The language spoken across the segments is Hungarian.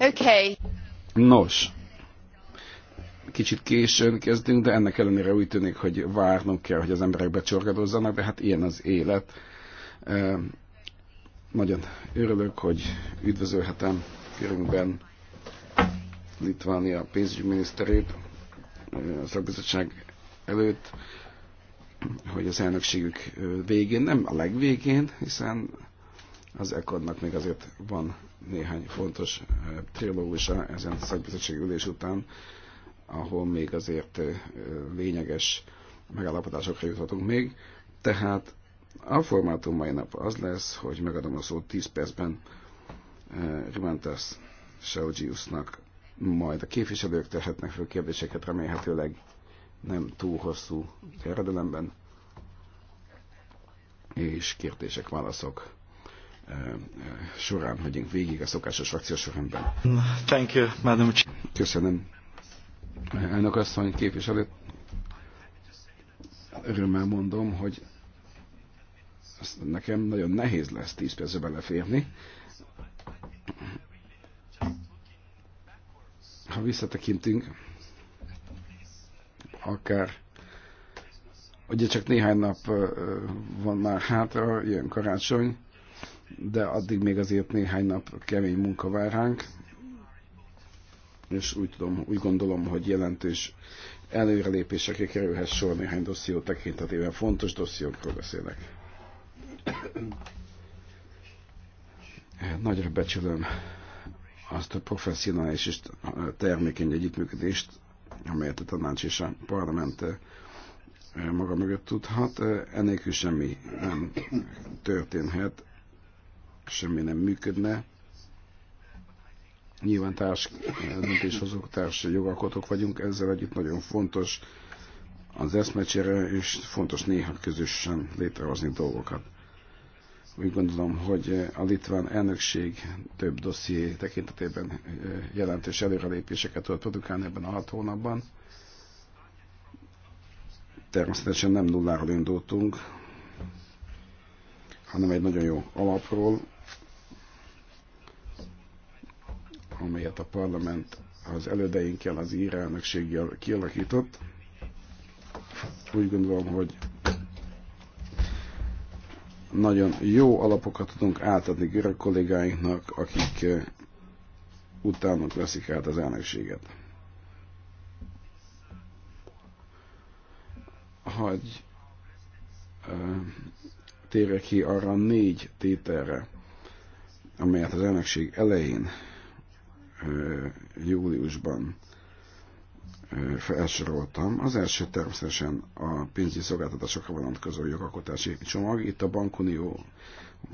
Okay. Nos, kicsit későn kezdünk, de ennek ellenére úgy tűnik, hogy várnunk kell, hogy az emberek becsorgadozzanak, de hát ilyen az élet. Nagyon örülök, hogy üdvözölhetem körünkben Litvánia pénzügyminiszterét a szakbizottság előtt, hogy az elnökségük végén, nem a legvégén, hiszen az ecod még azért van néhány fontos eh, trilógusa ezen szakbizottsági ülés után, ahol még azért eh, lényeges megállapodásokra juthatunk még. Tehát a formátum mai nap az lesz, hogy megadom a szót 10 percben eh, Rimantas Seogiusnak, majd a képviselők tehetnek fel kérdéseket remélhetőleg nem túl hosszú terjedelemben, és kérdések, válaszok Eh, során megyünk végig a szokásos akciós sorrendben. Thank you, Madam Köszönöm. Elnök asszony, képviselő, örömmel mondom, hogy azt nekem nagyon nehéz lesz 10 percbe beleférni. Ha visszatekintünk, akár ugye csak néhány nap eh, van már hátra, ilyen karácsony, de addig még azért néhány nap kemény munka vár ránk, és úgy, tudom, úgy gondolom, hogy jelentős előrelépésekre kerülhet sor néhány dosszió tekintetében. Fontos dossziókról beszélek. Nagyra becsülöm azt a professzionális és termékeny együttműködést, amelyet a tanács és a parlament eh, maga mögött tudhat, eh, enélkül semmi nem történhet semmi nem működne. Nyilván társ, döntéshozók, társ jogalkotók vagyunk, ezzel együtt nagyon fontos az eszmecsére, és fontos néha közösen létrehozni dolgokat. Úgy gondolom, hogy a litván elnökség több dosszié tekintetében jelentős előrelépéseket tudott produkálni ebben a hat hónapban. Természetesen nem nulláról indultunk, hanem egy nagyon jó alapról, amelyet a parlament az elődeinkkel, az ír elnökséggel kialakított. Úgy gondolom, hogy nagyon jó alapokat tudunk átadni görög kollégáinknak, akik eh, utánuk veszik át az elnökséget. Hagy eh, térek ki arra négy tételre, amelyet az elnökség elején júliusban felsoroltam. Az első természetesen a pénzügyi szolgáltatásokra vonatkozó jogalkotási csomag. Itt a Bankunió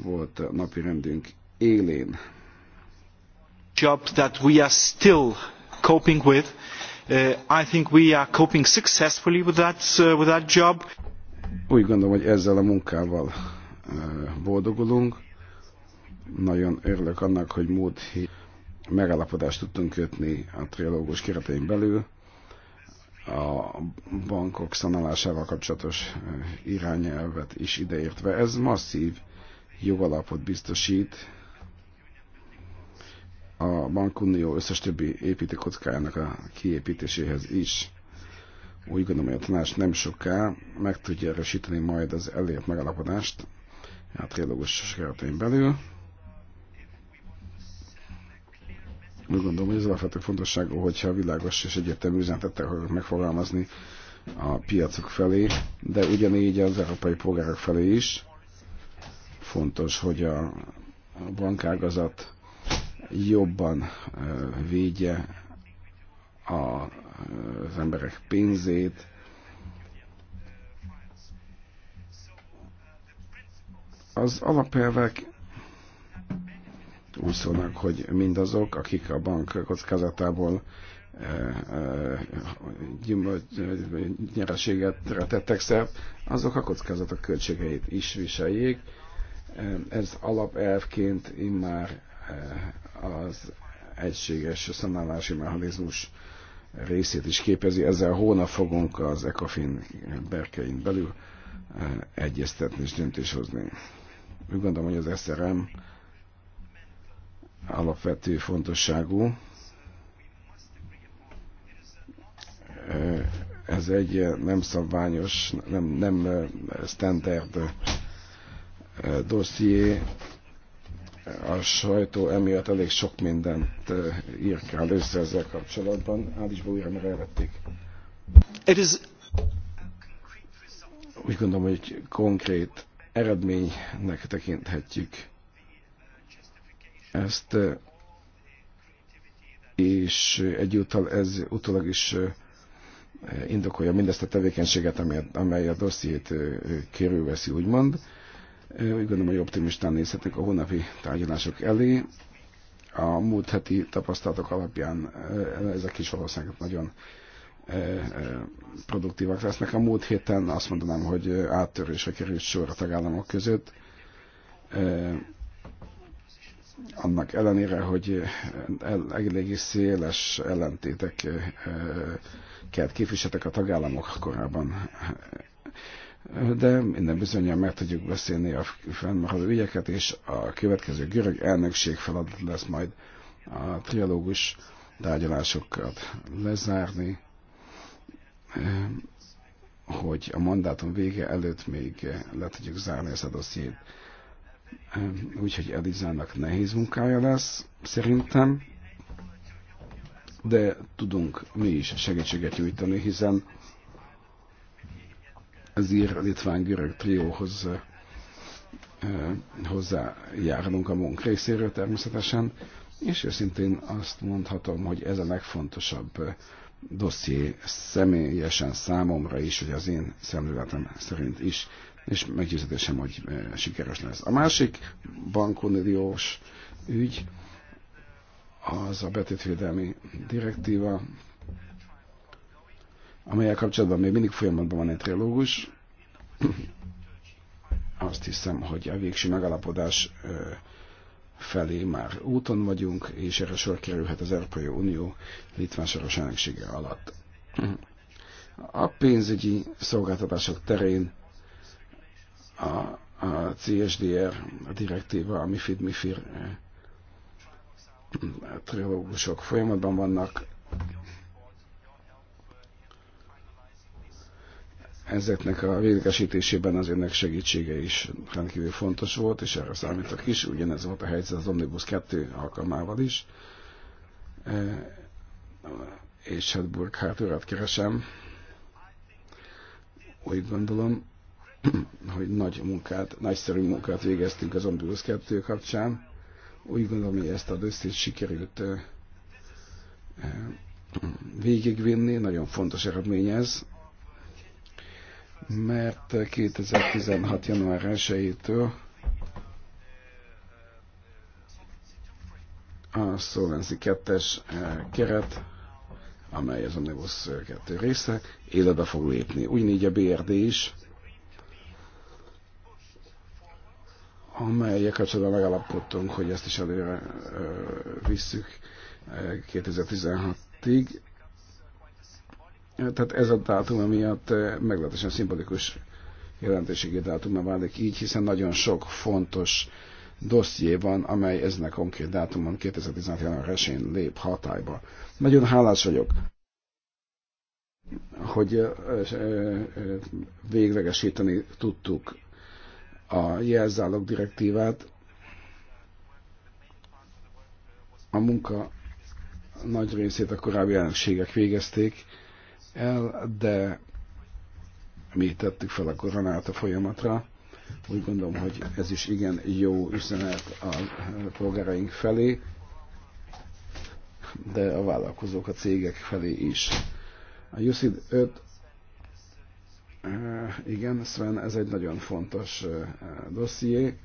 volt napi rendünk élén. Job that we are still coping with. Uh, I think we are coping successfully with that, uh, with that job. Úgy gondolom, hogy ezzel a munkával boldogulunk. Nagyon örülök annak, hogy múlt hét megállapodást tudtunk kötni a trilógus keretein belül a bankok szanalásával kapcsolatos eh, irányelvet is ideértve. Ez masszív jogalapot biztosít a bankunió összes többi építőkockájának a kiépítéséhez is. Úgy gondolom, hogy a tanács nem soká meg tudja erősíteni majd az elért megalapodást a trilógus keretein belül Úgy gondolom, hogy ez alapvető fontosságú, hogyha világos és egyértelmű üzenetet akarok megfogalmazni a piacok felé, de ugyanígy az európai polgárok felé is fontos, hogy a bankágazat jobban védje az emberek pénzét, az alapelvek úszónak, hogy mindazok, akik a bank kockázatából eh, eh, eh, nyereséget tettek szert, azok a kockázatok költségeit is viseljék. Ez alapelvként immár az egységes szanálási mechanizmus részét is képezi. Ezzel hónap fogunk az ECOFIN berkein belül egyeztetni és döntés hozni. Úgy gondolom, hogy az SRM alapvető fontosságú. Ez egy nem szabványos, nem, nem standard dosszié. A sajtó emiatt elég sok mindent írkál össze ezzel kapcsolatban. Áldisból újra meg elvették. It is... Úgy gondolom, hogy konkrét eredménynek tekinthetjük ezt, és egyúttal ez utólag is indokolja mindezt a tevékenységet, amely, amely a dossziét kérülveszi, úgymond. Úgy gondolom, hogy optimistán nézhetünk a hónapi tárgyalások elé. A múlt heti tapasztalatok alapján ezek is valószínűleg nagyon produktívak lesznek. A múlt héten azt mondanám, hogy áttörésre került sor a tagállamok között annak ellenére, hogy eléggé széles ellentéteket eh, képviseltek a tagállamok korábban. De minden bizonyan meg tudjuk beszélni a fennmaradó ügyeket, és a következő görög elnökség feladat lesz majd a trialógus tárgyalásokat lezárni, eh, hogy a mandátum vége előtt még le tudjuk zárni ezt a dossziét Ehm, úgyhogy Elizának nehéz munkája lesz, szerintem, de tudunk mi is segítséget nyújtani, hiszen az ír-litván görög trióhoz ehm, hozzájárulunk a munk részéről természetesen, és őszintén azt mondhatom, hogy ez a legfontosabb eh, dosszié személyesen számomra is, hogy az én szemléletem szerint is és meggyőződésem, hogy eh, sikeres lesz. A másik bankuniós ügy az a betétvédelmi direktíva, amelyel kapcsolatban még mindig folyamatban van egy trilógus. Azt hiszem, hogy a végső megalapodás eh, felé már úton vagyunk, és erre sor kerülhet az Európai Unió litván soros elnöksége alatt. A pénzügyi szolgáltatások terén a, a CSDR a direktíva, a MIFID, MIFIR eh, trilógusok folyamatban vannak. Ezeknek a véglegesítésében az önnek segítsége is rendkívül fontos volt, és erre számítok is. Ugyanez volt a helyzet az Omnibus 2 alkalmával is. Eh, és hát Burkhardt urat keresem. Úgy gondolom, hogy nagy munkát, nagyszerű munkát végeztünk az Omnibus 2 kapcsán. Úgy gondolom, hogy ezt a döntést sikerült végigvinni, nagyon fontos eredmény ez, mert 2016. január 1-től a Solvency 2-es keret, amely az Omnibus 2 része, életbe fog lépni. négy a BRD is, amelyek kapcsolatban megalapodtunk, hogy ezt is előre visszük 2016-ig. Tehát ez a dátum miatt meglehetősen szimbolikus jelentőségű dátumra válik így, hiszen nagyon sok fontos dosszié van, amely ezen a konkrét dátumon 2016. január 1 lép hatályba. Nagyon hálás vagyok, hogy véglegesíteni tudtuk a jelzálog direktívát. A munka nagy részét a korábbi elnökségek végezték el, de mi tettük fel a koronát a folyamatra. Úgy gondolom, hogy ez is igen jó üzenet a polgáraink felé, de a vállalkozók, a cégek felé is. A Jusid 5 igen, Sven, ez egy nagyon fontos dosszié,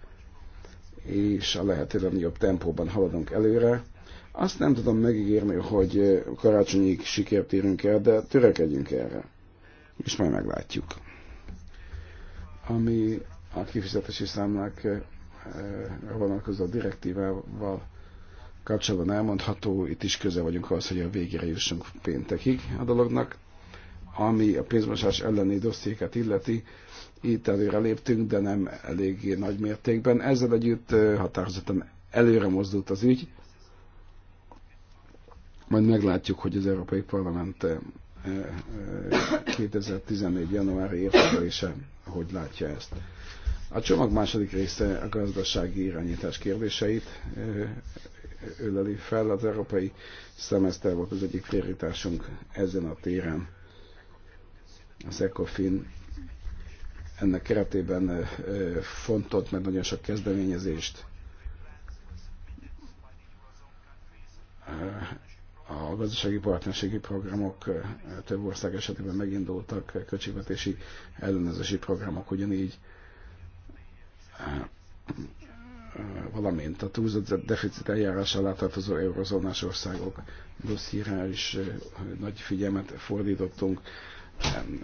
és a lehető legnagyobb tempóban haladunk előre. Azt nem tudom megígérni, hogy karácsonyig sikert érünk el, de törekedjünk erre. És majd meglátjuk. Ami a kifizetési számlák vonatkozó direktívával kapcsolatban elmondható, itt is köze vagyunk ahhoz, hogy a végére jussunk péntekig a dolognak. Ami a pénzmosás elleni dossziéket illeti, itt előre léptünk, de nem eléggé nagy mértékben. Ezzel együtt határozottan előre mozdult az ügy. Majd meglátjuk, hogy az Európai Parlament 2014. januári értelése, hogy látja ezt. A csomag második része a gazdasági irányítás kérdéseit öleli fel. Az európai szemeszter volt az egyik prioritásunk ezen a téren az ECOFIN ennek keretében fontott meg nagyon sok kezdeményezést. A gazdasági partnerségi programok több ország esetében megindultak, költségvetési ellenőrzési programok ugyanígy, valamint a túlzott deficit eljárás alá tartozó eurozónás országok dossziéra is nagy figyelmet fordítottunk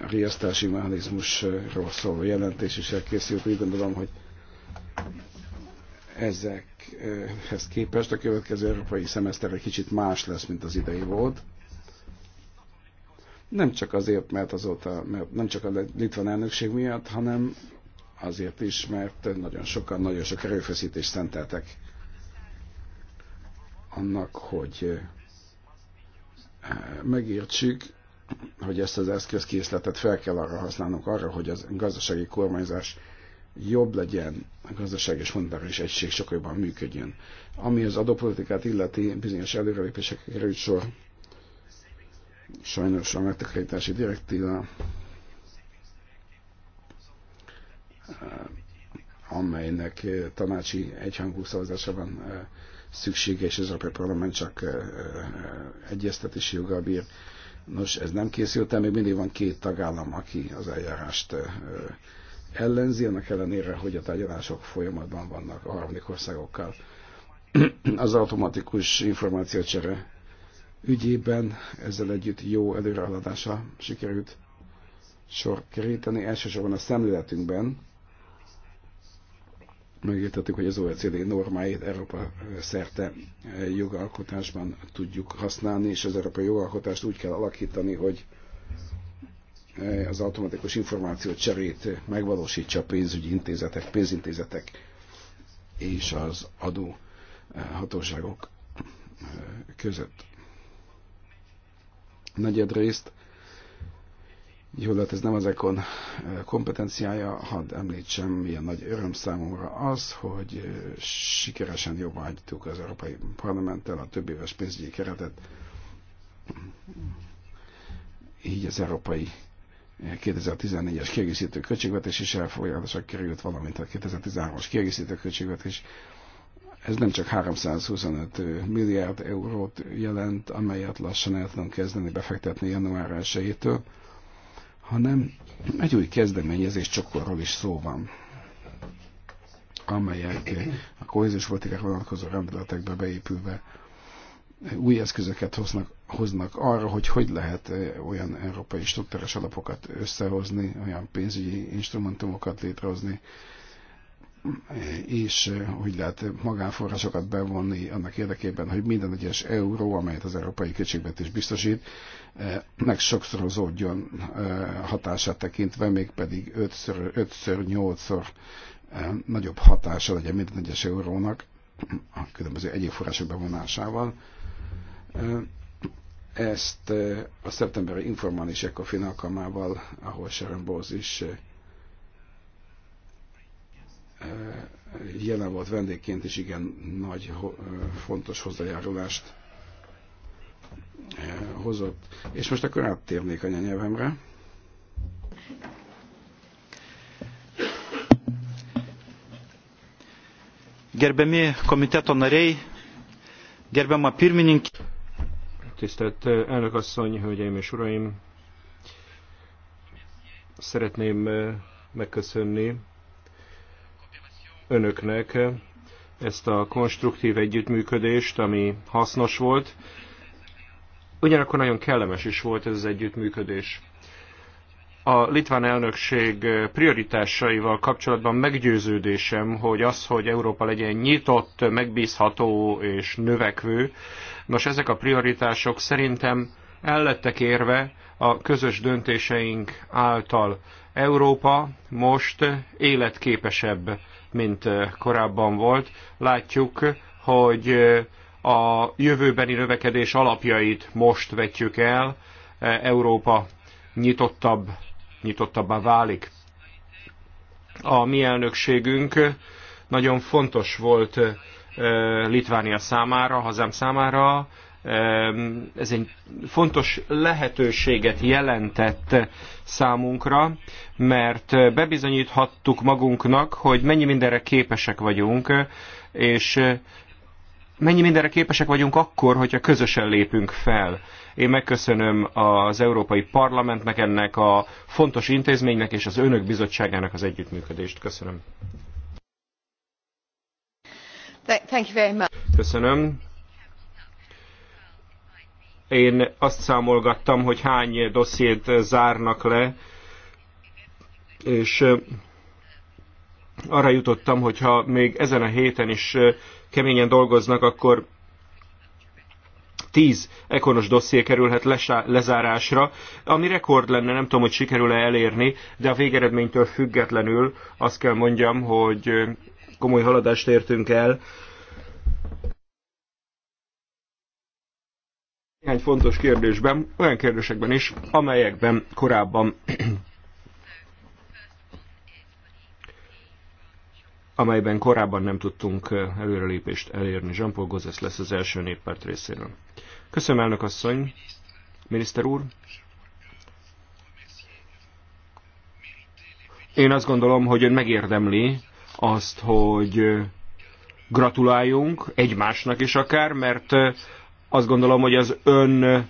riasztási mechanizmusról szóló jelentés is elkészült. Úgy gondolom, hogy ezekhez képest a következő európai szemeszter egy kicsit más lesz, mint az idei volt. Nem csak azért, mert azóta, mert nem csak a litván elnökség miatt, hanem azért is, mert nagyon sokan, nagyon sok erőfeszítést szenteltek annak, hogy eh, megértsük, hogy ezt az eszközkészletet fel kell arra használnunk arra, hogy az gazdasági kormányzás jobb legyen, a gazdaság és monetáris egység sokkal jobban működjön. Ami az adópolitikát illeti, bizonyos előrelépésekre került sor, sajnos a megtakarítási direktíva, eh, amelynek eh, tanácsi egyhangú szavazása van eh, szüksége, és az a Parlament csak egyeztetési joggal bír. Nos, ez nem készült el, még mindig van két tagállam, aki az eljárást ellenzi, annak ellenére, hogy a tárgyalások folyamatban vannak a harmadik országokkal. Az automatikus információcsere ügyében ezzel együtt jó előrehaladása sikerült sor keríteni, elsősorban a szemléletünkben, megértettük, hogy az OECD normáit Európa szerte jogalkotásban tudjuk használni, és az európai jogalkotást úgy kell alakítani, hogy az automatikus információ cserét megvalósítsa a pénzügyi intézetek, pénzintézetek és az adó eh, hatóságok eh, között. Negyedrészt jó lehet, ez nem az Econ eh, kompetenciája, hadd említsem, milyen nagy öröm számomra az, hogy eh, sikeresen jobban hagytuk az Európai Parlamenttel a több éves pénzügyi keretet. Így az Európai 2014-es eh, kiegészítő költségvetés is elfogadásra került, valamint a 2013-as kiegészítő költségvetés. Ez nem csak 325 milliárd eurót jelent, amelyet lassan el tudunk kezdeni befektetni január 1 hanem egy új kezdeményezés csokorról is szó van, amelyek a kohéziós politikák vonatkozó rendeletekbe beépülve új eszközöket hoznak, hoznak arra, hogy hogy lehet eh, olyan európai struktúrás alapokat összehozni, olyan pénzügyi instrumentumokat létrehozni, és eh, hogy lehet magánforrásokat bevonni annak érdekében, hogy minden egyes euró, amelyet az európai költségvetés biztosít, eh, meg sokszorozódjon eh, hatását tekintve, mégpedig 5-ször, 8-szor nagyobb hatása legyen minden egyes eurónak a különböző egyéb források bevonásával. Ezt a szeptemberi informális ECOFIN alkalmával, ahol Sharon Bowles is jelen volt vendégként is igen nagy, fontos hozzájárulást hozott. És most akkor áttérnék anyanyelvemre. Gerbemi komiteto gerbem a pirmininkė. Tisztelt elnökasszony, hölgyeim és uraim! Szeretném megköszönni önöknek ezt a konstruktív együttműködést, ami hasznos volt. Ugyanakkor nagyon kellemes is volt ez az együttműködés. A litván elnökség prioritásaival kapcsolatban meggyőződésem, hogy az, hogy Európa legyen nyitott, megbízható és növekvő, nos ezek a prioritások szerintem ellettek érve a közös döntéseink által. Európa most életképesebb mint korábban volt. Látjuk, hogy a jövőbeni növekedés alapjait most vetjük el, Európa nyitottabb, nyitottabbá válik. A mi elnökségünk nagyon fontos volt Litvánia számára, hazám számára, ez egy fontos lehetőséget jelentett számunkra, mert bebizonyíthattuk magunknak, hogy mennyi mindenre képesek vagyunk, és mennyi mindenre képesek vagyunk akkor, hogyha közösen lépünk fel. Én megköszönöm az Európai Parlamentnek, ennek a fontos intézménynek és az Önök Bizottságának az együttműködést. Köszönöm. Köszönöm. Én azt számolgattam, hogy hány dossziét zárnak le, és arra jutottam, hogy ha még ezen a héten is keményen dolgoznak, akkor tíz ekonos dosszié kerülhet lezárásra, ami rekord lenne, nem tudom, hogy sikerül-e elérni, de a végeredménytől függetlenül azt kell mondjam, hogy komoly haladást értünk el, néhány fontos kérdésben, olyan kérdésekben is, amelyekben korábban amelyben korábban nem tudtunk előrelépést elérni. Jean-Paul Gozes lesz az első néppárt részéről. Köszönöm, elnök asszony, miniszter úr. Én azt gondolom, hogy ön megérdemli azt, hogy gratuláljunk egymásnak is akár, mert azt gondolom, hogy az ön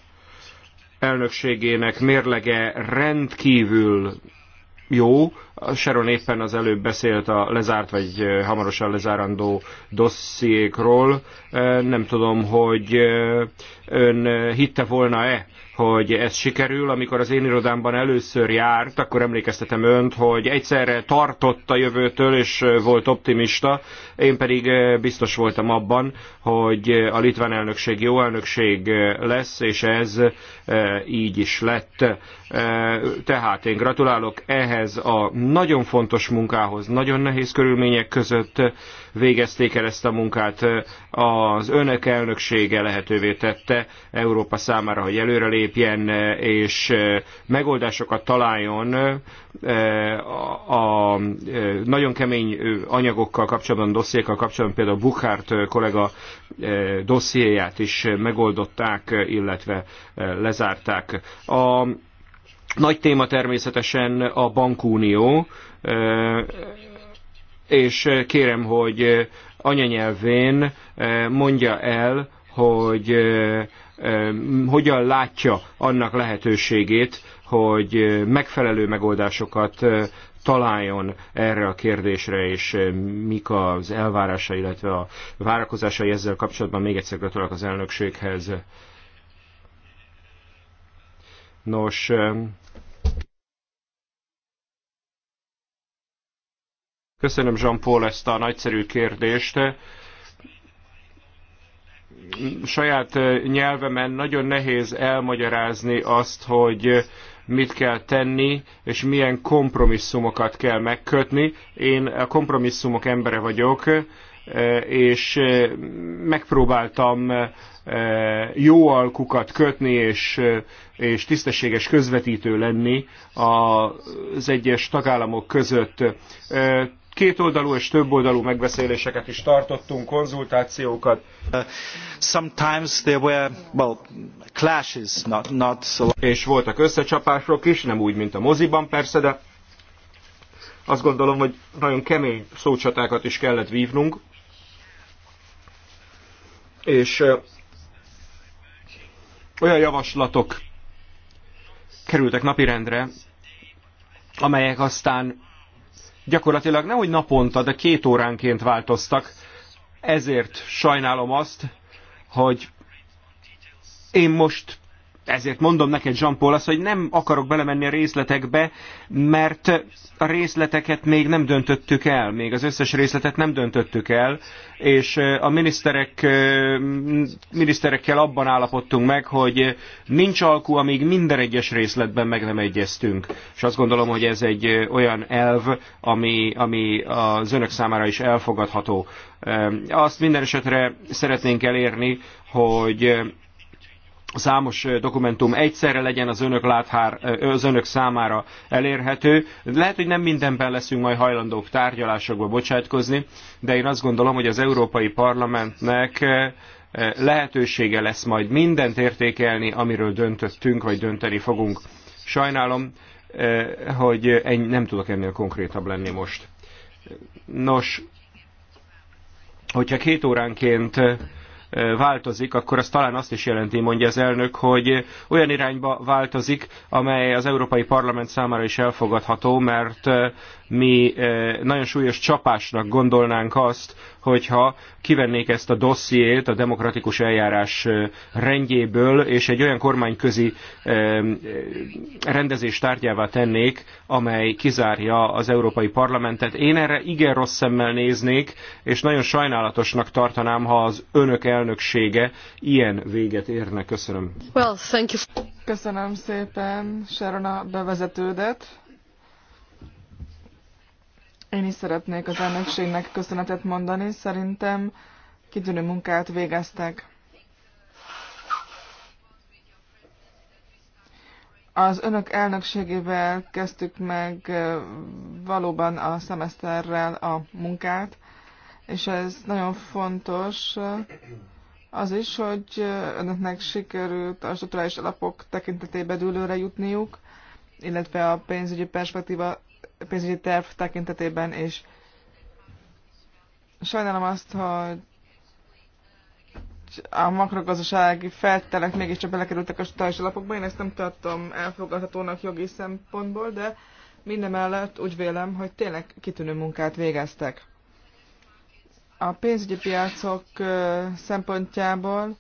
elnökségének mérlege rendkívül jó. Sharon éppen az előbb beszélt a lezárt, vagy hamarosan lezárandó dossziékról. Nem tudom, hogy ön hitte volna-e hogy ez sikerül. Amikor az én irodámban először járt, akkor emlékeztetem önt, hogy egyszerre tartott a jövőtől, és volt optimista. Én pedig biztos voltam abban, hogy a litván elnökség jó elnökség lesz, és ez így is lett. Tehát én gratulálok ehhez a nagyon fontos munkához, nagyon nehéz körülmények között végezték el ezt a munkát az önök elnöksége lehetővé tette Európa számára, hogy előrelépjen és eh, megoldásokat találjon eh, a nagyon kemény anyagokkal kapcsolatban, dossziékkal kapcsolatban, például Bukhárt eh, kollega dossziéját is megoldották, illetve lezárták. A nagy téma természetesen a bankunió, és kérem, hogy anyanyelvén eh, mondja el, hogy eh, eh, hogyan látja annak lehetőségét, hogy megfelelő megoldásokat találjon erre a kérdésre, és mik az elvárása, illetve a várakozásai ezzel kapcsolatban. Még egyszer gratulálok az elnökséghez. Nos, Köszönöm, Jean-Paul, ezt a nagyszerű kérdést saját eh, nyelvemen nagyon nehéz elmagyarázni azt, hogy eh, mit kell tenni, és milyen kompromisszumokat kell megkötni. Én a kompromisszumok embere vagyok, eh, és megpróbáltam jó alkukat kötni, és, és tisztességes közvetítő lenni az egyes tagállamok között kétoldalú és többoldalú megbeszéléseket is tartottunk, konzultációkat. Sometimes there were, well, clashes, not, not so... És voltak összecsapások is, nem úgy, mint a moziban persze, de azt gondolom, hogy nagyon kemény szócsatákat is kellett vívnunk. És olyan javaslatok kerültek napirendre, amelyek aztán gyakorlatilag nehogy naponta, de két óránként változtak. Ezért sajnálom azt, hogy én most ezért mondom neked, Jean Paul, azt, hogy nem akarok belemenni a részletekbe, mert a részleteket még nem döntöttük el, még az összes részletet nem döntöttük el, és a miniszterek, miniszterekkel abban állapodtunk meg, hogy nincs alkú, amíg minden egyes részletben meg nem egyeztünk. És azt gondolom, hogy ez egy olyan elv, ami, ami az önök számára is elfogadható. Azt minden esetre szeretnénk elérni, hogy számos dokumentum egyszerre legyen az önök, láthár, az önök számára elérhető. Lehet, hogy nem mindenben leszünk majd hajlandók tárgyalásokba bocsátkozni, de én azt gondolom, hogy az Európai Parlamentnek lehetősége lesz majd mindent értékelni, amiről döntöttünk, vagy dönteni fogunk. Sajnálom, hogy ennyi, nem tudok ennél konkrétabb lenni most. Nos, hogyha két óránként változik, akkor az talán azt is jelenti, mondja az elnök, hogy olyan irányba változik, amely az Európai Parlament számára is elfogadható, mert mi eh, nagyon súlyos csapásnak gondolnánk azt, hogyha kivennék ezt a dossziét a demokratikus eljárás eh, rendjéből, és egy olyan kormányközi eh, rendezés tárgyává tennék, amely kizárja az Európai Parlamentet. Én erre igen rossz szemmel néznék, és nagyon sajnálatosnak tartanám, ha az önök elnöksége ilyen véget érne. Köszönöm. Well, thank you. Köszönöm szépen Sharon a bevezetődet. Én is szeretnék az elnökségnek köszönetet mondani. Szerintem kitűnő munkát végeztek. Az önök elnökségével kezdtük meg valóban a szemeszterrel a munkát, és ez nagyon fontos az is, hogy önöknek sikerült a strukturális alapok tekintetében dőlőre jutniuk, illetve a pénzügyi perspektíva pénzügyi terv tekintetében és Sajnálom azt, hogy a makrogazdasági feltételek mégiscsak belekerültek a stális alapokba. Én ezt nem tartom elfogadhatónak jogi szempontból, de mindemellett úgy vélem, hogy tényleg kitűnő munkát végeztek. A pénzügyi piacok szempontjából,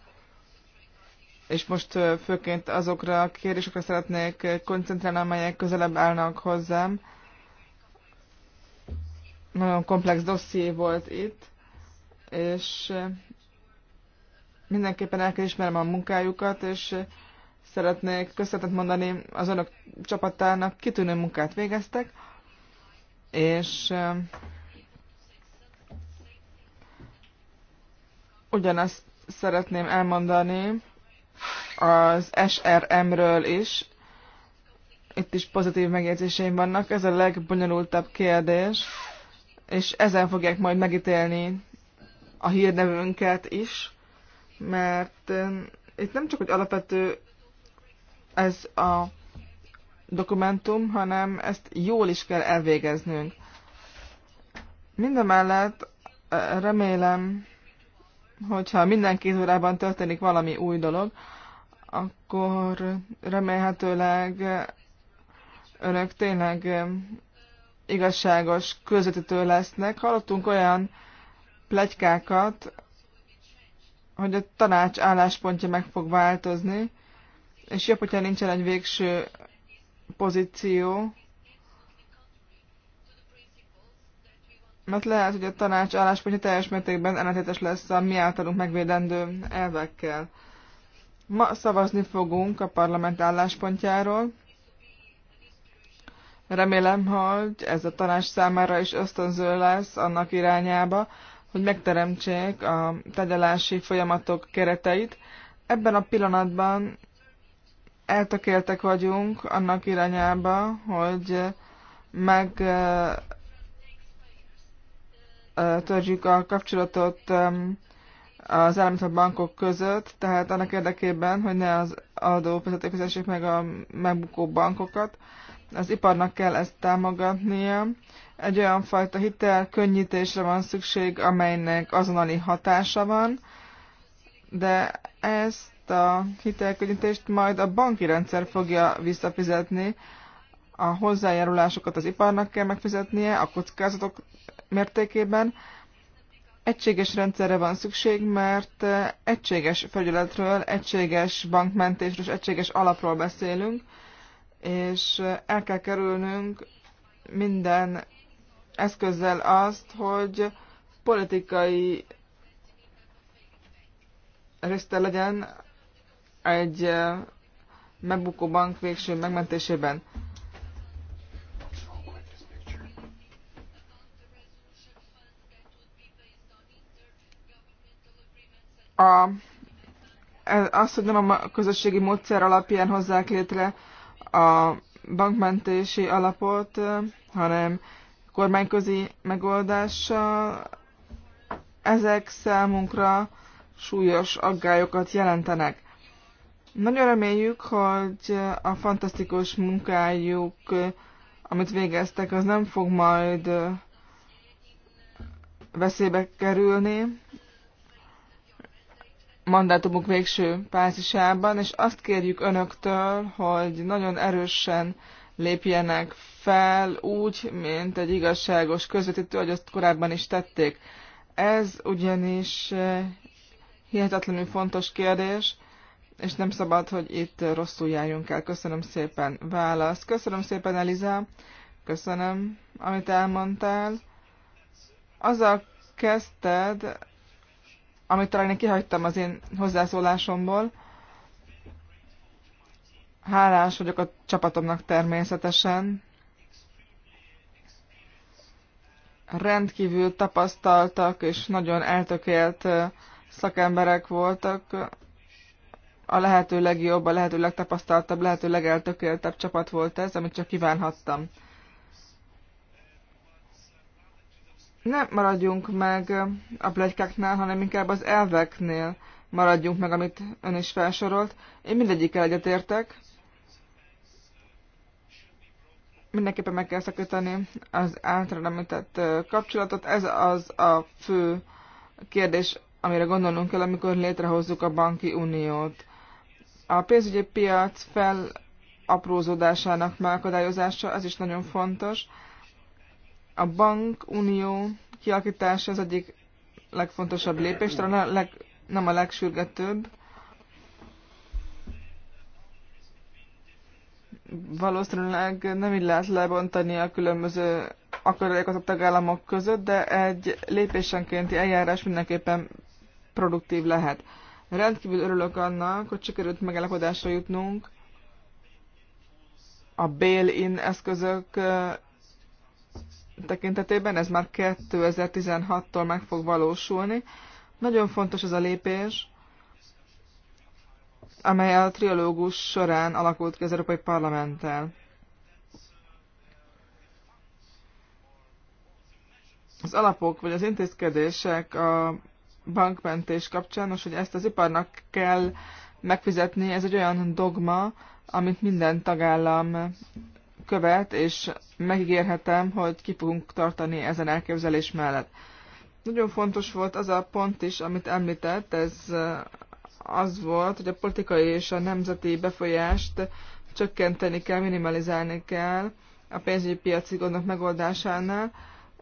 és most főként azokra a kérdésekre szeretnék koncentrálni, amelyek közelebb állnak hozzám, nagyon komplex dosszié volt itt, és eh, mindenképpen el kell ismerem a munkájukat, és eh, szeretnék köszönetet mondani az önök csapatának, kitűnő munkát végeztek, és eh, ugyanezt szeretném elmondani az SRM-ről is. Itt is pozitív megjegyzéseim vannak. Ez a legbonyolultabb kérdés és ezen fogják majd megítélni a hírnevünket is, mert itt nem csak, hogy alapvető ez a dokumentum, hanem ezt jól is kell elvégeznünk. Mindemellett e, remélem, hogyha minden két órában történik valami új dolog, akkor remélhetőleg önök tényleg igazságos közvetítő lesznek. Hallottunk olyan plegykákat, hogy a tanács álláspontja meg fog változni, és jobb, hogyha nincsen egy végső pozíció, mert lehet, hogy a tanács álláspontja teljes mértékben ellentétes lesz a mi általunk megvédendő elvekkel. Ma szavazni fogunk a parlament álláspontjáról, Remélem, hogy ez a tanács számára is ösztönző lesz annak irányába, hogy megteremtsék a tegyelási folyamatok kereteit. Ebben a pillanatban eltökéltek vagyunk annak irányába, hogy meg törjük a kapcsolatot az a bankok között, tehát annak érdekében, hogy ne az adó fizessék meg a megbukó bankokat, az iparnak kell ezt támogatnia. Egy olyan fajta hitel könnyítésre van szükség, amelynek azonnali hatása van, de ezt a hitelkönnyítést majd a banki rendszer fogja visszafizetni, a hozzájárulásokat az iparnak kell megfizetnie, a kockázatok mértékében. Egységes rendszerre van szükség, mert egységes felületről, egységes bankmentésről és egységes alapról beszélünk, és el kell kerülnünk minden eszközzel azt, hogy politikai részte legyen egy megbukó bank végső megmentésében. A, e, az, hogy nem a közösségi módszer alapján hozzák létre a bankmentési alapot, hanem kormányközi megoldással. Ezek számunkra súlyos aggályokat jelentenek. Nagyon reméljük, hogy a fantasztikus munkájuk, amit végeztek, az nem fog majd veszélybe kerülni, mandátumuk végső pázisában, és azt kérjük önöktől, hogy nagyon erősen lépjenek fel úgy, mint egy igazságos közvetítő, hogy azt korábban is tették. Ez ugyanis eh, hihetetlenül fontos kérdés, és nem szabad, hogy itt rosszul járjunk el. Köszönöm szépen, válasz. Köszönöm szépen, Eliza. Köszönöm, amit elmondtál. Azzal kezdted, amit talán én kihagytam az én hozzászólásomból. Hálás vagyok a csapatomnak természetesen. Rendkívül tapasztaltak és nagyon eltökélt szakemberek voltak. A lehető legjobb, a lehető legtapasztaltabb, lehető legeltökéltebb csapat volt ez, amit csak kívánhattam. ne maradjunk meg a plegykáknál, hanem inkább az elveknél maradjunk meg, amit ön is felsorolt. Én mindegyikkel egyetértek. Mindenképpen meg kell szakítani az általán említett kapcsolatot. Ez az a fő kérdés, amire gondolnunk kell, amikor létrehozzuk a banki uniót. A pénzügyi piac felaprózódásának megakadályozása, ez is nagyon fontos a bankunió kialakítása az egyik legfontosabb lépés, talán a leg, nem a legsürgetőbb. Valószínűleg nem így lehet lebontani a különböző akadályokot a tagállamok között, de egy lépésenkénti eljárás mindenképpen produktív lehet. Rendkívül örülök annak, hogy sikerült megállapodásra jutnunk a bail-in eszközök tekintetében, ez már 2016-tól meg fog valósulni. Nagyon fontos ez a lépés, amely a triológus során alakult ki az Európai Parlamenttel. Az alapok vagy az intézkedések a bankmentés kapcsán, most, hogy ezt az iparnak kell megfizetni, ez egy olyan dogma, amit minden tagállam követ, és megígérhetem, hogy ki fogunk tartani ezen elképzelés mellett. Nagyon fontos volt az a pont is, amit említett, ez eh, az volt, hogy a politikai és a nemzeti befolyást csökkenteni kell, minimalizálni kell a pénzügyi piaci gondok megoldásánál,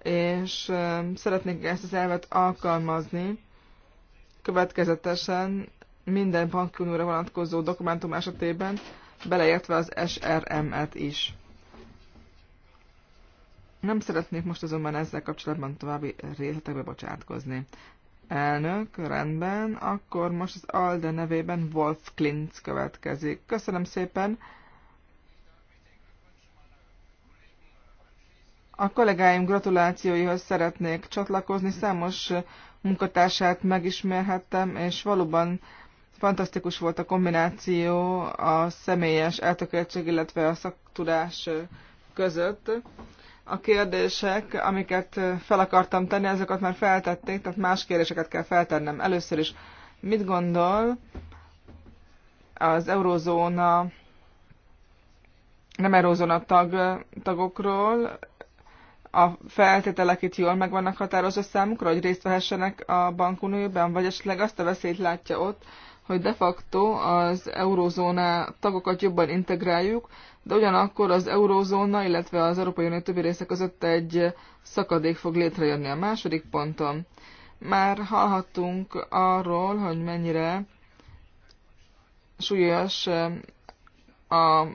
és eh, szeretnék ezt az elvet alkalmazni. Következetesen minden bankunóra vonatkozó dokumentum esetében, beleértve az SRM-et is. Nem szeretnék most azonban ezzel kapcsolatban további részletekbe bocsátkozni. Elnök, rendben, akkor most az ALDE nevében Wolf Klintz következik. Köszönöm szépen! A kollégáim gratulációihoz szeretnék csatlakozni, számos munkatársát megismerhettem, és valóban fantasztikus volt a kombináció a személyes eltökéltség, illetve a szaktudás között a kérdések, amiket fel akartam tenni, azokat már feltették, tehát más kérdéseket kell feltennem. Először is, mit gondol az eurozóna, nem eurozóna tag, tagokról, a feltételek itt jól meg vannak határozva számukra, hogy részt vehessenek a bankunőben, vagy esetleg azt a veszélyt látja ott, hogy de facto az eurozóna tagokat jobban integráljuk, de ugyanakkor az eurózóna, illetve az Európai Unió többi része között egy szakadék fog létrejönni a második ponton. Már hallhattunk arról, hogy mennyire súlyos eh, a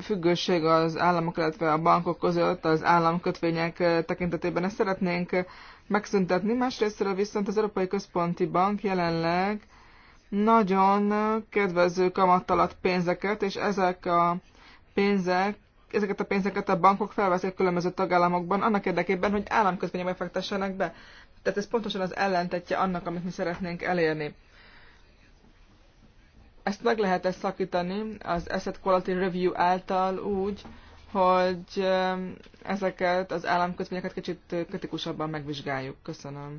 függőség az államok, illetve a bankok között az államkötvények eh, tekintetében. Ezt szeretnénk megszüntetni. Másrésztről viszont az Európai Központi Bank jelenleg nagyon kedvező kamattalat pénzeket, és ezek a pénzek, ezeket a pénzeket a bankok felveszik különböző tagállamokban, annak érdekében, hogy államközvényekbe fektessenek be. Tehát ez pontosan az ellentetje annak, amit mi szeretnénk elérni. Ezt meg lehet ezt szakítani az Asset Quality Review által úgy, hogy um, ezeket az államközvényeket kicsit uh, kritikusabban megvizsgáljuk. Köszönöm.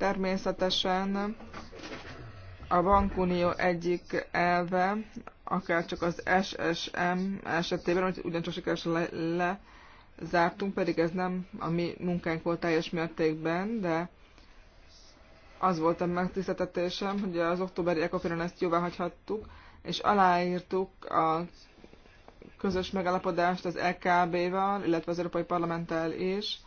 Természetesen a bankunió egyik elve, akár csak az SSM esetében, hogy ugyancsak sikeresen le, lezártunk, pedig ez nem a mi munkánk volt teljes mértékben, de az volt a megtiszteltetésem, hogy az októberi ekopiron ezt jóvá hagyhattuk, és aláírtuk a közös megállapodást az EKB-val, illetve az Európai Parlamenttel is,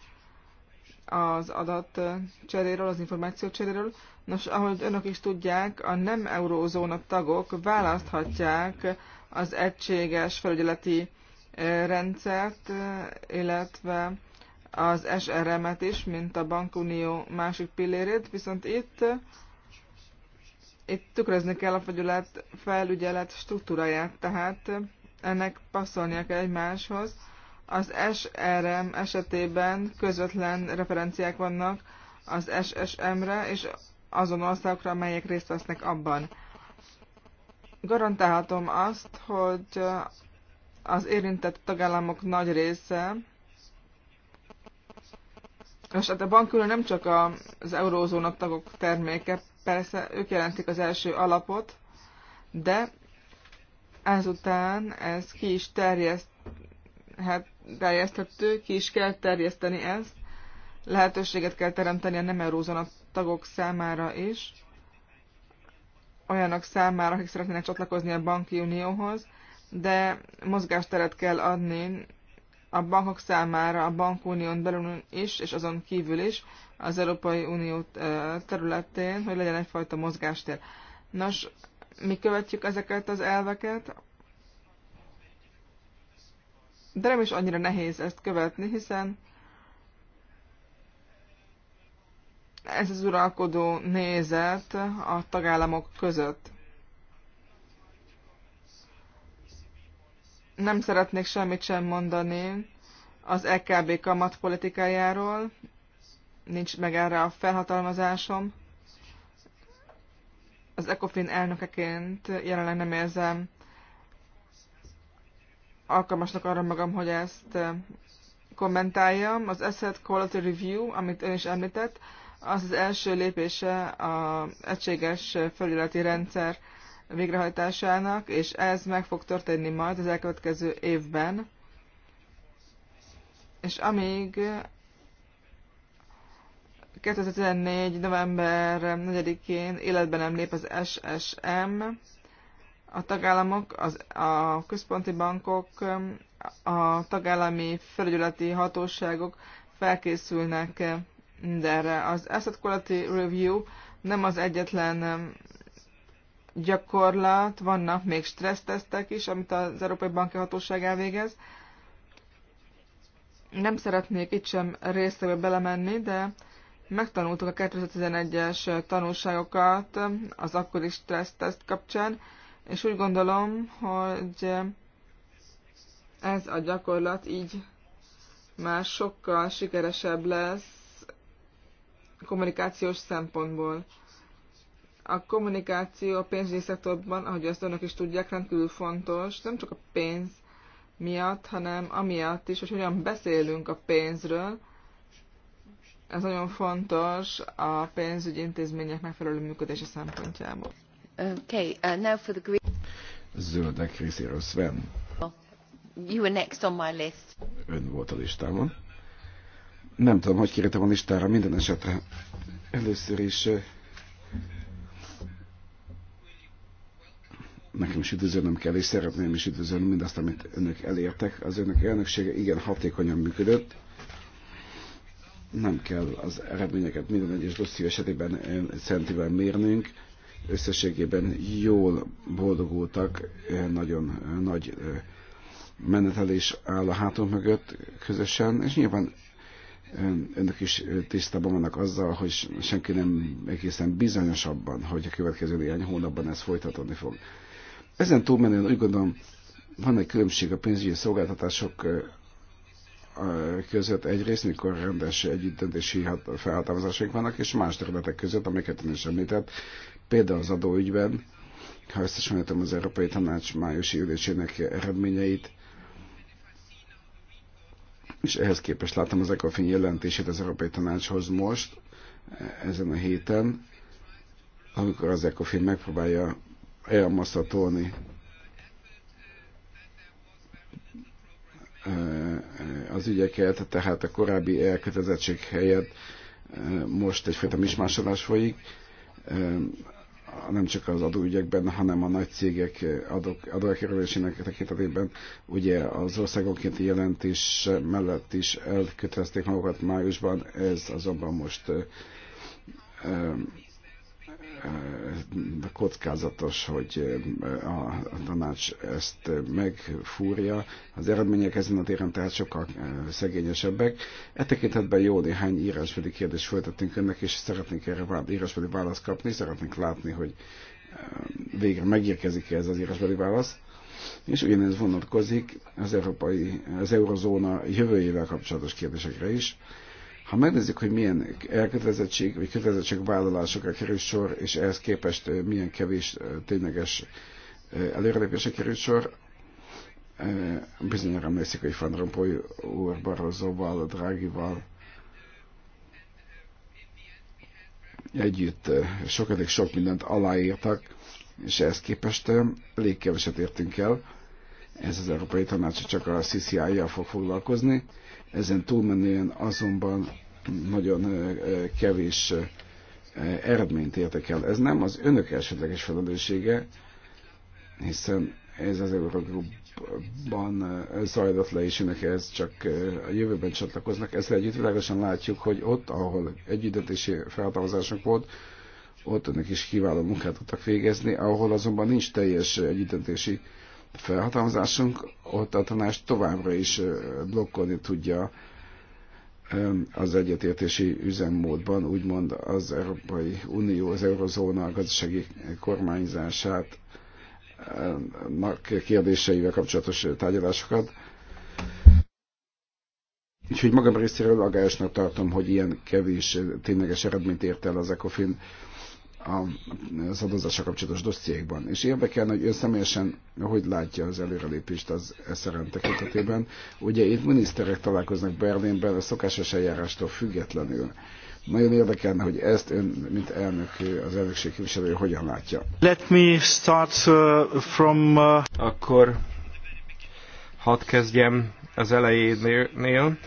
az adat cseréről, az információ cseréről. Nos, ahogy önök is tudják, a nem eurózóna tagok választhatják az egységes felügyeleti e, rendszert, e, illetve az SRM-et is, mint a bankunió másik pillérét, viszont itt, itt tükrözni kell a felügyelet, felügyelet struktúráját, tehát ennek passzolnia kell egymáshoz, az SRM esetében közvetlen referenciák vannak az SSM-re és azon országokra, amelyek részt vesznek abban. Garantálhatom azt, hogy az érintett tagállamok nagy része, és hát a külön nem csak az eurózóna tagok terméke, persze ők jelentik az első alapot, de ezután ez ki is terjeszthet, terjeszthető, ki is kell terjeszteni ezt. Lehetőséget kell teremteni a nem a tagok számára is, olyanok számára, akik szeretnének csatlakozni a banki unióhoz, de mozgásteret kell adni a bankok számára a bankunión belül is, és azon kívül is, az Európai Unió területén, hogy legyen egyfajta mozgástér. Nos, mi követjük ezeket az elveket, de nem is annyira nehéz ezt követni, hiszen ez az uralkodó nézet a tagállamok között. Nem szeretnék semmit sem mondani az EKB kamatpolitikájáról, nincs meg erre a felhatalmazásom. Az ECOFIN elnökeként jelenleg nem érzem alkalmasnak arra magam, hogy ezt kommentáljam. Az Asset Quality Review, amit ön is említett, az az első lépése az egységes felületi rendszer végrehajtásának, és ez meg fog történni majd az elkövetkező évben. És amíg 2014. november 4-én életben nem lép az SSM, a tagállamok, az, a központi bankok, a tagállami felügyeleti hatóságok felkészülnek mindenre. Az Asset Quality Review nem az egyetlen um, gyakorlat, vannak még stressztesztek is, amit az Európai Banki Hatóság elvégez. Nem szeretnék itt sem részlegbe belemenni, de megtanultuk a 2011-es tanulságokat um, az akkori stressztest kapcsán, és úgy gondolom, hogy ez a gyakorlat így már sokkal sikeresebb lesz kommunikációs szempontból. A kommunikáció a pénzügyi szektorban, ahogy azt önök is tudják, rendkívül fontos, nem csak a pénz miatt, hanem amiatt is, hogy hogyan beszélünk a pénzről. Ez nagyon fontos a pénzügyi intézmények megfelelő működése szempontjából. Okay, uh, now for the Zöldek részéről Sven. You were next on my list. Ön volt a listámon. Nem tudom, hogy kérte van listára, minden esetre először is nekem is üdvözölnöm kell, és szeretném is üdvözölni mindazt, amit önök elértek. Az önök elnöksége igen hatékonyan működött. Nem kell az eredményeket minden egyes dosszió esetében centivel mérnünk összességében jól boldogultak, nagyon nagy menetelés áll a hátunk mögött közösen, és nyilván önök is tisztában vannak azzal, hogy senki nem egészen bizonyosabban, hogy a következő néhány hónapban ez folytatódni fog. Ezen túlmenően úgy gondolom, van egy különbség a pénzügyi szolgáltatások között egyrészt, mikor rendes együttdöntési felhatalmazásaink vannak, és más területek között, amiket én is említett, Például az adóügyben, ha összehasonlítom az Európai Tanács májusi ülésének eredményeit, és ehhez képest látom az ECOFIN jelentését az Európai Tanácshoz most, ezen a héten, amikor az ECOFIN megpróbálja elmaszatolni az ügyeket, tehát a korábbi elkötelezettség helyett most egyfajta mismásolás folyik nem csak az adóügyekben, hanem a nagy cégek adókerülésének tekintetében ugye az országonkénti jelentés mellett is elkötelezték magukat májusban, ez azonban most kockázatos, hogy eh, a tanács ezt megfúrja. Az eredmények ezen a téren tehát sokkal eh, szegényesebbek. E tekintetben jó néhány írásbeli kérdést föltettünk önnek, és szeretnénk erre írásbeli választ kapni, szeretnénk látni, hogy eh, végre megérkezik -e ez az írásbeli válasz. És ugyanez vonatkozik az, európai, az eurozóna jövőjével kapcsolatos kérdésekre is ha megnézzük, hogy milyen elkötelezettség vagy vállalásokra kerül sor, és ehhez képest milyen kevés tényleges előrelépése kerül sor, bizonyára emlékszik, hogy Van Rompuy úr Barrozóval, Drágival együtt sokadik sok mindent aláírtak, és ehhez képest elég keveset értünk el. Ez az Európai Tanács csak a CCI-jal fog foglalkozni, ezen túlmenően azonban nagyon kevés eredményt értek el. Ez nem az önök elsődleges felelőssége, hiszen ez az Eurogroupban zajlott le, és önök ez csak a jövőben csatlakoznak. Ezt együtt világosan látjuk, hogy ott, ahol együttetési felhatalmazások volt, ott önök is kiváló munkát tudtak végezni, ahol azonban nincs teljes együttetési felhatalmazásunk, ott a tanács továbbra is blokkolni tudja az egyetértési üzemmódban, úgymond az Európai Unió, az Eurozóna gazdasági kormányzását kérdéseivel kapcsolatos tárgyalásokat. Úgyhogy magam részéről agályosnak tartom, hogy ilyen kevés tényleges eredményt ért el az ECOFIN az adózással kapcsolatos dossziékban. És érdekelne, hogy ő személyesen hogy látja az előrelépést az SRN tekintetében. Ugye itt miniszterek találkoznak Berlinben a szokásos eljárástól függetlenül. Nagyon érdekelne, hogy ezt ön, mint elnök, az elnökség képviselője hogyan látja. Let me start uh, from... Uh, Akkor hadd kezdjem az elejénél.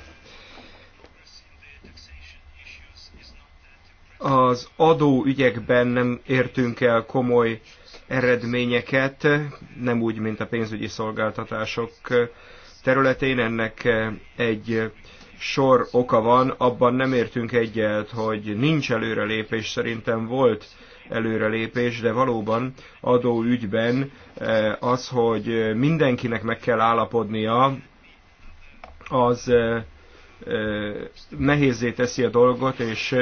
az adóügyekben nem értünk el komoly eredményeket, nem úgy, mint a pénzügyi szolgáltatások területén. Ennek egy sor oka van, abban nem értünk egyet, hogy nincs előrelépés, szerintem volt előrelépés, de valóban adóügyben eh, az, hogy mindenkinek meg kell állapodnia, az eh, eh, nehézé teszi a dolgot, és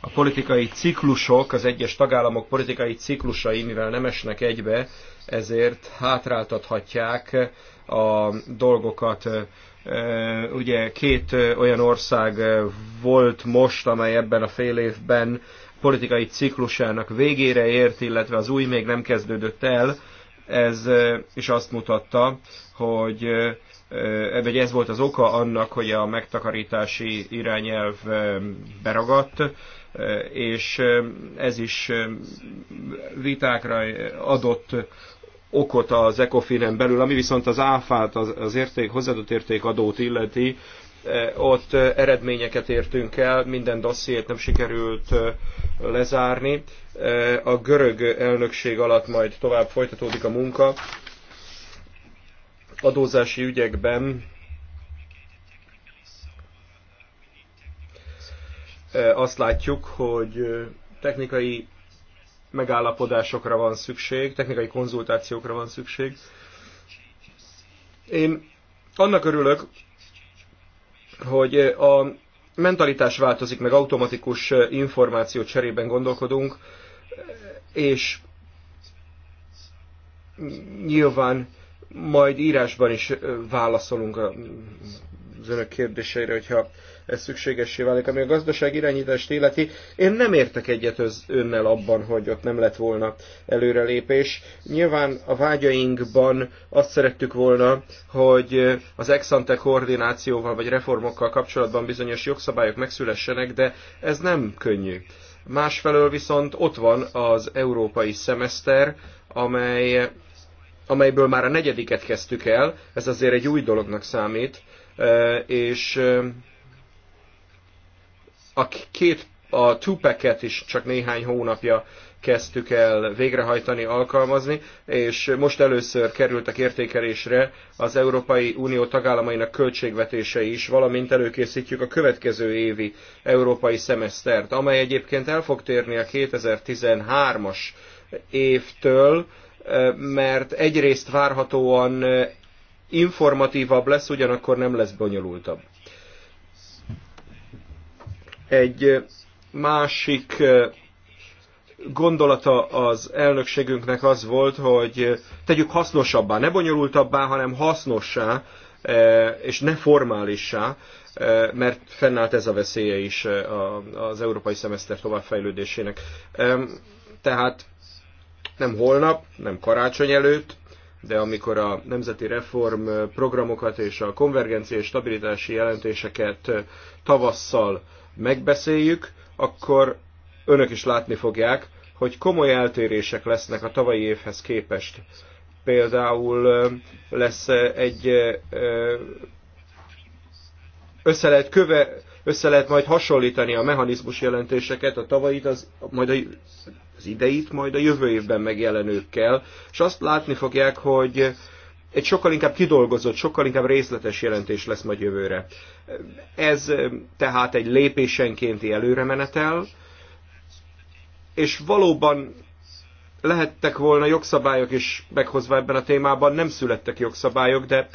a politikai ciklusok, az egyes tagállamok politikai ciklusai, mivel nem esnek egybe, ezért hátráltathatják a dolgokat. Ugye két olyan ország volt most, amely ebben a fél évben politikai ciklusának végére ért, illetve az új még nem kezdődött el, ez is azt mutatta, hogy vagy ez volt az oka annak, hogy a megtakarítási irányelv beragadt, és ez is vitákra adott okot az ECOFIN-en belül, ami viszont az áfát, az érték, hozzáadott érték adót illeti, ott eredményeket értünk el, minden dossziét nem sikerült lezárni. A görög elnökség alatt majd tovább folytatódik a munka. Adózási ügyekben azt látjuk, hogy technikai megállapodásokra van szükség, technikai konzultációkra van szükség. Én annak örülök, hogy a mentalitás változik, meg automatikus információ cserében gondolkodunk, és nyilván majd írásban is válaszolunk az önök kérdéseire, hogyha ez szükségessé válik. Ami a gazdaság irányítást illeti, én nem értek egyet az önnel abban, hogy ott nem lett volna előrelépés. Nyilván a vágyainkban azt szerettük volna, hogy az ex-ante koordinációval vagy reformokkal kapcsolatban bizonyos jogszabályok megszülessenek, de ez nem könnyű. Másfelől viszont ott van az európai szemeszter, amely, amelyből már a negyediket kezdtük el, ez azért egy új dolognak számít, és a két a Tupac-et is csak néhány hónapja kezdtük el végrehajtani, alkalmazni, és most először kerültek értékelésre az Európai Unió tagállamainak költségvetése is, valamint előkészítjük a következő évi európai szemesztert, amely egyébként el fog térni a 2013-as évtől, mert egyrészt várhatóan informatívabb lesz, ugyanakkor nem lesz bonyolultabb. Egy másik gondolata az elnökségünknek az volt, hogy tegyük hasznosabbá, ne bonyolultabbá, hanem hasznossá, és ne formálissá, mert fennállt ez a veszélye is az európai szemeszter továbbfejlődésének. Tehát nem holnap, nem karácsony előtt, de amikor a nemzeti reform programokat és a konvergencia és stabilitási jelentéseket tavasszal megbeszéljük, akkor önök is látni fogják, hogy komoly eltérések lesznek a tavalyi évhez képest. Például lesz egy össze lehet, köve, össze lehet majd hasonlítani a mechanizmus jelentéseket, a tavalyit, az, majd a, az ideit, majd a jövő évben megjelenőkkel, és azt látni fogják, hogy egy sokkal inkább kidolgozott, sokkal inkább részletes jelentés lesz majd jövőre. Ez tehát egy lépésenkénti menetel, és valóban lehettek volna jogszabályok is meghozva ebben a témában, nem születtek jogszabályok, de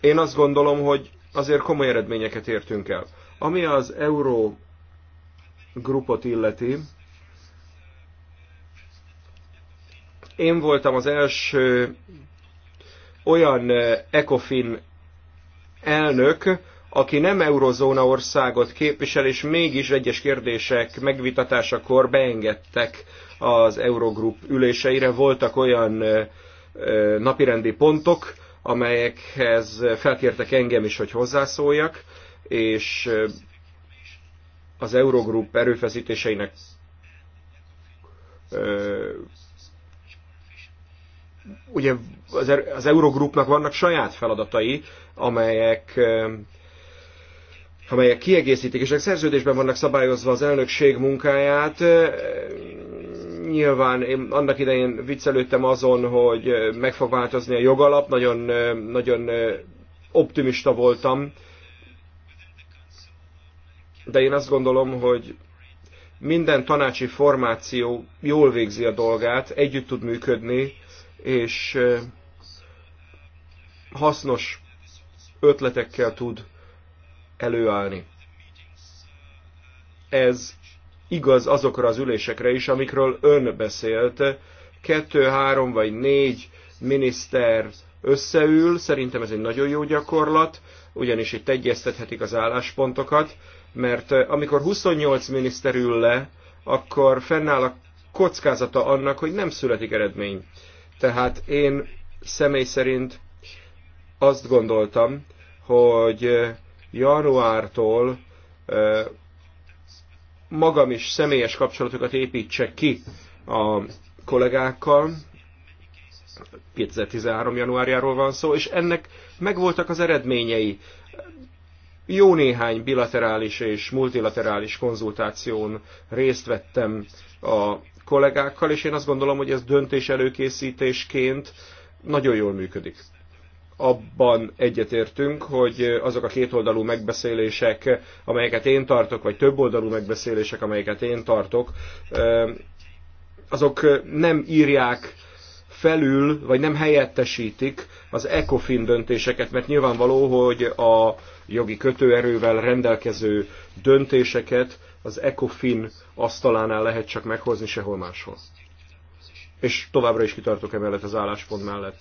én azt gondolom, hogy azért komoly eredményeket értünk el. Ami az Euró grupot illeti, én voltam az első olyan ECOFIN elnök, aki nem eurozóna országot képvisel, és mégis egyes kérdések megvitatásakor beengedtek az Eurogroup üléseire. Voltak olyan napirendi pontok, amelyekhez felkértek engem is, hogy hozzászóljak, és az Eurogroup erőfeszítéseinek ugye az er- Eurogroupnak vannak saját feladatai, amelyek amelyek kiegészítik, és a szerződésben vannak szabályozva az elnökség munkáját. Nyilván én annak idején viccelődtem azon, hogy meg fog változni a jogalap, nagyon, nagyon optimista voltam, de én azt gondolom, hogy minden tanácsi formáció jól végzi a dolgát, együtt tud működni, és hasznos ötletekkel tud előállni. Ez igaz azokra az ülésekre is, amikről ön beszélt. Kettő, három vagy négy miniszter összeül, szerintem ez egy nagyon jó gyakorlat, ugyanis itt egyeztethetik az álláspontokat, mert amikor 28 miniszter ül le, akkor fennáll a kockázata annak, hogy nem születik eredmény. Tehát én személy szerint azt gondoltam, hogy eh, januártól eh, magam is személyes kapcsolatokat építsek ki a kollégákkal, 2013. januárjáról van szó, és ennek megvoltak az eredményei. Jó néhány bilaterális és multilaterális konzultáción részt vettem a kollégákkal, és én azt gondolom, hogy ez döntés előkészítésként nagyon jól működik abban egyetértünk, hogy azok a kétoldalú megbeszélések, amelyeket én tartok, vagy többoldalú megbeszélések, amelyeket én tartok, azok nem írják felül, vagy nem helyettesítik az ECOFIN döntéseket, mert nyilvánvaló, hogy a jogi kötőerővel rendelkező döntéseket az ECOFIN asztalánál lehet csak meghozni sehol máshol. És továbbra is kitartok emellett az álláspont mellett.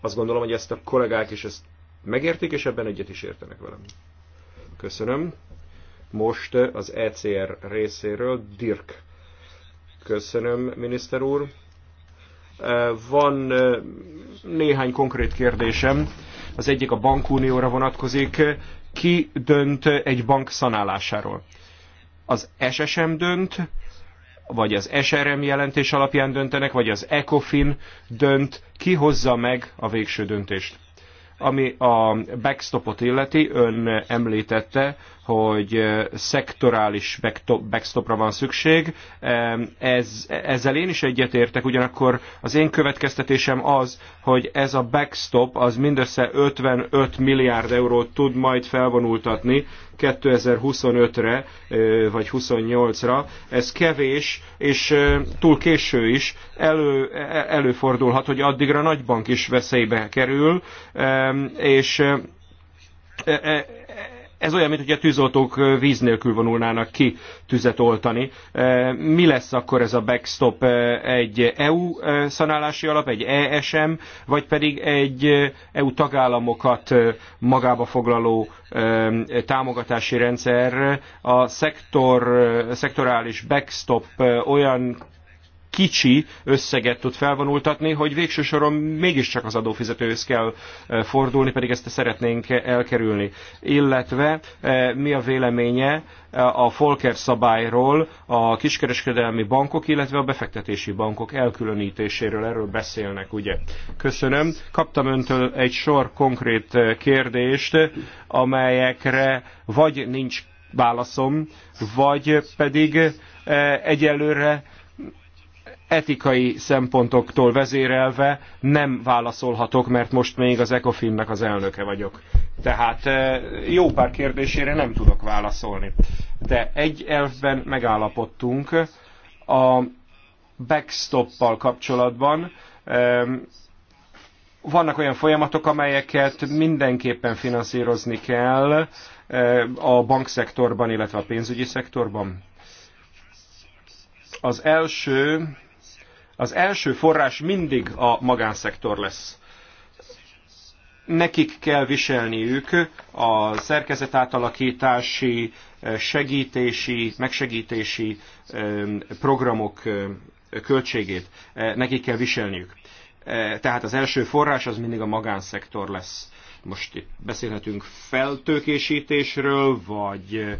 Azt gondolom, hogy ezt a kollégák is ezt megértik, és ebben egyet is értenek velem. Köszönöm. Most az ECR részéről Dirk. Köszönöm, miniszter úr. E, van e, néhány konkrét kérdésem. Az egyik a bankunióra vonatkozik. Ki dönt egy bank szanálásáról? Az SSM dönt, vagy az SRM jelentés alapján döntenek, vagy az ECOFIN dönt, ki hozza meg a végső döntést. Ami a backstopot illeti, ön említette, hogy szektorális backstopra van szükség. Ez, ezzel én is egyetértek, ugyanakkor az én következtetésem az, hogy ez a backstop az mindössze 55 milliárd eurót tud majd felvonultatni 2025-re vagy 28-ra. Ez kevés, és túl késő is. Elő, előfordulhat, hogy addigra nagybank is veszélybe kerül, és ez olyan, mint hogy a tűzoltók víz nélkül vonulnának ki tüzet oltani. Mi lesz akkor ez a backstop? Egy EU szanálási alap, egy ESM, vagy pedig egy EU tagállamokat magába foglaló támogatási rendszer? A szektor, szektorális backstop olyan kicsi összeget tud felvonultatni, hogy végső soron mégiscsak az adófizetőhöz kell e, fordulni, pedig ezt szeretnénk elkerülni. Illetve e, mi a véleménye e, a Folker szabályról, a kiskereskedelmi bankok, illetve a befektetési bankok elkülönítéséről, erről beszélnek, ugye? Köszönöm. Kaptam öntől egy sor konkrét kérdést, amelyekre vagy nincs válaszom, vagy pedig egyelőre etikai szempontoktól vezérelve nem válaszolhatok, mert most még az ECOFIN-nek az elnöke vagyok. Tehát eh, jó pár kérdésére nem tudok válaszolni. De egy elfben megállapodtunk a backstoppal kapcsolatban. Vannak olyan folyamatok, amelyeket mindenképpen finanszírozni kell eh, a bankszektorban, illetve a pénzügyi szektorban. Az első az első forrás mindig a magánszektor lesz. Nekik kell viselniük a szerkezet átalakítási, eh, segítési, megsegítési programok eh, költségét. Eh, nekik kell viselniük. Tehát az első forrás az mindig a magánszektor lesz most itt beszélhetünk feltőkésítésről, vagy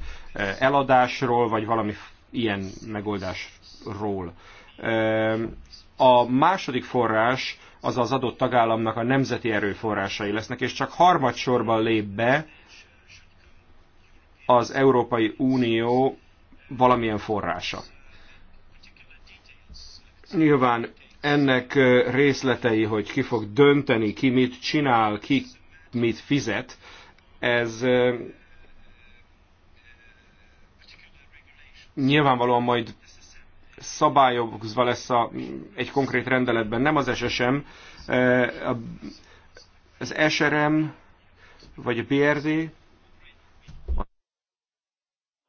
eladásról, vagy valami ilyen megoldásról. A második forrás az az adott tagállamnak a nemzeti erőforrásai lesznek, és csak harmadsorban lép be az Európai Unió valamilyen forrása. Nyilván ennek részletei, hogy ki fog dönteni, ki mit csinál, ki mit fizet, ez nyilvánvalóan majd szabályozva lesz a, egy konkrét rendeletben, nem az SSM, eh, az SRM vagy a BRD,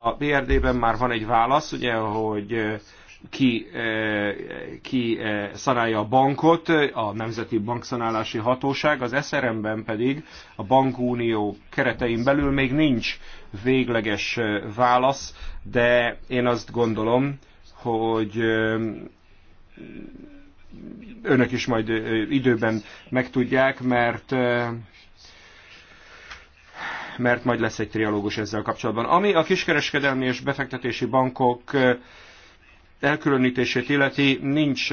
a BRD-ben már van egy válasz, ugye, hogy eh, ki, eh, ki szanálja a bankot, a Nemzeti Bankszanálási Hatóság, az SRM-ben pedig a bankunió keretein belül még nincs végleges válasz, de én azt gondolom, hogy önök is majd időben megtudják, mert mert majd lesz egy trialógus ezzel kapcsolatban. Ami a kiskereskedelmi és befektetési bankok elkülönítését illeti, nincs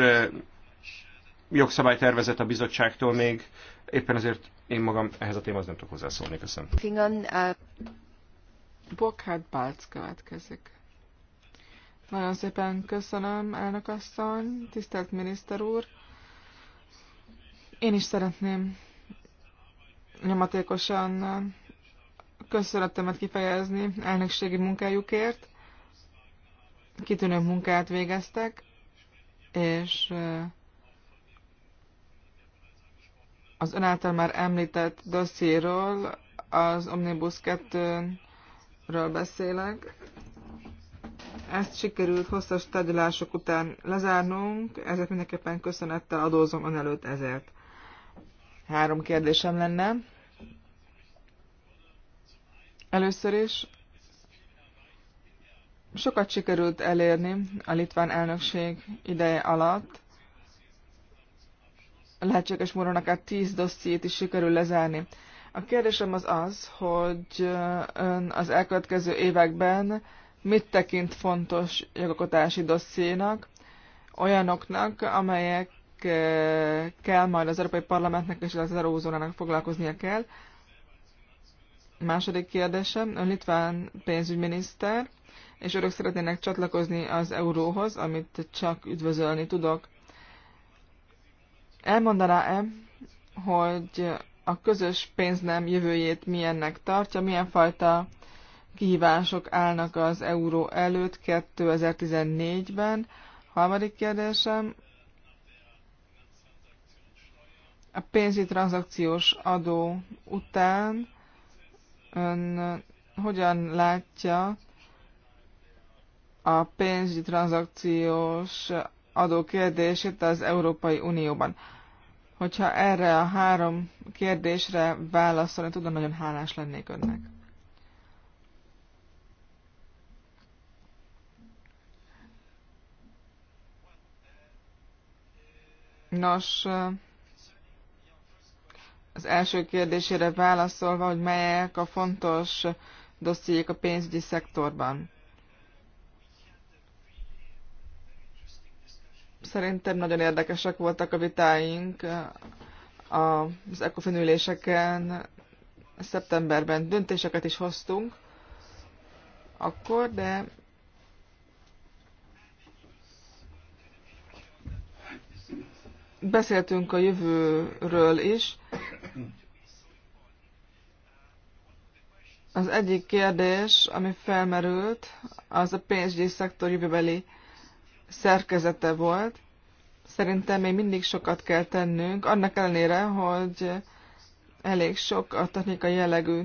jogszabálytervezet a bizottságtól még, éppen ezért én magam ehhez a témához nem tudok hozzászólni. Köszönöm. Fingon, uh... Burkhard Balc következik. Nagyon szépen köszönöm, elnök asszony, tisztelt miniszter úr. Én is szeretném nyomatékosan köszönetemet kifejezni elnökségi munkájukért. Kitűnő munkát végeztek, és eh, az ön által már említett dossziéről, az Omnibus 2-ről beszélek. Ezt sikerült hosszas tárgyalások után lezárnunk, ezek mindenképpen köszönettel adózom ön előtt ezért. Három kérdésem lenne. Először is, sokat sikerült elérni a litván elnökség ideje alatt. Lehetséges módon akár tíz dossziét is sikerül lezárni. A kérdésem az az, hogy ön az elkövetkező években mit tekint fontos jogalkotási dossziénak, olyanoknak, amelyek eh, kell majd az Európai Parlamentnek és az Eurózónának foglalkoznia kell. Második kérdésem, ön litván pénzügyminiszter, és örök szeretnének csatlakozni az euróhoz, amit csak üdvözölni tudok. Elmondaná-e, hogy a közös pénznem jövőjét milyennek tartja, milyen fajta kihívások állnak az euró előtt 2014-ben. Harmadik kérdésem, a pénzi tranzakciós adó után ön hogyan látja a pénzügyi tranzakciós adó kérdését az Európai Unióban? Hogyha erre a három kérdésre válaszolni tudna, nagyon hálás lennék önnek. Nos, az első kérdésére válaszolva, hogy melyek a fontos dossziék a pénzügyi szektorban. Szerintem nagyon érdekesek voltak a vitáink az ECOFIN üléseken. Szeptemberben döntéseket is hoztunk akkor, de Beszéltünk a jövőről is. Az egyik kérdés, ami felmerült, az a pénzügyi szektor jövőbeli szerkezete volt. Szerintem még mindig sokat kell tennünk, annak ellenére, hogy elég sok a technikai jellegű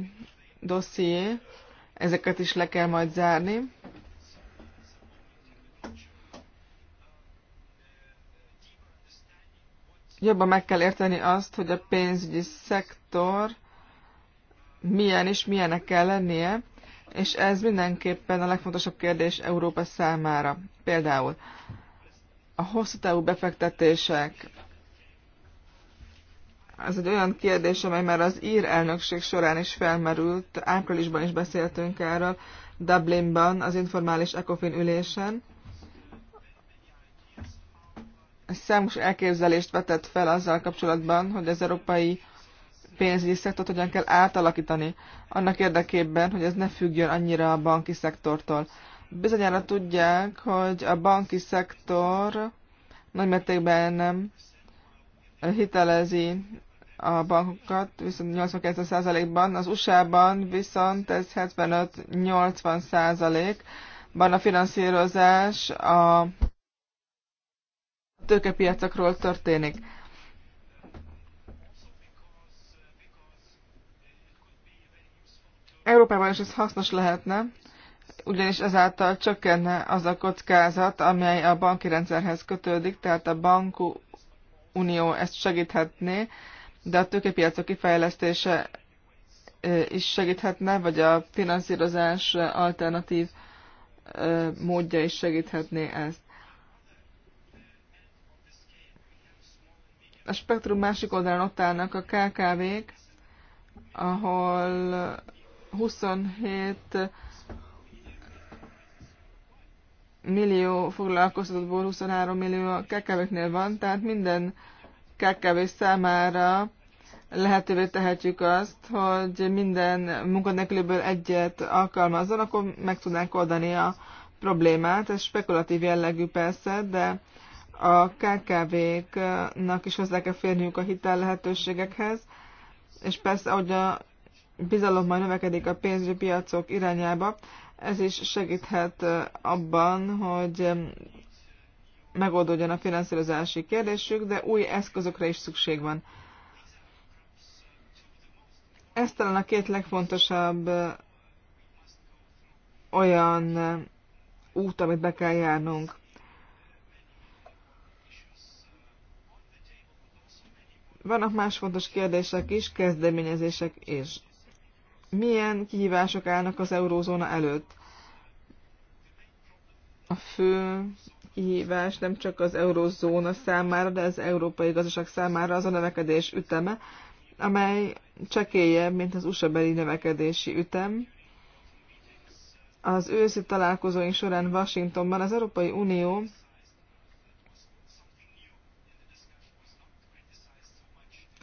dosszié, ezeket is le kell majd zárni. jobban meg kell érteni azt, hogy a pénzügyi szektor milyen és milyenek kell lennie, és ez mindenképpen a legfontosabb kérdés Európa számára. Például a hosszú távú befektetések, ez egy olyan kérdés, amely már az ír elnökség során is felmerült, áprilisban is beszéltünk erről, Dublinban, az informális ECOFIN ülésen számos elképzelést vetett fel azzal kapcsolatban, hogy az európai pénzügyi szektort hogyan kell átalakítani, annak érdekében, hogy ez ne függjön annyira a banki szektortól. Bizonyára tudják, hogy a banki szektor nagymértékben nem hitelezi a bankokat, viszont 89%-ban, az USA-ban viszont ez 75-80%-ban a finanszírozás a tőkepiacokról történik. Európában is ez hasznos lehetne, ugyanis ezáltal csökkenne az a kockázat, amely a banki rendszerhez kötődik, tehát a bankú unió ezt segíthetné, de a tőkepiacok kifejlesztése is segíthetne, vagy a finanszírozás alternatív módja is segíthetné ezt. a spektrum másik oldalán ott állnak a KKV-k, ahol 27 millió foglalkoztatottból 23 millió a KKV-knél van, tehát minden KKV számára lehetővé tehetjük azt, hogy minden munkanélküliből egyet alkalmazzon, akkor meg tudnánk oldani a problémát. Ez spekulatív jellegű persze, de a KKV-knak is hozzá kell férniük a hitel lehetőségekhez, és persze, hogy a bizalom majd növekedik a pénzügyi piacok irányába, ez is segíthet abban, hogy megoldódjon a finanszírozási kérdésük, de új eszközökre is szükség van. Ez talán a két legfontosabb olyan út, amit be kell járnunk. Vannak más fontos kérdések is, kezdeményezések is. Milyen kihívások állnak az eurózóna előtt? A fő kihívás nem csak az eurózóna számára, de az európai gazdaság számára az a növekedés üteme, amely csekélyebb, mint az usa növekedési ütem. Az őszi találkozóink során Washingtonban az Európai Unió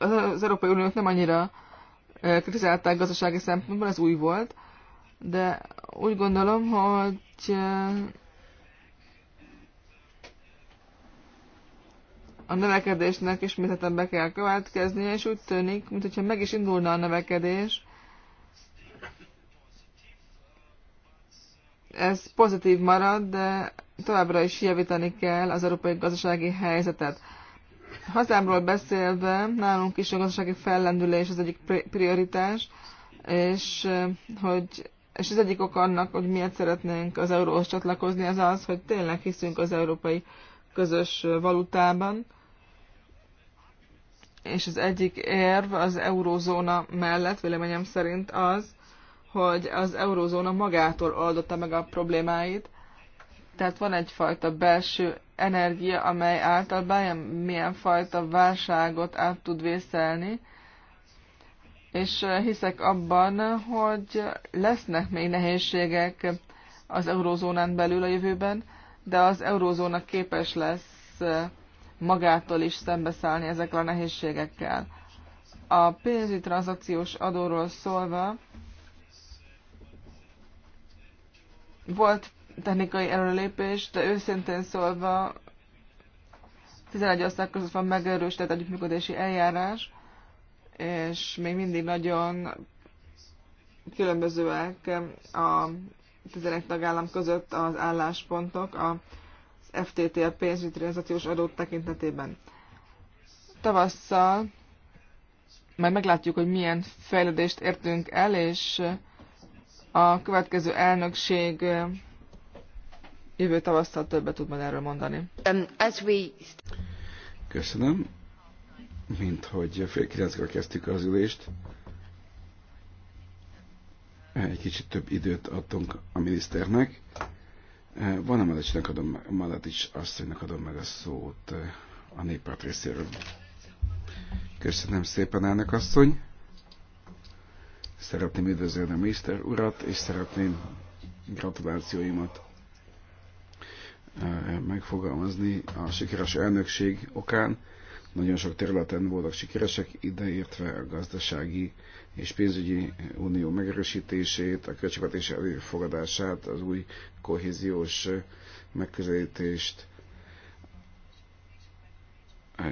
az Európai Uniót nem annyira kritizálták gazdasági szempontból, ez új volt, de úgy gondolom, hogy a növekedésnek ismételten be kell következnie, és úgy tűnik, mintha meg is indulna a növekedés. Ez pozitív marad, de továbbra is javítani kell az európai gazdasági helyzetet. Hazámról beszélve, nálunk is a gazdasági fellendülés az egyik prioritás, és, hogy, és az egyik ok annak, hogy miért szeretnénk az euróhoz csatlakozni, az az, hogy tényleg hiszünk az európai közös valutában, és az egyik érv az eurózóna mellett, véleményem szerint az, hogy az eurózóna magától oldotta meg a problémáit, tehát van egyfajta belső energia, amely által bármilyen fajta válságot át tud vészelni, és eh, hiszek abban, hogy lesznek még nehézségek az eurózónán belül a jövőben, de az eurózóna képes lesz eh, magától is szembeszállni ezekkel a nehézségekkel. A pénzügyi tranzakciós adóról szólva volt technikai előlépés, de őszintén szólva 11 ország között van megerősített együttműködési eljárás, és még mindig nagyon különbözőek a 11 tagállam között az álláspontok az FTT, a pénzügyi tranzakciós adót tekintetében. Tavasszal majd meglátjuk, hogy milyen fejlődést értünk el, és a következő elnökség jövő tavasztal többet tud majd erről mondani. Um, Köszönöm. Mint hogy fél kilenckor kezdtük az ülést, egy kicsit több időt adtunk a miniszternek. Eh, Van Malaticsnak adom, Malatics asszonynak adom meg a szót eh, a néppárt részéről. Köszönöm szépen, elnök asszony. Szeretném üdvözölni a miniszter urat, és szeretném gratulációimat Eh, megfogalmazni a sikeres elnökség okán. Nagyon sok területen voltak sikeresek, ideértve a gazdasági és pénzügyi unió megerősítését, a költségvetés előfogadását, az új kohéziós megközelítést,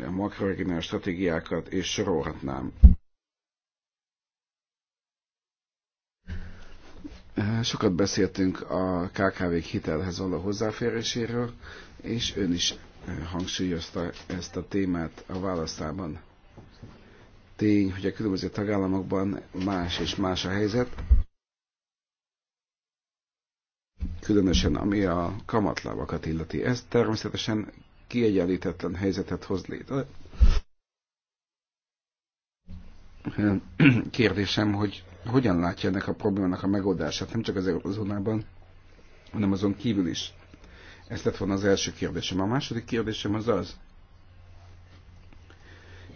a makroregionális stratégiákat, és sorolhatnám. Sokat beszéltünk a KKV-k hitelhez való hozzáféréséről, és ön is eh, hangsúlyozta ezt a témát a választában. Tény, hogy a különböző tagállamokban más és más a helyzet, különösen ami a kamatlábakat illeti. Ez természetesen kiegyenlítetlen helyzetet hoz létre. Eh, kérdésem, hogy hogyan látja ennek a problémának a megoldását, nem csak az eurozónában, hanem azon kívül is. Ez lett volna az első kérdésem. A második kérdésem az az,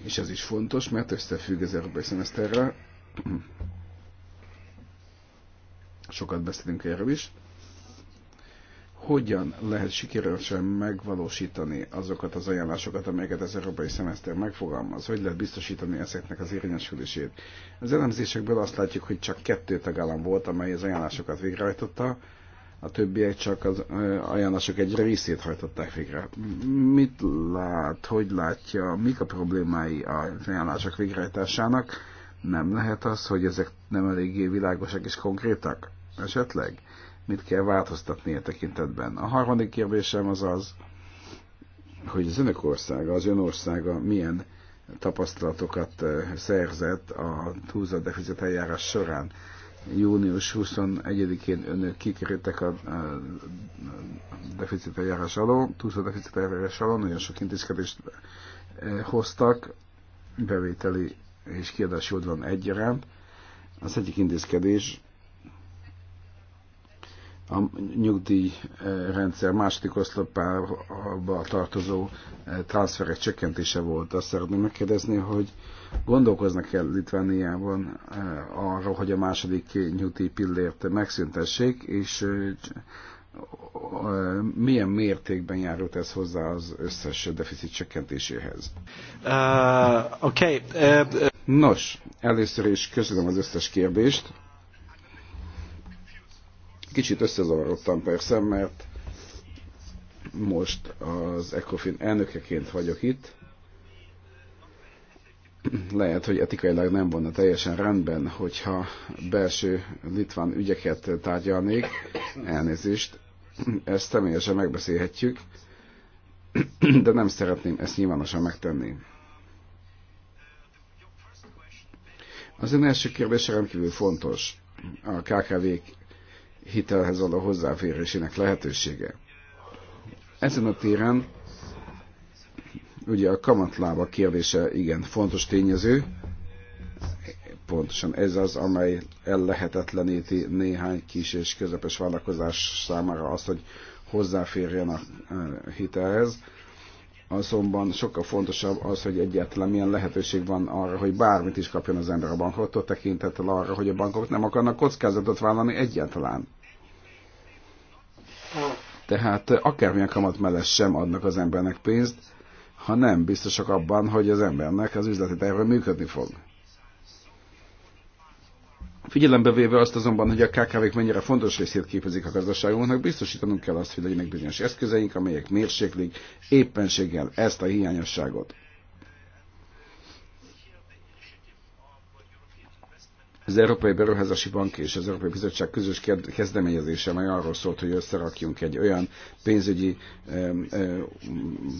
és ez is fontos, mert összefügg az európai szemeszterrel. Sokat beszélünk erről is hogyan lehet sikeresen megvalósítani azokat az ajánlásokat, amelyeket az európai szemeszter megfogalmaz, hogy lehet biztosítani ezeknek az érvényesülését. Az elemzésekből azt látjuk, hogy csak kettő tagállam volt, amely az ajánlásokat végrehajtotta, a többiek csak az ajánlások egy részét hajtották végre. Mit lát, hogy látja, mik a problémái az ajánlások végrehajtásának? Nem lehet az, hogy ezek nem eléggé világosak és konkrétak? Esetleg? mit kell változtatni a e tekintetben. A harmadik kérdésem az az, hogy az önök országa, az ön országa milyen tapasztalatokat e, szerzett a túlzott deficit eljárás során. Június 21-én önök kikerültek a deficit eljárás alól, túlzott deficit eljárás alól, nagyon sok intézkedést e, hoztak, bevételi és kiadási oldalon egyaránt. Az egyik intézkedés a nyugdíjrendszer eh, második oszlopába tartozó eh, transferek csökkentése volt. Azt szeretném megkérdezni, hogy gondolkoznak el Litvániában eh, arról, hogy a második nyugdíj pillért megszüntessék, és milyen mértékben járult ez hozzá az összes deficit csökkentéséhez? Uh, Oké. Okay. Uh, Nos, először is köszönöm az összes kérdést Kicsit összezavarodtam persze, mert most az ECOFIN elnökeként vagyok itt. Lehet, hogy etikailag nem volna teljesen rendben, hogyha belső litván ügyeket tárgyalnék. Elnézést, ezt személyesen megbeszélhetjük, de nem szeretném ezt nyilvánosan megtenni. Az én első kérdése rendkívül fontos. A KKV-k hitelhez való hozzáférésének lehetősége. Ezen a téren ugye a kamatlába kérdése igen fontos tényező, pontosan ez az, amely ellehetetleníti néhány kis és közepes vállalkozás számára azt, hogy hozzáférjen a eh, hitelhez azonban sokkal fontosabb az, hogy egyáltalán milyen lehetőség van arra, hogy bármit is kapjon az ember a bankoktól, tekintettel arra, hogy a bankok nem akarnak kockázatot vállalni egyáltalán. Tehát akármilyen kamat mellett sem adnak az embernek pénzt, ha nem biztosak abban, hogy az embernek az üzleti terve működni fog. Figyelembe véve azt azonban, hogy a KKV-k mennyire fontos részét képezik a gazdaságunknak, biztosítanunk kell azt, hogy legyenek bizonyos eszközeink, amelyek mérséklik éppenséggel ezt a hiányosságot. Az Európai Beruházási Bank és az Európai Bizottság közös kezdeményezése, mely arról szólt, hogy összerakjunk egy olyan pénzügyi,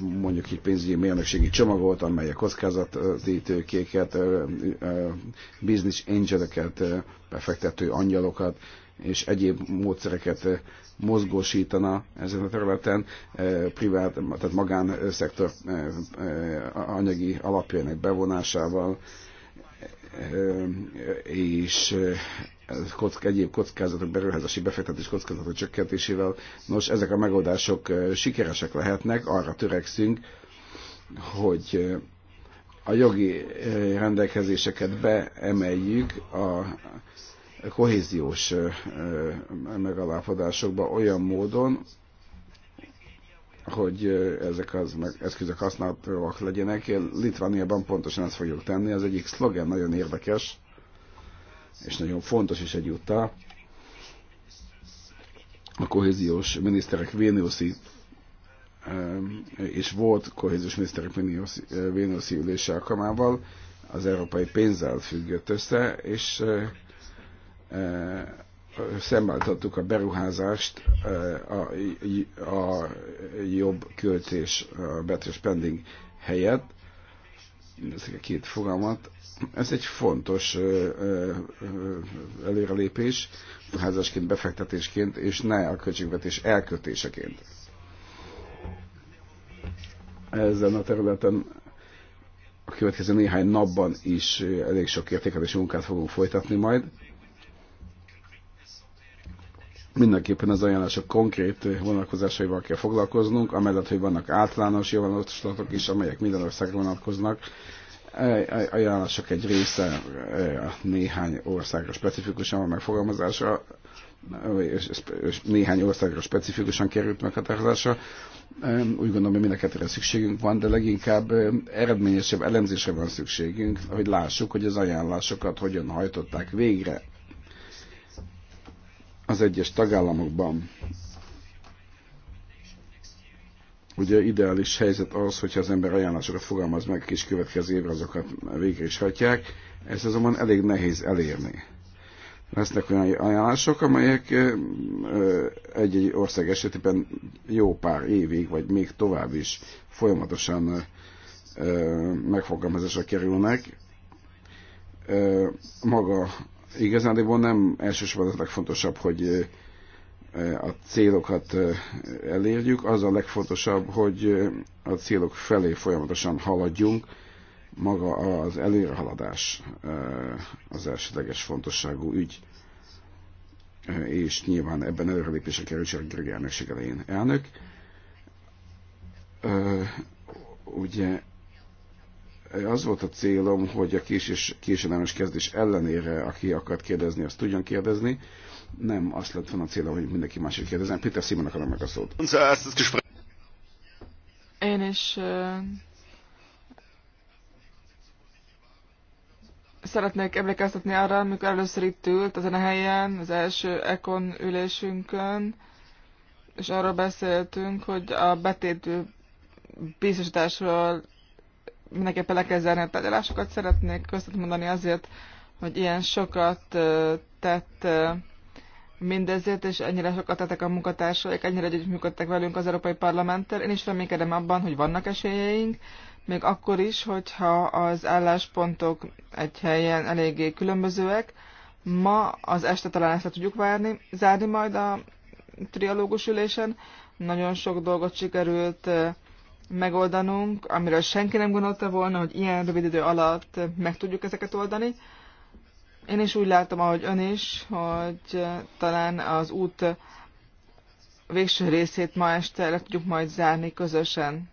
mondjuk egy pénzügyi mérnökségi csomagot, amely a kockázati tőkéket, business angeleket, befektető angyalokat, és egyéb módszereket mozgósítana ezen a területen, privát, tehát magánszektor anyagi alapjainak bevonásával, és eh, kock, egyéb kockázatok, beruházási befektetés kockázatok csökkentésével. Nos, ezek a megoldások eh, sikeresek lehetnek, arra törekszünk, hogy eh, a jogi rendelkezéseket beemeljük a kohéziós megalapodásokba olyan módon, hogy ezek az eszközök használhatóak legyenek. Litvániában pontosan ezt fogjuk tenni. Az egyik szlogen nagyon érdekes, és nagyon fontos is egyúttal. A kohéziós miniszterek Vénuszi és volt kohéziós miniszterek Vénuszi ülése alkalmával az európai pénzzel függött össze, és szemláltattuk a beruházást eh, a, a jobb költés, a better spending helyett, ezek a két fogalmat, ez egy fontos eh, eh, előrelépés, házasként, befektetésként, és ne a költségvetés elkötéseként. Ezen a területen a következő néhány napban is elég sok értékelési munkát fogunk folytatni majd mindenképpen az ajánlások konkrét vonatkozásaival kell foglalkoznunk, amellett, hogy vannak általános javaslatok is, amelyek minden országra vonatkoznak. E, e, ajánlások egy része e, a néhány országra specifikusan van megfogalmazása és néhány országra specifikusan került meghatározása. Úgy gondolom, hogy mind a szükségünk van, de leginkább eredményesebb elemzésre van szükségünk, hogy lássuk, hogy az ajánlásokat hogyan hajtották végre az egyes tagállamokban. Ugye ideális helyzet az, hogyha az ember ajánlásokat fogalmaz meg, és következő évre azokat végre is hagyják, ezt azonban elég nehéz elérni. Lesznek olyan ajánlások, amelyek egy-egy ország esetében jó pár évig, vagy még tovább is folyamatosan megfogalmazásra kerülnek. Maga igazándiból nem elsősorban az a legfontosabb, hogy a célokat elérjük, az a legfontosabb, hogy a célok felé folyamatosan haladjunk, maga az előrehaladás az elsődleges fontosságú ügy, és nyilván ebben előrelépésre kerül a Gergely elnökség elején elnök. Ugye az volt a célom, hogy a késés, késedelmes kezdés ellenére, aki akart kérdezni, azt tudjon kérdezni. Nem azt lett volna a célom, hogy mindenki másik kérdezzen. Péter Simon akarom meg a szót. Én is uh, szeretnék emlékeztetni arra, amikor először itt ült ezen a helyen, az első Econ ülésünkön, és arról beszéltünk, hogy a betét biztosításról mindenképpen le kell zárni a tárgyalásokat. Szeretnék köztet mondani azért, hogy ilyen sokat tett mindezért, és ennyire sokat tettek a munkatársaik, ennyire működtek velünk az Európai Parlamenttel. Én is reménykedem abban, hogy vannak esélyeink, még akkor is, hogyha az álláspontok egy helyen eléggé különbözőek. Ma az este talán ezt le tudjuk várni, zárni majd a trialógus ülésen. Nagyon sok dolgot sikerült megoldanunk, amiről senki nem gondolta volna, hogy ilyen rövid idő alatt meg tudjuk ezeket oldani. Én is úgy látom, ahogy ön is, hogy talán az út végső részét ma este le tudjuk majd zárni közösen.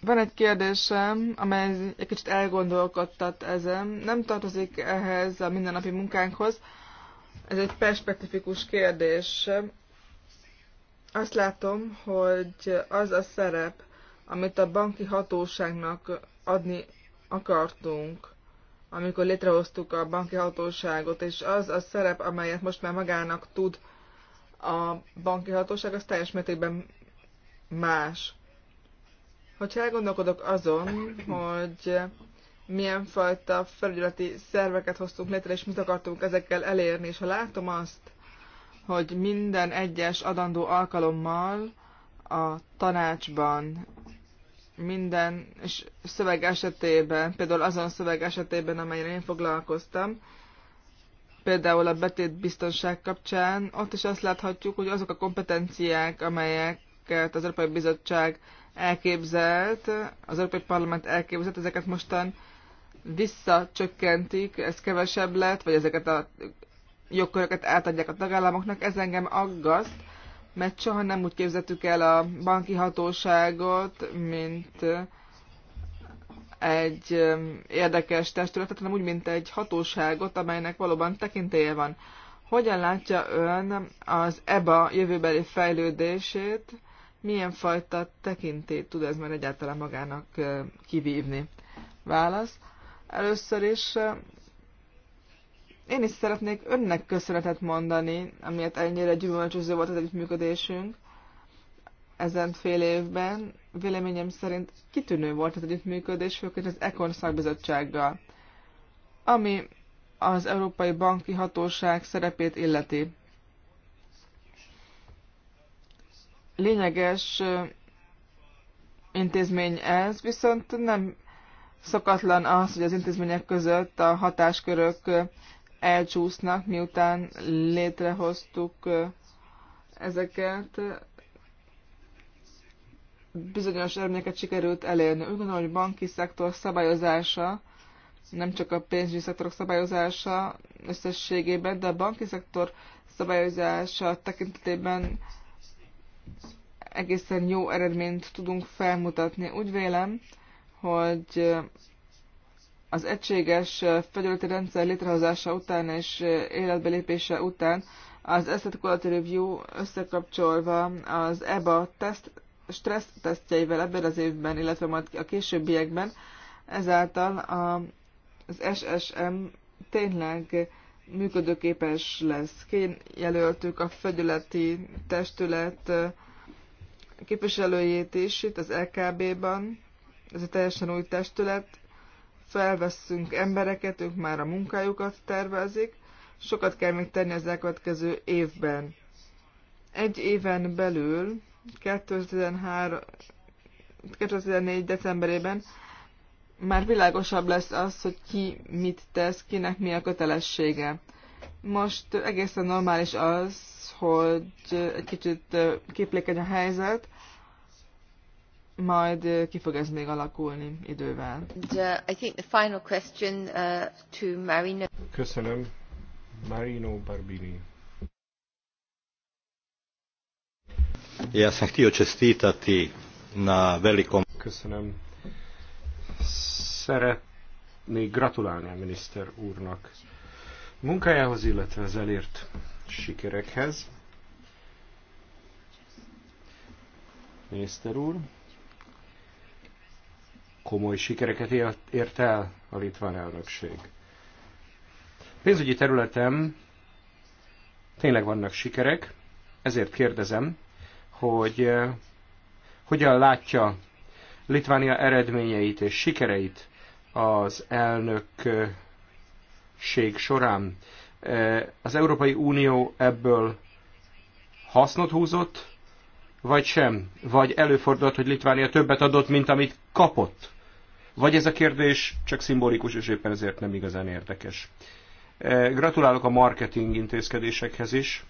Van egy kérdésem, amely egy kicsit elgondolkodtat ezen. Nem tartozik ehhez a mindennapi munkánkhoz. Ez egy perspektifikus kérdés. Azt látom, hogy az a szerep, amit a banki hatóságnak adni akartunk, amikor létrehoztuk a banki hatóságot, és az a szerep, amelyet most már magának tud a banki hatóság, az teljes mértékben más. Hogyha elgondolkodok azon, hogy milyen fajta felügyeleti szerveket hoztunk létre, és mit akartunk ezekkel elérni, és ha látom azt, hogy minden egyes adandó alkalommal a tanácsban minden és szöveg esetében, például azon szöveg esetében, amelyen én foglalkoztam, például a betét biztonság kapcsán, ott is azt láthatjuk, hogy azok a kompetenciák, amelyeket az Európai Bizottság elképzelt, az Európai Parlament elképzelt, ezeket mostan visszacsökkentik, ez kevesebb lett, vagy ezeket a jogköröket átadják a tagállamoknak, ez engem aggaszt, mert soha nem úgy képzettük el a banki hatóságot, mint egy érdekes testületet, hanem úgy, mint egy hatóságot, amelynek valóban tekintélye van. Hogyan látja ön az EBA jövőbeli fejlődését, milyen fajta tekintét tud ez már egyáltalán magának kivívni? Válasz. Először is én is szeretnék önnek köszönetet mondani, amiért ennyire gyümölcsöző volt az együttműködésünk ezen fél évben. Véleményem szerint kitűnő volt az együttműködés, főként az Econ szakbizottsággal, ami az Európai Banki Hatóság szerepét illeti. Lényeges intézmény ez, viszont nem szokatlan az, hogy az intézmények között a hatáskörök elcsúsznak, miután létrehoztuk ezeket. Bizonyos eredményeket sikerült elérni. Úgy gondolom, hogy banki szektor szabályozása, nem csak a pénzügyi szektorok szabályozása összességében, de a banki szektor szabályozása tekintetében egészen jó eredményt tudunk felmutatni. Úgy vélem, hogy az egységes felügyeleti rendszer létrehozása után és életbe lépése után az Asset Quality Review összekapcsolva az EBA teszt, stressz tesztjeivel ebben az évben, illetve majd a későbbiekben, ezáltal a, az SSM tényleg működőképes lesz. Kényelöltük a fegyületi testület képviselőjét is itt az LKB-ban, e ez a teljesen új testület, felveszünk embereket, ők már a munkájukat tervezik, sokat kell még tenni az elkövetkező évben. Egy éven belül, 2013, 2014. decemberében már világosabb lesz az, hogy ki mit tesz, kinek mi a kötelessége. Most egészen normális az, hogy egy kicsit képlékeny a helyzet, majd ki fog ez még alakulni idővel. And, uh, I think the final question uh, to Marino. Köszönöm. Marino Barbini. Ja sam htio čestitati na velikom... Köszönöm. Szeretnék gratulálni a miniszter úrnak munkájához, illetve az elért sikerekhez. Miniszter úr komoly sikereket ért el a litván elnökség. Pénzügyi területen tényleg vannak sikerek, ezért kérdezem, hogy eh, hogyan látja Litvánia eredményeit és sikereit az elnökség során. Eh, az Európai Unió ebből hasznot húzott, vagy sem? Vagy előfordult, hogy Litvánia többet adott, mint amit kapott? Vagy ez a kérdés csak szimbolikus, és éppen ezért nem igazán érdekes. E, gratulálok a marketing intézkedésekhez is.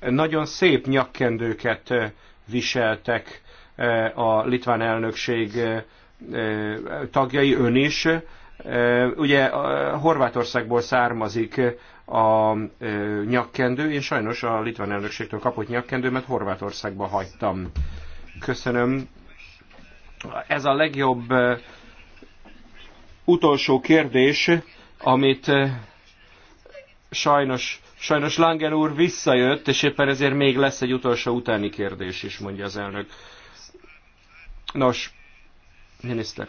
Nagyon szép nyakkendőket e, viseltek e, a litván elnökség tagjai, ön is. Ugye Horvátországból származik a nyakkendő, én sajnos a litván elnökségtől kapott nyakkendőmet Horvátországba hagytam. Köszönöm. Ez a legjobb eh, utolsó kérdés, amit eh, sajnos, sajnos Langen úr visszajött, és éppen ezért még lesz egy utolsó utáni kérdés is, mondja az elnök. Nos, miniszter.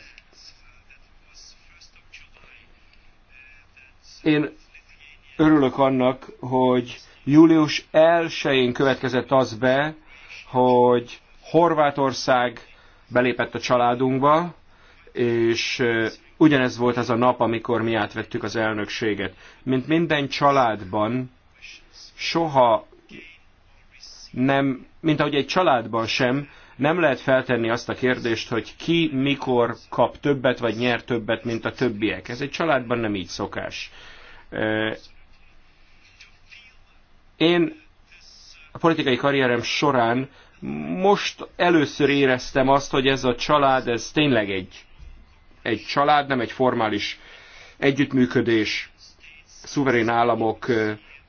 Én örülök annak, hogy július 1-én következett az be, hogy Horvátország belépett a családunkba, és ugyanez volt az a nap, amikor mi átvettük az elnökséget. Mint minden családban, soha nem, mint ahogy egy családban sem, nem lehet feltenni azt a kérdést, hogy ki mikor kap többet, vagy nyer többet, mint a többiek. Ez egy családban nem így szokás. Én a politikai karrierem során most először éreztem azt, hogy ez a család, ez tényleg egy, egy család, nem egy formális együttműködés szuverén államok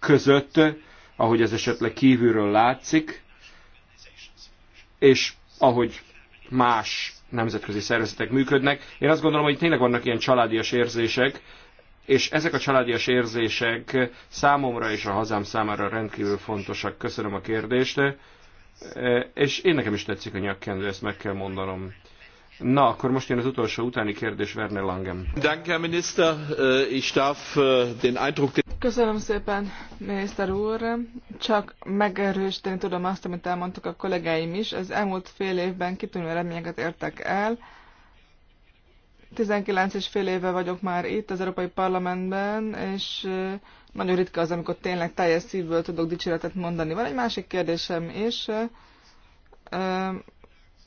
között, ahogy ez esetleg kívülről látszik, és ahogy más nemzetközi szervezetek működnek. Én azt gondolom, hogy tényleg vannak ilyen családias érzések, és ezek a családias érzések számomra és a hazám számára rendkívül fontosak. Köszönöm a kérdést. És én nekem is tetszik a nyakkendő, ezt meg kell mondanom. Na, akkor most jön az utolsó utáni kérdés Werner Langem. Äh, äh, Köszönöm szépen, miniszter úr. Csak megerősíteni tudom azt, amit elmondtak a kollégáim is. Az elmúlt fél évben kitűnő eredményeket értek el. 19 és fél éve vagyok már itt az Európai Parlamentben, és nagyon ritka az, amikor tényleg teljes szívből tudok dicséretet mondani. Van egy másik kérdésem is.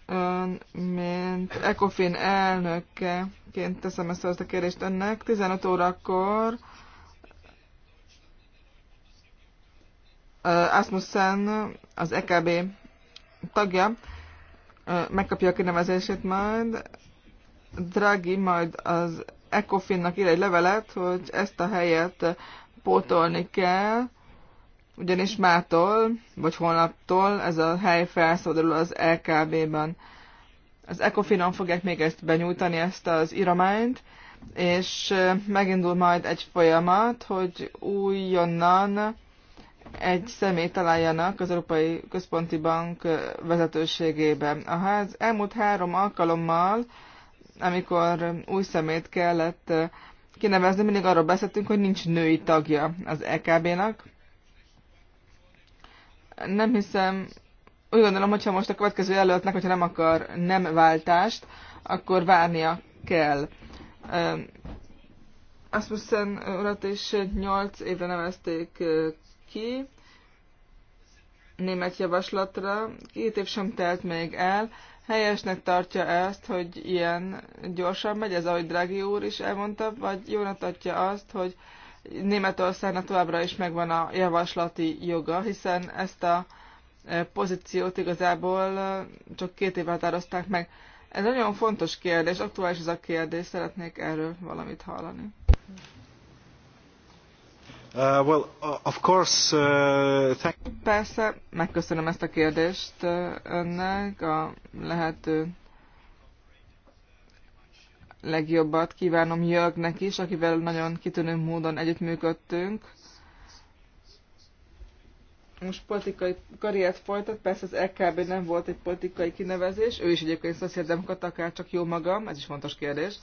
Ön, mint ECOFIN elnökeként teszem ezt azt a kérdést önnek. 15 órakor Asmussen, az EKB tagja, megkapja a kinevezését majd. Draghi majd az Ecofinnak ír egy levelet, hogy ezt a helyet pótolni kell, ugyanis mától, vagy holnaptól ez a hely felszabadul az LKB-ben. Az Ecofinon fogják még ezt benyújtani, ezt az írományt, és megindul majd egy folyamat, hogy újonnan egy személy találjanak az Európai Központi Bank vezetőségében. A ház elmúlt három alkalommal, amikor új szemét kellett kinevezni, mindig arról beszéltünk, hogy nincs női tagja az EKB-nak. Nem hiszem, úgy gondolom, hogyha most a következő előttnek, hogyha nem akar nem váltást, akkor várnia kell. Asmussen urat is 8 évre nevezték ki, német javaslatra. Két év sem telt még el, helyesnek tartja ezt, hogy ilyen gyorsan megy, ez ahogy Draghi úr is elmondta, vagy jónak tartja azt, hogy Németországnak továbbra is megvan a javaslati joga, hiszen ezt a e, pozíciót igazából e, csak két év határozták meg. Ez nagyon fontos kérdés, aktuális ez a kérdés, szeretnék erről valamit hallani. Uh, uh, uh, persze, megköszönöm ezt a kérdést önnek, a lehető legjobbat kívánom Jörgnek is, akivel nagyon kitűnő módon együttműködtünk. Most politikai karriert folytat, persze az LKB e nem volt egy politikai kinevezés, ő is egyébként szociáldemokat akár csak jó magam, ez is fontos kérdés.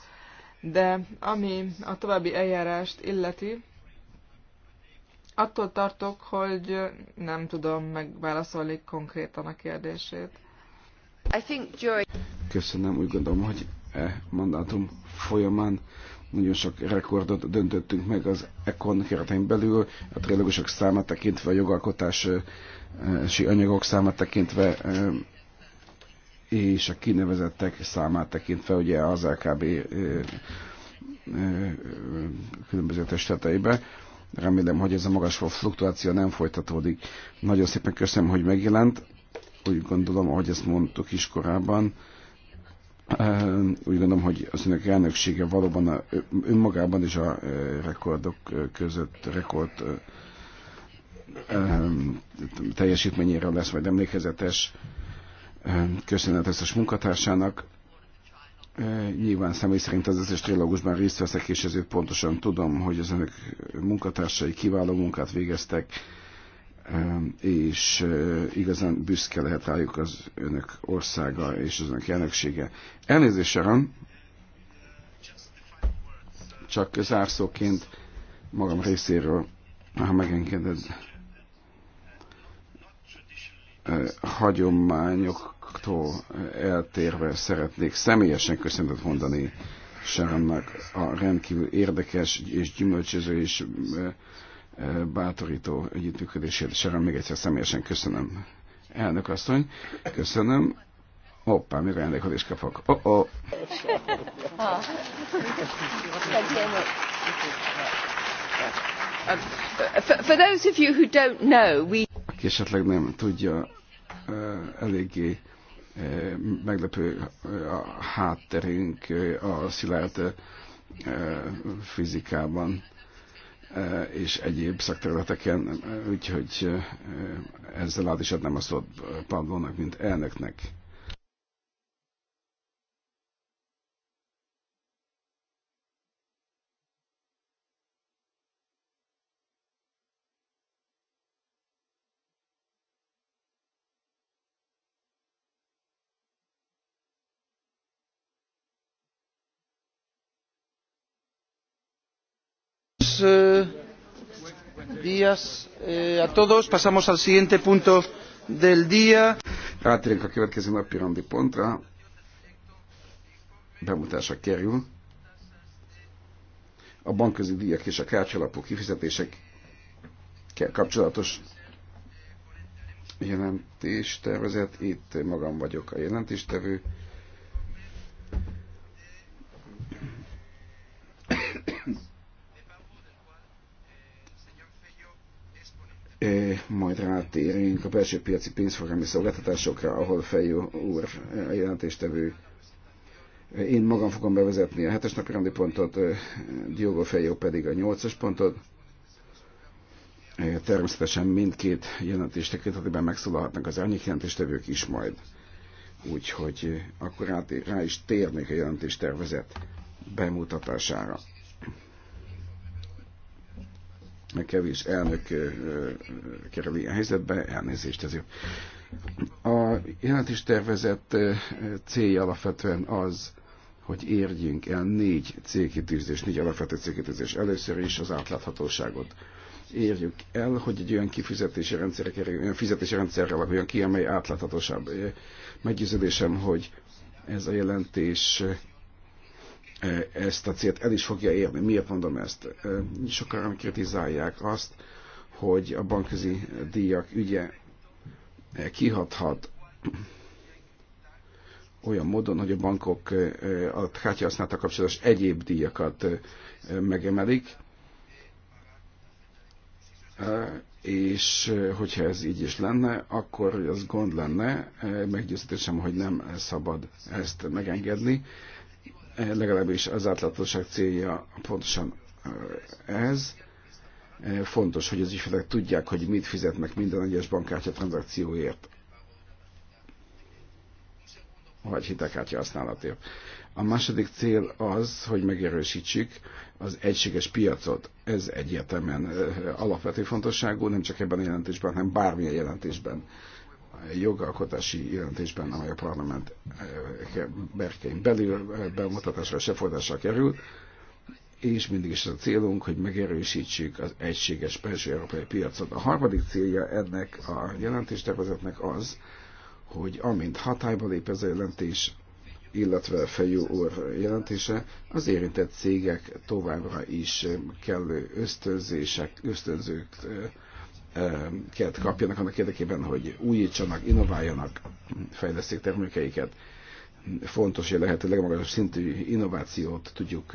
De ami a további eljárást illeti, attól tartok, hogy nem tudom megválaszolni konkrétan a kérdését. I think joy... Köszönöm, úgy gondolom, hogy e mandátum folyamán nagyon sok rekordot döntöttünk meg az ECON keretein belül, a trilógusok számát tekintve, a jogalkotási e, anyagok számát tekintve, e, és a kinevezettek számát tekintve, ugye az LKB e, különböző testeteiben. Remélem, hogy ez a magas fluktuáció nem folytatódik. Nagyon szépen köszönöm, hogy megjelent. Úgy gondolom, ahogy ezt mondtuk is korábban, eh, úgy gondolom, hogy az önök elnöksége valóban a, önmagában is a eh, rekordok eh, között rekord teljesítményéről lesz majd emlékezetes. Köszönet összes munkatársának. Nyilván személy szerint az összes trilógusban részt veszek, és ezért pontosan tudom, hogy az önök munkatársai kiváló munkát végeztek, és igazán büszke lehet rájuk az önök országa és az önök elnöksége. Elnézést, Sharon! Csak zárszóként magam részéről, ha megengeded, hagyományok témáktól eltérve szeretnék személyesen köszönetet mondani Sárnak a rendkívül érdekes és gyümölcsöző és bátorító együttműködését. Sárán még egyszer személyesen köszönöm. Elnök asszony, köszönöm. Hoppá, még ajándékozást kapok. Oh -oh. For those of you who don't know, we... Aki esetleg nem tudja, eléggé meglepő a hátterünk a szilárd fizikában és egyéb szakterületeken, úgyhogy ezzel át is adnám a szót Pavlónak, mint elnöknek. días eh, a todos. Pasamos al siguiente punto del día. Rátérünk a következő napi rendi pontra. Bemutásra kerül. A bankközi díjak és a kártyalapok kifizetések kapcsolatos jelentéstervezet. Itt magam vagyok a jelentéstevő. majd rátérünk a belső piaci pénzforgalmi szolgáltatásokra, ahol Fejó úr a jelentéstevő. Én magam fogom bevezetni a 7-es napi pontot, Diogo Fejó pedig a 8-as pontot. Természetesen mindkét jelentést tekintetében megszólalhatnak az árnyék jelentéstevők is majd. Úgyhogy akkor rá, is térnék a jelentéstervezet bemutatására kevés elnök kerül ilyen helyzetbe, elnézést ezért. A jelentés tervezett célja alapvetően az, hogy érjünk el négy célkitűzés, négy alapvető célkitűzés. Először is az átláthatóságot érjük el, hogy egy olyan kifizetési rendszerre kerüljön, olyan fizetési rendszerre alakuljon ki, amely átláthatóság. Meggyőződésem, hogy ez a jelentés ezt a célt el is fogja érni. Miért mondom ezt? Sokan kritizálják azt, hogy a bankközi díjak ügye kihathat olyan módon, hogy a bankok a kártyahasználata kapcsolatos egyéb díjakat megemelik, és hogyha ez így is lenne, akkor az gond lenne, meggyőződésem, hogy nem szabad ezt megengedni, legalábbis az átláthatóság célja pontosan eh, ez. Eh, fontos, hogy az ügyfelek tudják, hogy mit fizetnek minden egyes bankkártya tranzakcióért, vagy hitelkártya használatért. A második cél az, hogy megerősítsük az egységes piacot. Ez egyértelműen eh, alapvető fontosságú, nem csak ebben a jelentésben, hanem bármilyen jelentésben jogalkotási jelentésben, amely a parlament eh, berkein belül eh, bemutatásra se fordásra került, és mindig is ez a célunk, hogy megerősítsük az egységes belső európai piacot. A harmadik célja ennek a jelentéstervezetnek az, hogy amint hatályba lép ez a jelentés, illetve fejú úr jelentése, az érintett cégek továbbra is kellő ösztönzések, ösztönzők eh, kellett kapjanak annak érdekében, hogy újítsanak, innováljanak, fejleszték termékeiket. Fontos, hogy lehet, hogy legmagasabb szintű innovációt tudjuk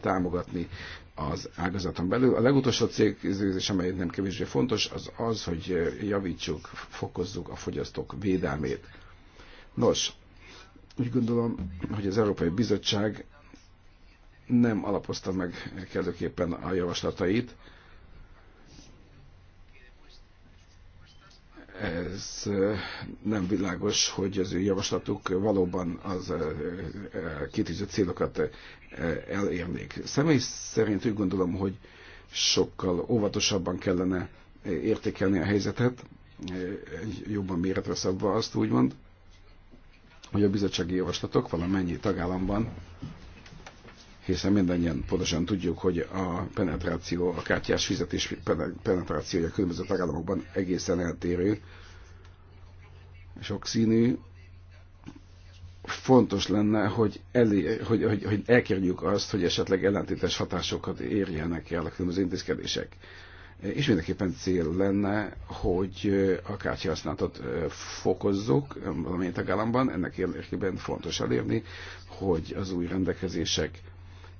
támogatni az ágazaton belül. A legutolsó cégzőzés, amely nem kevésbé fontos, az az, hogy javítsuk, fokozzuk a fogyasztók védelmét. Nos, úgy gondolom, hogy az Európai Bizottság nem alapozta meg kellőképpen a javaslatait, ez nem világos, hogy az ő javaslatuk valóban az kitűzött célokat elérnék. Személy szerint úgy gondolom, hogy sokkal óvatosabban kellene értékelni a helyzetet, jobban méretre szabva azt úgymond, hogy a bizottsági javaslatok valamennyi tagállamban hiszen mindannyian pontosan tudjuk, hogy a penetráció, a kártyás fizetés penetrációja a különböző tagállamokban egészen eltérő, sokszínű. Fontos lenne, hogy, elé, hogy, hogy, hogy elkérjük azt, hogy esetleg ellentétes hatásokat érjenek el a különböző intézkedések. És mindenképpen cél lenne, hogy a kártya használatot fokozzuk valamilyen tagállamban, ennek érdekében fontos elérni, hogy az új rendelkezések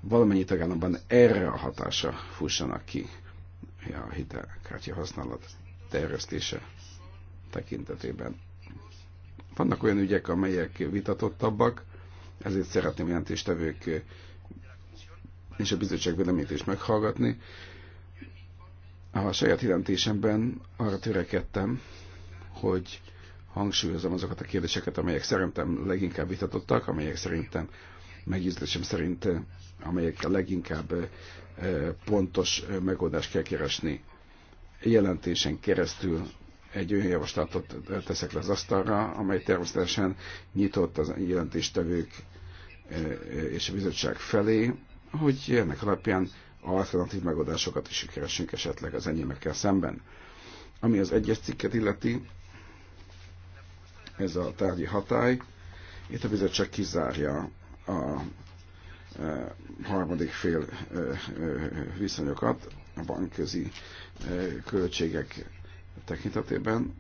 valamennyi tagállamban erre a hatása fussanak ki a hitelkártya használat terjesztése tekintetében. Vannak olyan ügyek, amelyek vitatottabbak, ezért szeretném jelentéstevők és a bizottság véleményét is meghallgatni. A saját jelentésemben arra törekedtem, hogy hangsúlyozom azokat a kérdéseket, amelyek szerintem leginkább vitatottak, amelyek szerintem megízlésem szerint, eh, a leginkább eh, pontos eh, megoldást kell keresni. Jelentésen keresztül egy olyan javaslatot teszek le az asztalra, amely természetesen nyitott az jelentéstevők és a bizottság felé, hogy ennek alapján alternatív megoldásokat is keresünk esetleg az enyémekkel szemben. Ami az egyes cikket illeti, ez a tárgyi hatály, itt a bizottság kizárja a harmadik fél viszonyokat a bankközi költségek tekintetében.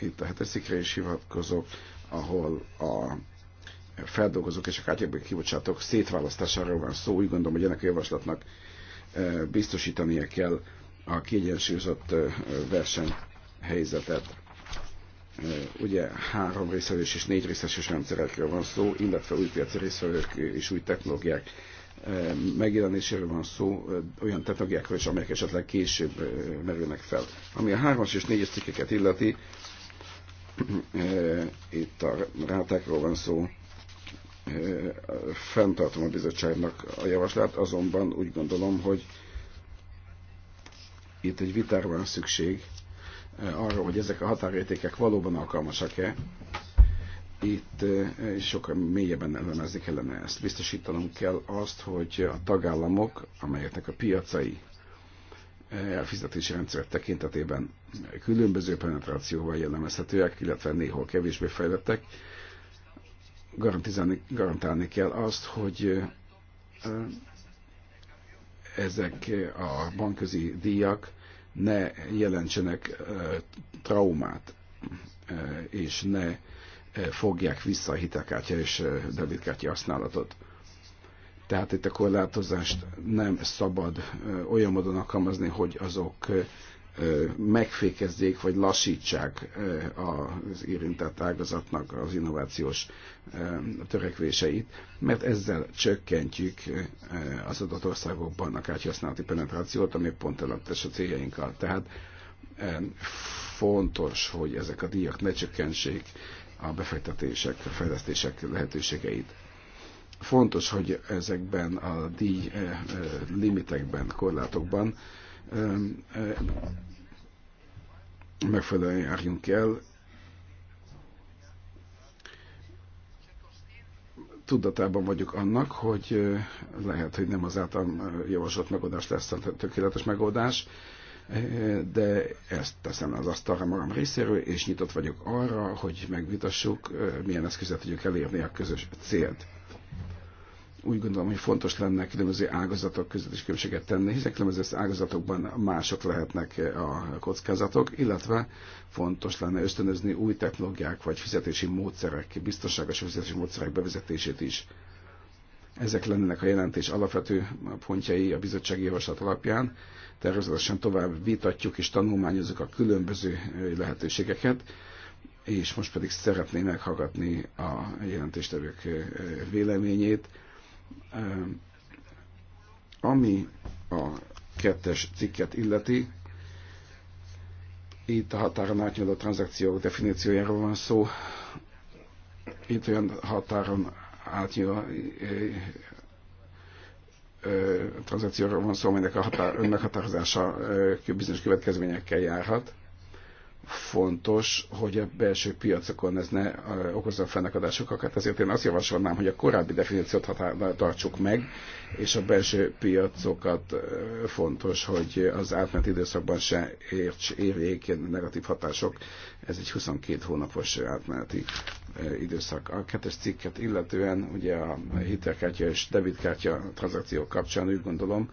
Itt a hetes szikre is hivatkozok, ahol a feldolgozók és a kártyákból kibocsátók szétválasztásáról van szó. Úgy gondolom, hogy ennek a javaslatnak biztosítania kell a kiegyensúlyozott versenyhelyzetet ugye három részvevős és négy részes rendszerekről van szó, illetve új piaci részvevők és új technológiák megjelenéséről van szó, olyan technológiákról is, amelyek esetleg később merülnek fel. Ami a hármas és négyes cikkeket illeti, itt a rátákról van szó, fenntartom a bizottságnak a javaslat, azonban úgy gondolom, hogy itt egy vitára van szükség, arról, hogy ezek a határértékek valóban alkalmasak-e. Itt sokkal mélyebben elemezni kellene ezt. Biztosítanunk kell azt, hogy a tagállamok, amelyeknek a piacai elfizetési rendszer tekintetében különböző penetrációval jellemezhetőek, illetve néhol kevésbé fejlettek, garantálni, garantálni kell azt, hogy ezek a bankközi díjak ne jelentsenek traumát, és ne fogják vissza a hitelkártya és debitkártya használatot. Tehát itt a korlátozást nem szabad olyan módon alkalmazni, hogy azok megfékezzék vagy lassítsák az érintett ágazatnak az innovációs törekvéseit, mert ezzel csökkentjük az adott országokban a kártyahasználati penetrációt, ami pont ellentétes a céljainkkal. Tehát fontos, hogy ezek a díjak ne csökkentsék a befektetések, a fejlesztések lehetőségeit. Fontos, hogy ezekben a díj limitekben, korlátokban megfelelően járjunk el. Tudatában vagyok annak, hogy lehet, hogy nem az általam javasolt megoldás lesz a tökéletes megoldás, de ezt teszem az asztalra magam részéről, és nyitott vagyok arra, hogy megvitassuk, milyen eszközet tudjuk elérni a közös célt úgy gondolom, hogy fontos lenne különböző ágazatok között is különbséget tenni, hiszen különböző ágazatokban mások lehetnek a kockázatok, illetve fontos lenne ösztönözni új technológiák vagy fizetési módszerek, biztonságos fizetési módszerek bevezetését is. Ezek lennének a jelentés alapvető pontjai a bizottsági javaslat alapján. Természetesen tovább vitatjuk és tanulmányozzuk a különböző lehetőségeket, és most pedig szeretném meghallgatni a jelentéstevők véleményét ami a kettes cikket illeti, itt a határon átnyúló tranzakciók definíciójáról van szó. Itt olyan határon átnyúló tranzakcióról van szó, aminek a határ, önmeghatározása bizonyos következményekkel járhat fontos, hogy a belső piacokon ez ne okozza fennakadásokat. Hát ezért én azt javasolnám, hogy a korábbi definíciót tartsuk meg, és a belső piacokat fontos, hogy az átmeneti időszakban se érts, érjék negatív hatások. Ez egy 22 hónapos átmeneti időszak. A kettes cikket illetően ugye a hitelkártya és debitkártya tranzakciók kapcsán úgy gondolom,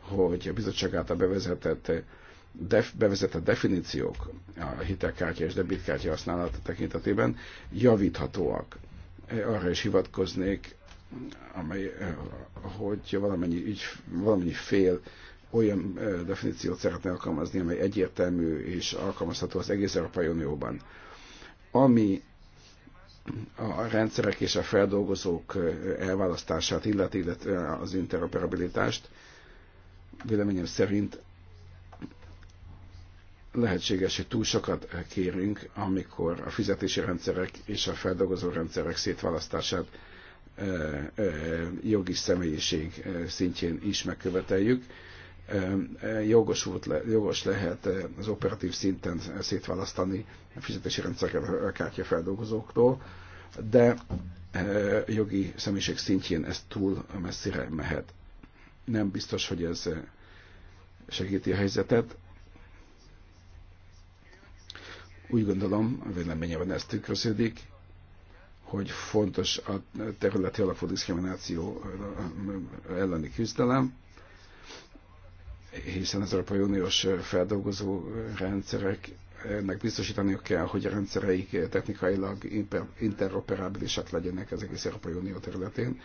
hogy a bizottság által bevezetett def, bevezetett definíciók a hitelkártya és debitkártya használata tekintetében javíthatóak. Arra is hivatkoznék, amely, eh, hogy valamennyi, így, valamennyi fél olyan eh, definíciót szeretne alkalmazni, amely egyértelmű és alkalmazható az egész Európai Unióban. Ami a rendszerek és a feldolgozók eh, elválasztását illeti, illetve az interoperabilitást, véleményem szerint lehetséges, hogy túl sokat kérünk, amikor a fizetési rendszerek és a feldolgozó rendszerek szétválasztását jogi személyiség szintjén is megköveteljük. Jogos, volt le, jogos lehet az operatív szinten szétválasztani a fizetési rendszereket a kártyafeldolgozóktól, de jogi személyiség szintjén ez túl messzire mehet. Nem biztos, hogy ez segíti a helyzetet úgy gondolom, a véleményemben ez tükröződik, hogy fontos a területi alapú diszkrimináció elleni küzdelem, hiszen az Európai Uniós feldolgozó rendszereknek biztosítaniuk kell, hogy a rendszereik technikailag interoperábilisak legyenek az egész Európai Unió területén.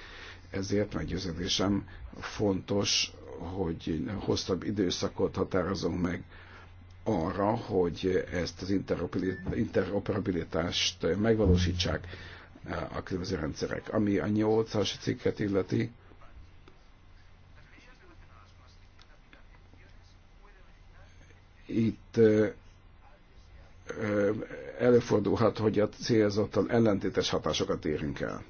Ezért meggyőződésem fontos, hogy hosszabb időszakot határozunk meg arra, hogy ezt az interoperabilitást megvalósítsák eh, a különböző rendszerek. Ami a 8-as cikket illeti, itt eh, eh, előfordulhat, hogy a célzottan ellentétes hatásokat érünk el.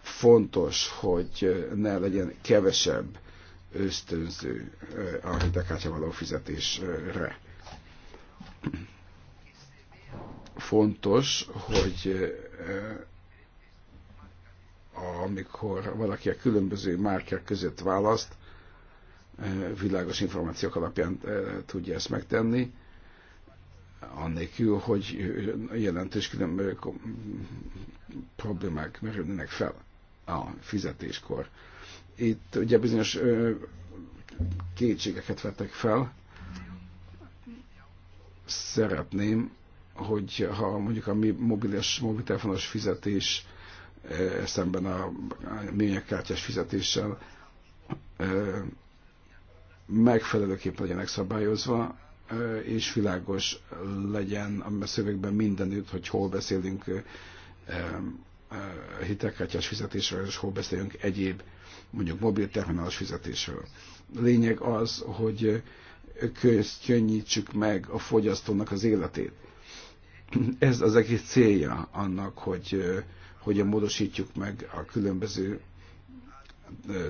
Fontos, hogy ne legyen kevesebb ösztönző a hitekártya való fizetésre. Fontos, hogy amikor valaki a különböző márkák között választ, világos információk alapján tudja ezt megtenni, annélkül, hogy jelentős különböző problémák merülnek fel a fizetéskor. Itt ugye bizonyos kétségeket vettek fel. Szeretném, hogy ha mondjuk a mobiles, mobiltelefonos fizetés szemben a műanyagkártyás fizetéssel megfelelőképpen legyenek szabályozva, és világos legyen a szövegben mindenütt, hogy hol beszélünk hitelkártyás fizetésről, és hol beszélünk egyéb, mondjuk mobilterminálos fizetésről. Lényeg az, hogy könnyítsük meg a fogyasztónak az életét. Ez az egész célja annak, hogy hogyan módosítjuk meg a különböző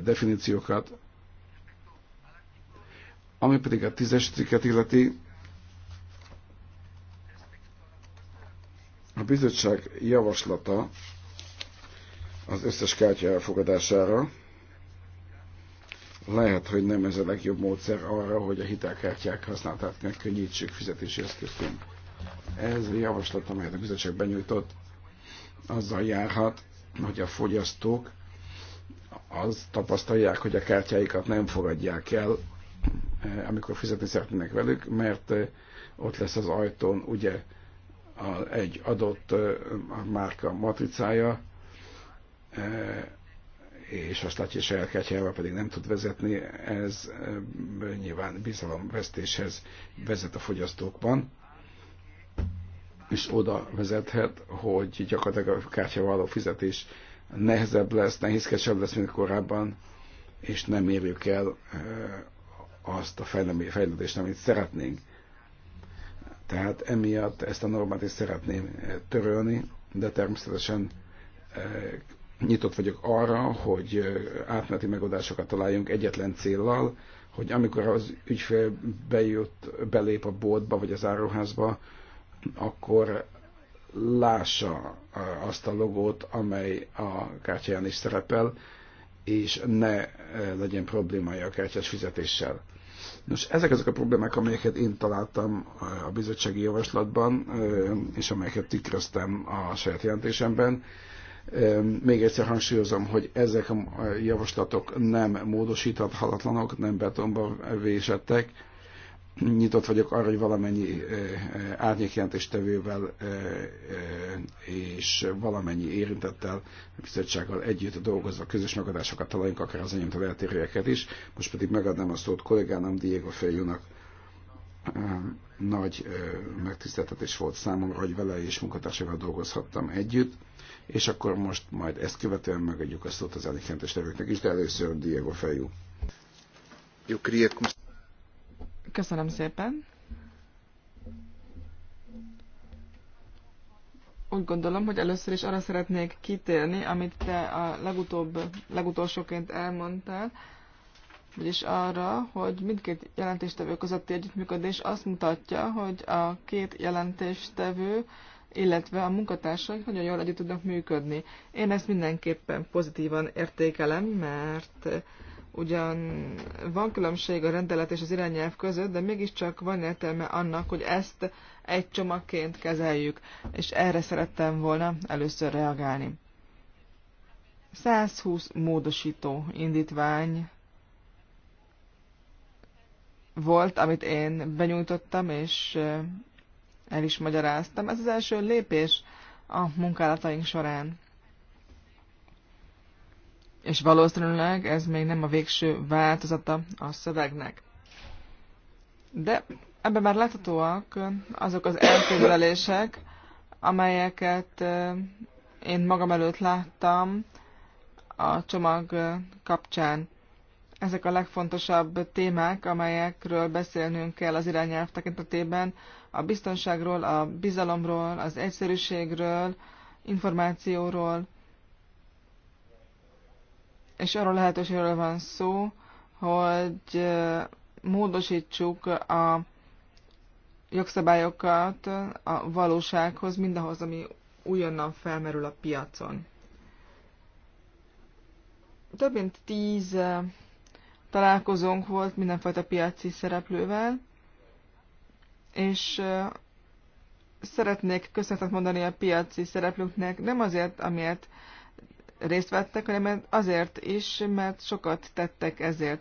definíciókat. Ami pedig a tízes cikket illeti, a bizottság javaslata az összes kártya elfogadására. Lehet, hogy nem ez a legjobb módszer arra, hogy a hitelkártyák használatát megkönnyítsük fizetési eszközként. Ez a javaslat, amelyet a bizottság benyújtott, azzal járhat, hogy a fogyasztók az tapasztalják, hogy a kártyáikat nem fogadják el, eh, amikor fizetni szeretnének velük, mert eh, ott lesz az ajtón ugye egy adott eh, márka matricája, E, és azt látja, hogy saját pedig nem tud vezetni, ez e, nyilván bizalomvesztéshez vezet a fogyasztókban, és oda vezethet, hogy gyakorlatilag a kártyával való fizetés nehezebb lesz, nehézkesebb lesz, mint korábban, és nem érjük el e, azt a fejlődést, amit szeretnénk. Tehát emiatt ezt a normát is szeretném törölni, de természetesen nyitott vagyok arra, hogy átmeneti megoldásokat találjunk egyetlen céllal, hogy amikor az ügyfél bejött, belép a boltba vagy az áruházba, akkor lássa azt a logót, amely a kártyáján is szerepel, és ne legyen problémája a kártyás fizetéssel. Nos, ezek azok a problémák, amelyeket én találtam a bizottsági javaslatban, és amelyeket tükröztem a saját jelentésemben. Még egyszer hangsúlyozom, hogy ezek a javaslatok nem módosíthatatlanok, nem betonba vésettek. Nyitott vagyok arra, hogy valamennyi eh, eh, árnyékjelentéstevővel eh, és valamennyi érintettel, bizottsággal együtt dolgozva közös megadásokat találjunk, akár az enyémtől eltérőeket is. Most pedig megadnám a szót kollégának, Diego Fejúnak nagy megtiszteltetés volt számomra, hogy vele és munkatársával dolgozhattam együtt és akkor most majd ezt követően megadjuk a szót az elnökjelentős nevőknek is, de először Diego Fejú. Köszönöm szépen. Úgy gondolom, hogy először is arra szeretnék kitérni, amit te a legutóbb, legutolsóként elmondtál, vagyis arra, hogy mindkét jelentéstevő közötti együttműködés azt mutatja, hogy a két jelentéstevő illetve a munkatársaik nagyon jól együtt tudnak működni. Én ezt mindenképpen pozitívan értékelem, mert ugyan van különbség a rendelet és az irányelv között, de mégiscsak van értelme annak, hogy ezt egy csomagként kezeljük, és erre szerettem volna először reagálni. 120 módosító indítvány volt, amit én benyújtottam, és el is magyaráztam. Ez az első lépés a munkálataink során. És valószínűleg ez még nem a végső változata a szövegnek. De ebben már láthatóak azok az elképzelések, amelyeket én magam előtt láttam a csomag kapcsán. Ezek a legfontosabb témák, amelyekről beszélnünk kell az irányelv tekintetében a biztonságról, a bizalomról, az egyszerűségről, információról, és arról lehetőségről van szó, hogy módosítsuk a jogszabályokat a valósághoz, mindahhoz, ami újonnan felmerül a piacon. Több mint tíz találkozónk volt mindenfajta piaci szereplővel, és szeretnék köszönetet mondani a piaci szereplőknek, nem azért, amiért részt vettek, hanem azért is, mert sokat tettek ezért.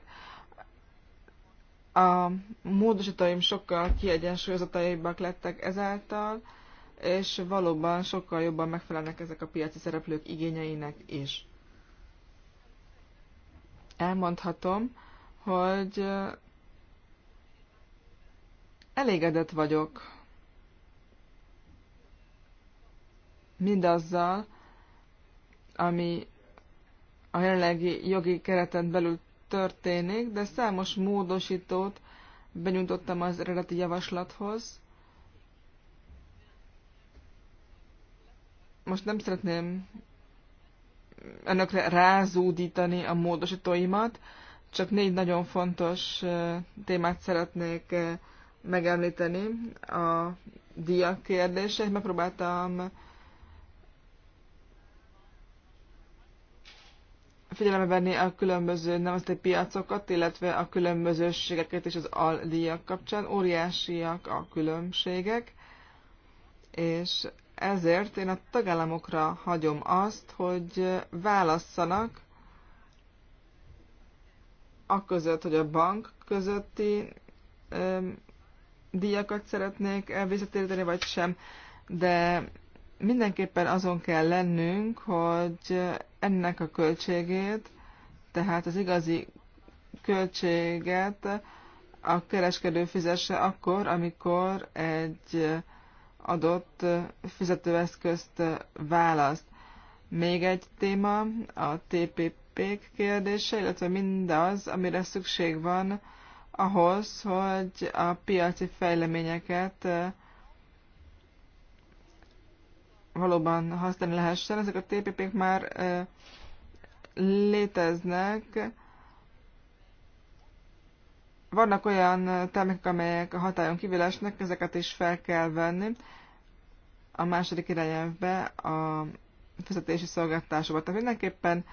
A módosítóim sokkal kiegyensúlyozataibbak lettek ezáltal, és valóban sokkal jobban megfelelnek ezek a piaci szereplők igényeinek is. Elmondhatom, hogy Elégedett vagyok mindazzal, ami a jelenlegi jogi kereten belül történik, de számos módosítót benyújtottam az eredeti javaslathoz. Most nem szeretném önökre rázúdítani a módosítóimat, csak négy nagyon fontos eh, témát szeretnék eh, megemlíteni a díjak kérdését. Megpróbáltam figyelembe venni a különböző nemzeti piacokat, illetve a különbözőségeket és az aldíjak kapcsán. Óriásiak a különbségek, és ezért én a tagállamokra hagyom azt, hogy válasszanak a között, hogy a bank közötti díjakat szeretnék e, visszatéríteni, vagy sem, de mindenképpen azon kell lennünk, hogy ennek a költségét, tehát az igazi költséget a kereskedő fizesse akkor, amikor egy adott fizetőeszközt választ. Még egy téma, a TPP-k kérdése, illetve mindaz, amire szükség van ahhoz, hogy a piaci fejleményeket valóban használni lehessen. Ezek a TPP-k már léteznek. Vannak olyan termékek, amelyek a hatályon kívül esnek, ezeket is fel kell venni a második irányelvbe, a fizetési szolgáltatásokat, Tehát mindenképpen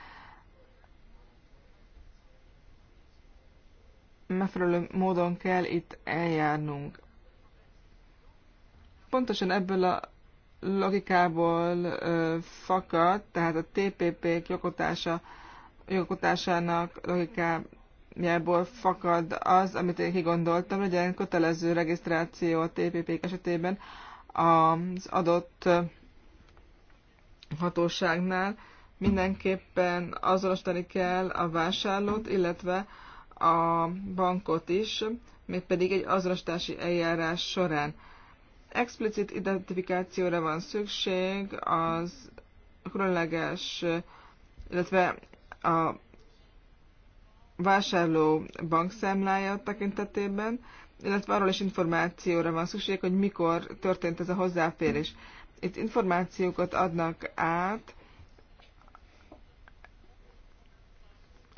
megfelelő módon kell itt eljárnunk. Pontosan ebből a logikából ö, fakad, tehát a TPP-k jogotása, jogotásának logikájából fakad az, amit én kigondoltam, legyen kötelező regisztráció a TPP-k esetében az adott hatóságnál. Mindenképpen azonosítani kell a vásárlót, illetve a bankot is, mégpedig egy azonosítási eljárás során. Explicit identifikációra van szükség az különleges, illetve a vásárló bankszámlája tekintetében, illetve arról is információra van szükség, hogy mikor történt ez a hozzáférés. Itt információkat adnak át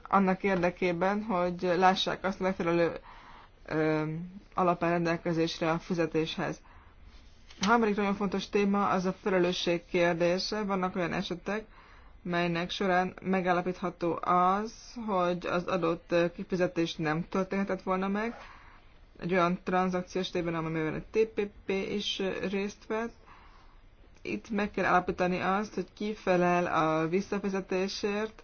annak érdekében, hogy lássák azt megfelelő ö, alapán rendelkezésre a fizetéshez. A harmadik nagyon fontos téma az a felelősség kérdése. Vannak olyan esetek, melynek során megállapítható az, hogy az adott kifizetés nem történhetett volna meg, egy olyan tranzakciós tében, amelyben a TPP is részt vett. Itt meg kell állapítani azt, hogy ki felel a visszafizetésért,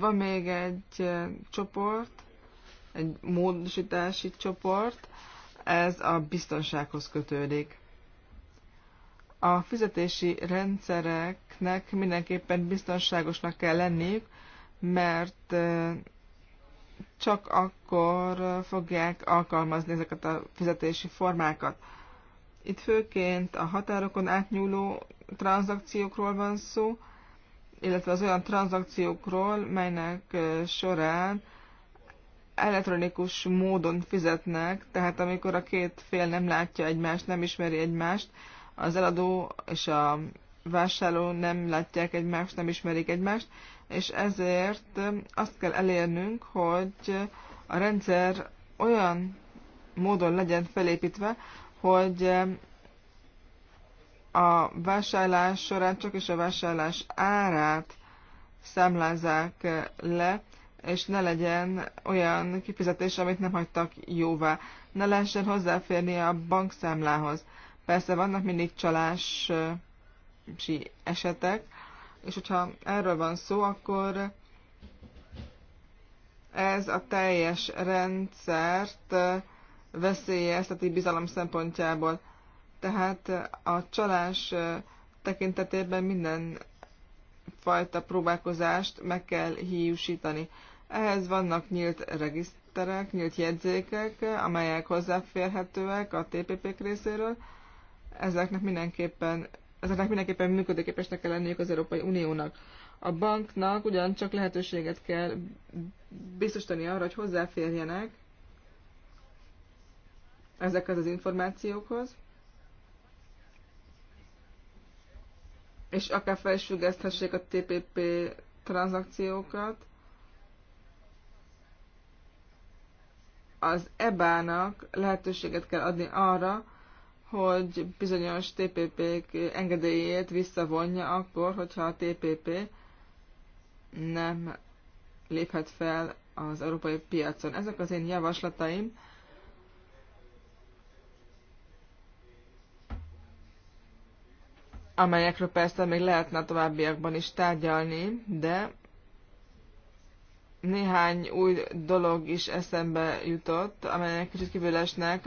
Van még egy csoport, egy módosítási csoport, ez a biztonsághoz kötődik. A fizetési rendszereknek mindenképpen biztonságosnak kell lenniük, mert csak akkor fogják alkalmazni ezeket a fizetési formákat. Itt főként a határokon átnyúló tranzakciókról van szó, illetve az olyan tranzakciókról, melynek során elektronikus módon fizetnek, tehát amikor a két fél nem látja egymást, nem ismeri egymást, az eladó és a vásárló nem látják egymást, nem ismerik egymást, és ezért azt kell elérnünk, hogy a rendszer olyan módon legyen felépítve, hogy a vásárlás során csak is a vásárlás árát számlázzák le, és ne legyen olyan kifizetés, amit nem hagytak jóvá. Ne lehessen hozzáférni a bankszámlához. Persze vannak mindig csalási esetek, és hogyha erről van szó, akkor ez a teljes rendszert veszélyezteti bizalom szempontjából. Tehát a csalás tekintetében minden fajta próbálkozást meg kell hiúsítani. Ehhez vannak nyílt regiszterek, nyílt jegyzékek, amelyek hozzáférhetőek a TPP-k részéről. Ezeknek mindenképpen, ezeknek mindenképpen működőképesnek kell lenniük az Európai Uniónak. A banknak ugyancsak lehetőséget kell biztosítani arra, hogy hozzáférjenek ezekhez az információkhoz. és akár fel is függeszthessék a TPP tranzakciókat. Az EBA-nak lehetőséget kell adni arra, hogy bizonyos TPP-k engedélyét visszavonja akkor, hogyha a TPP nem léphet fel az európai piacon. Ezek az én javaslataim. amelyekről persze még lehetne a továbbiakban is tárgyalni, de néhány új dolog is eszembe jutott, amelyek kicsit kívülesnek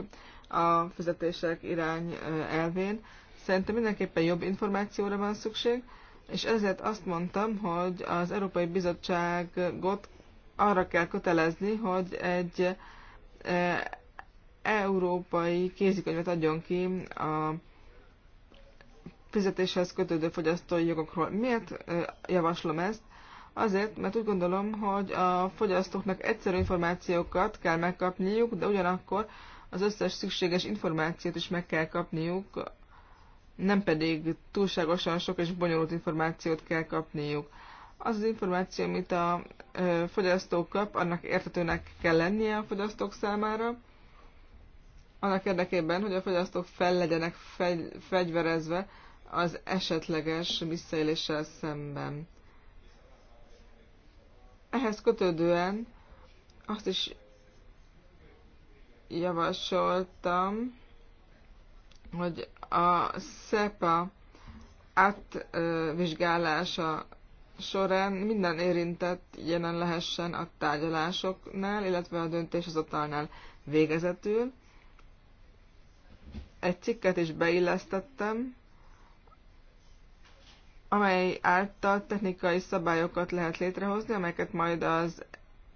a fizetések irány elvén. Szerintem mindenképpen jobb információra van szükség, és ezért azt mondtam, hogy az Európai Bizottságot arra kell kötelezni, hogy egy európai kézikönyvet adjon ki a fizetéshez kötődő fogyasztói jogokról. Miért javaslom ezt? Azért, mert úgy gondolom, hogy a fogyasztóknak egyszerű információkat kell megkapniuk, de ugyanakkor az összes szükséges információt is meg kell kapniuk, nem pedig túlságosan sok és bonyolult információt kell kapniuk. Az az információ, amit a fogyasztó kap, annak értetőnek kell lennie a fogyasztók számára, annak érdekében, hogy a fogyasztók fel legyenek fegy, fegyverezve az esetleges visszaéléssel szemben. Ehhez kötődően azt is javasoltam, hogy a SEPA átvizsgálása során minden érintett jelen lehessen a tárgyalásoknál, illetve a döntéshozatalnál végezetül. Egy cikket is beillesztettem, amely által technikai szabályokat lehet létrehozni, amelyeket majd az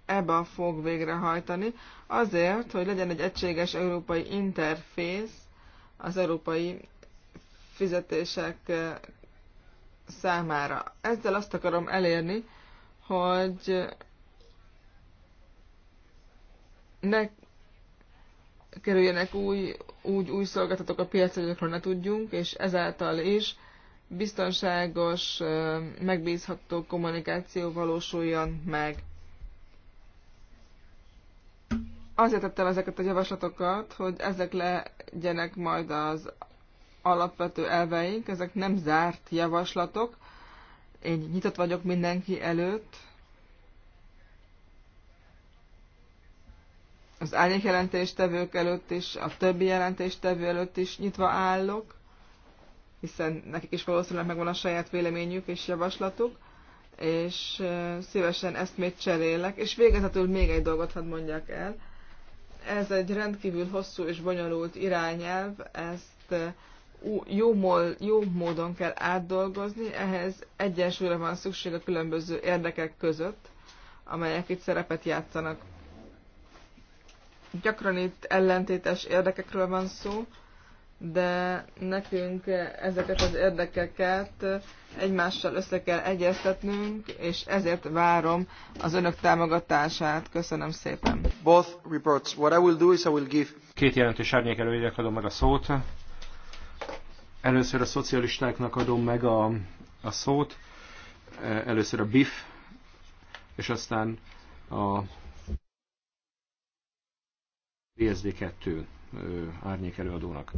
EBA fog végrehajtani, azért, hogy legyen egy egységes európai interfész az európai fizetések eh, számára. Ezzel azt akarom elérni, hogy ne kerüljenek új, úgy új szolgáltatók a piacra, ne tudjunk, és ezáltal is biztonságos, megbízható kommunikáció valósuljon meg. Azért tettem ezeket a javaslatokat, hogy ezek legyenek majd az alapvető elveink, ezek nem zárt javaslatok. Én nyitott vagyok mindenki előtt. Az árnyék jelentéstevők előtt is, a többi jelentéstevő előtt is nyitva állok hiszen nekik is valószínűleg megvan a saját véleményük és javaslatuk, és szívesen ezt még cserélek. És végezetül még egy dolgot hadd mondjak el. Ez egy rendkívül hosszú és bonyolult irányelv, ezt jó, mol, jó módon kell átdolgozni, ehhez egyensúlyra van szükség a különböző érdekek között, amelyek itt szerepet játszanak. Gyakran itt ellentétes érdekekről van szó, de nekünk ezeket az érdekeket egymással össze kell egyeztetnünk, és ezért várom az önök támogatását. Köszönöm szépen. Both reports. What I will do is I will give... Két jelentős árnyék előjének adom meg a szót. Először a szocialistáknak adom meg a, a szót. Először a BIF, és aztán a BSD2 árnyék előadónak.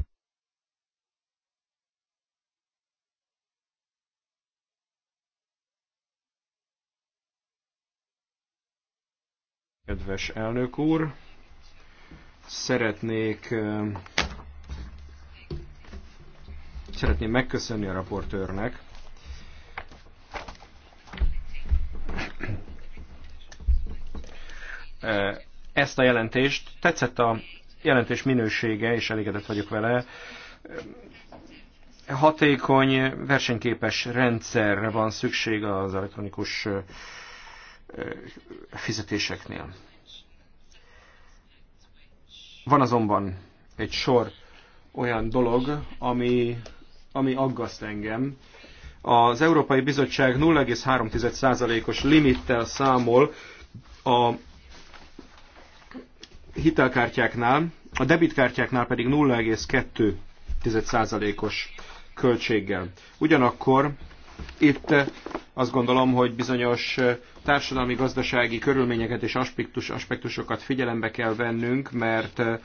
Kedves elnök úr, szeretnék szeretném megköszönni a raportőrnek, ezt a jelentést. Tetszett a jelentés minősége, és elégedett vagyok vele. Hatékony, versenyképes rendszerre van szükség az elektronikus fizetéseknél. Van azonban egy sor olyan dolog, ami, ami aggaszt engem. Az Európai Bizottság 0,3%-os limittel számol a hitelkártyáknál, a debitkártyáknál pedig 0,2%-os költséggel. Ugyanakkor itt eh, azt gondolom, hogy bizonyos eh, társadalmi-gazdasági körülményeket és aspektus, aspektusokat figyelembe kell vennünk, mert eh,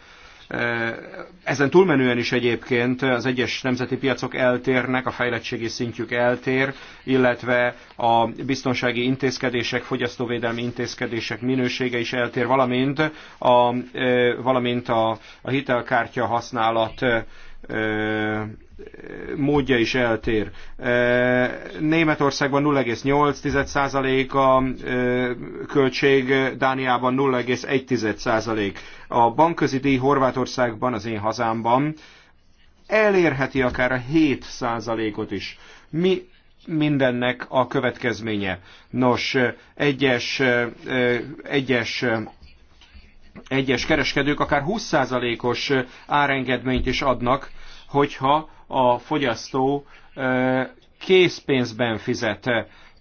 ezen túlmenően is egyébként az egyes nemzeti piacok eltérnek, a fejlettségi szintjük eltér, illetve a biztonsági intézkedések, fogyasztóvédelmi intézkedések minősége is eltér, valamint a, valamint a, a hitelkártya használat módja is eltér. Németországban 0,8% a költség, Dániában 0,1%. A bankközi díj Horvátországban, az én hazámban, elérheti akár a 7%-ot is. Mi mindennek a következménye. Nos, egyes, egyes egyes kereskedők akár 20%-os árengedményt is adnak, hogyha a fogyasztó készpénzben fizet.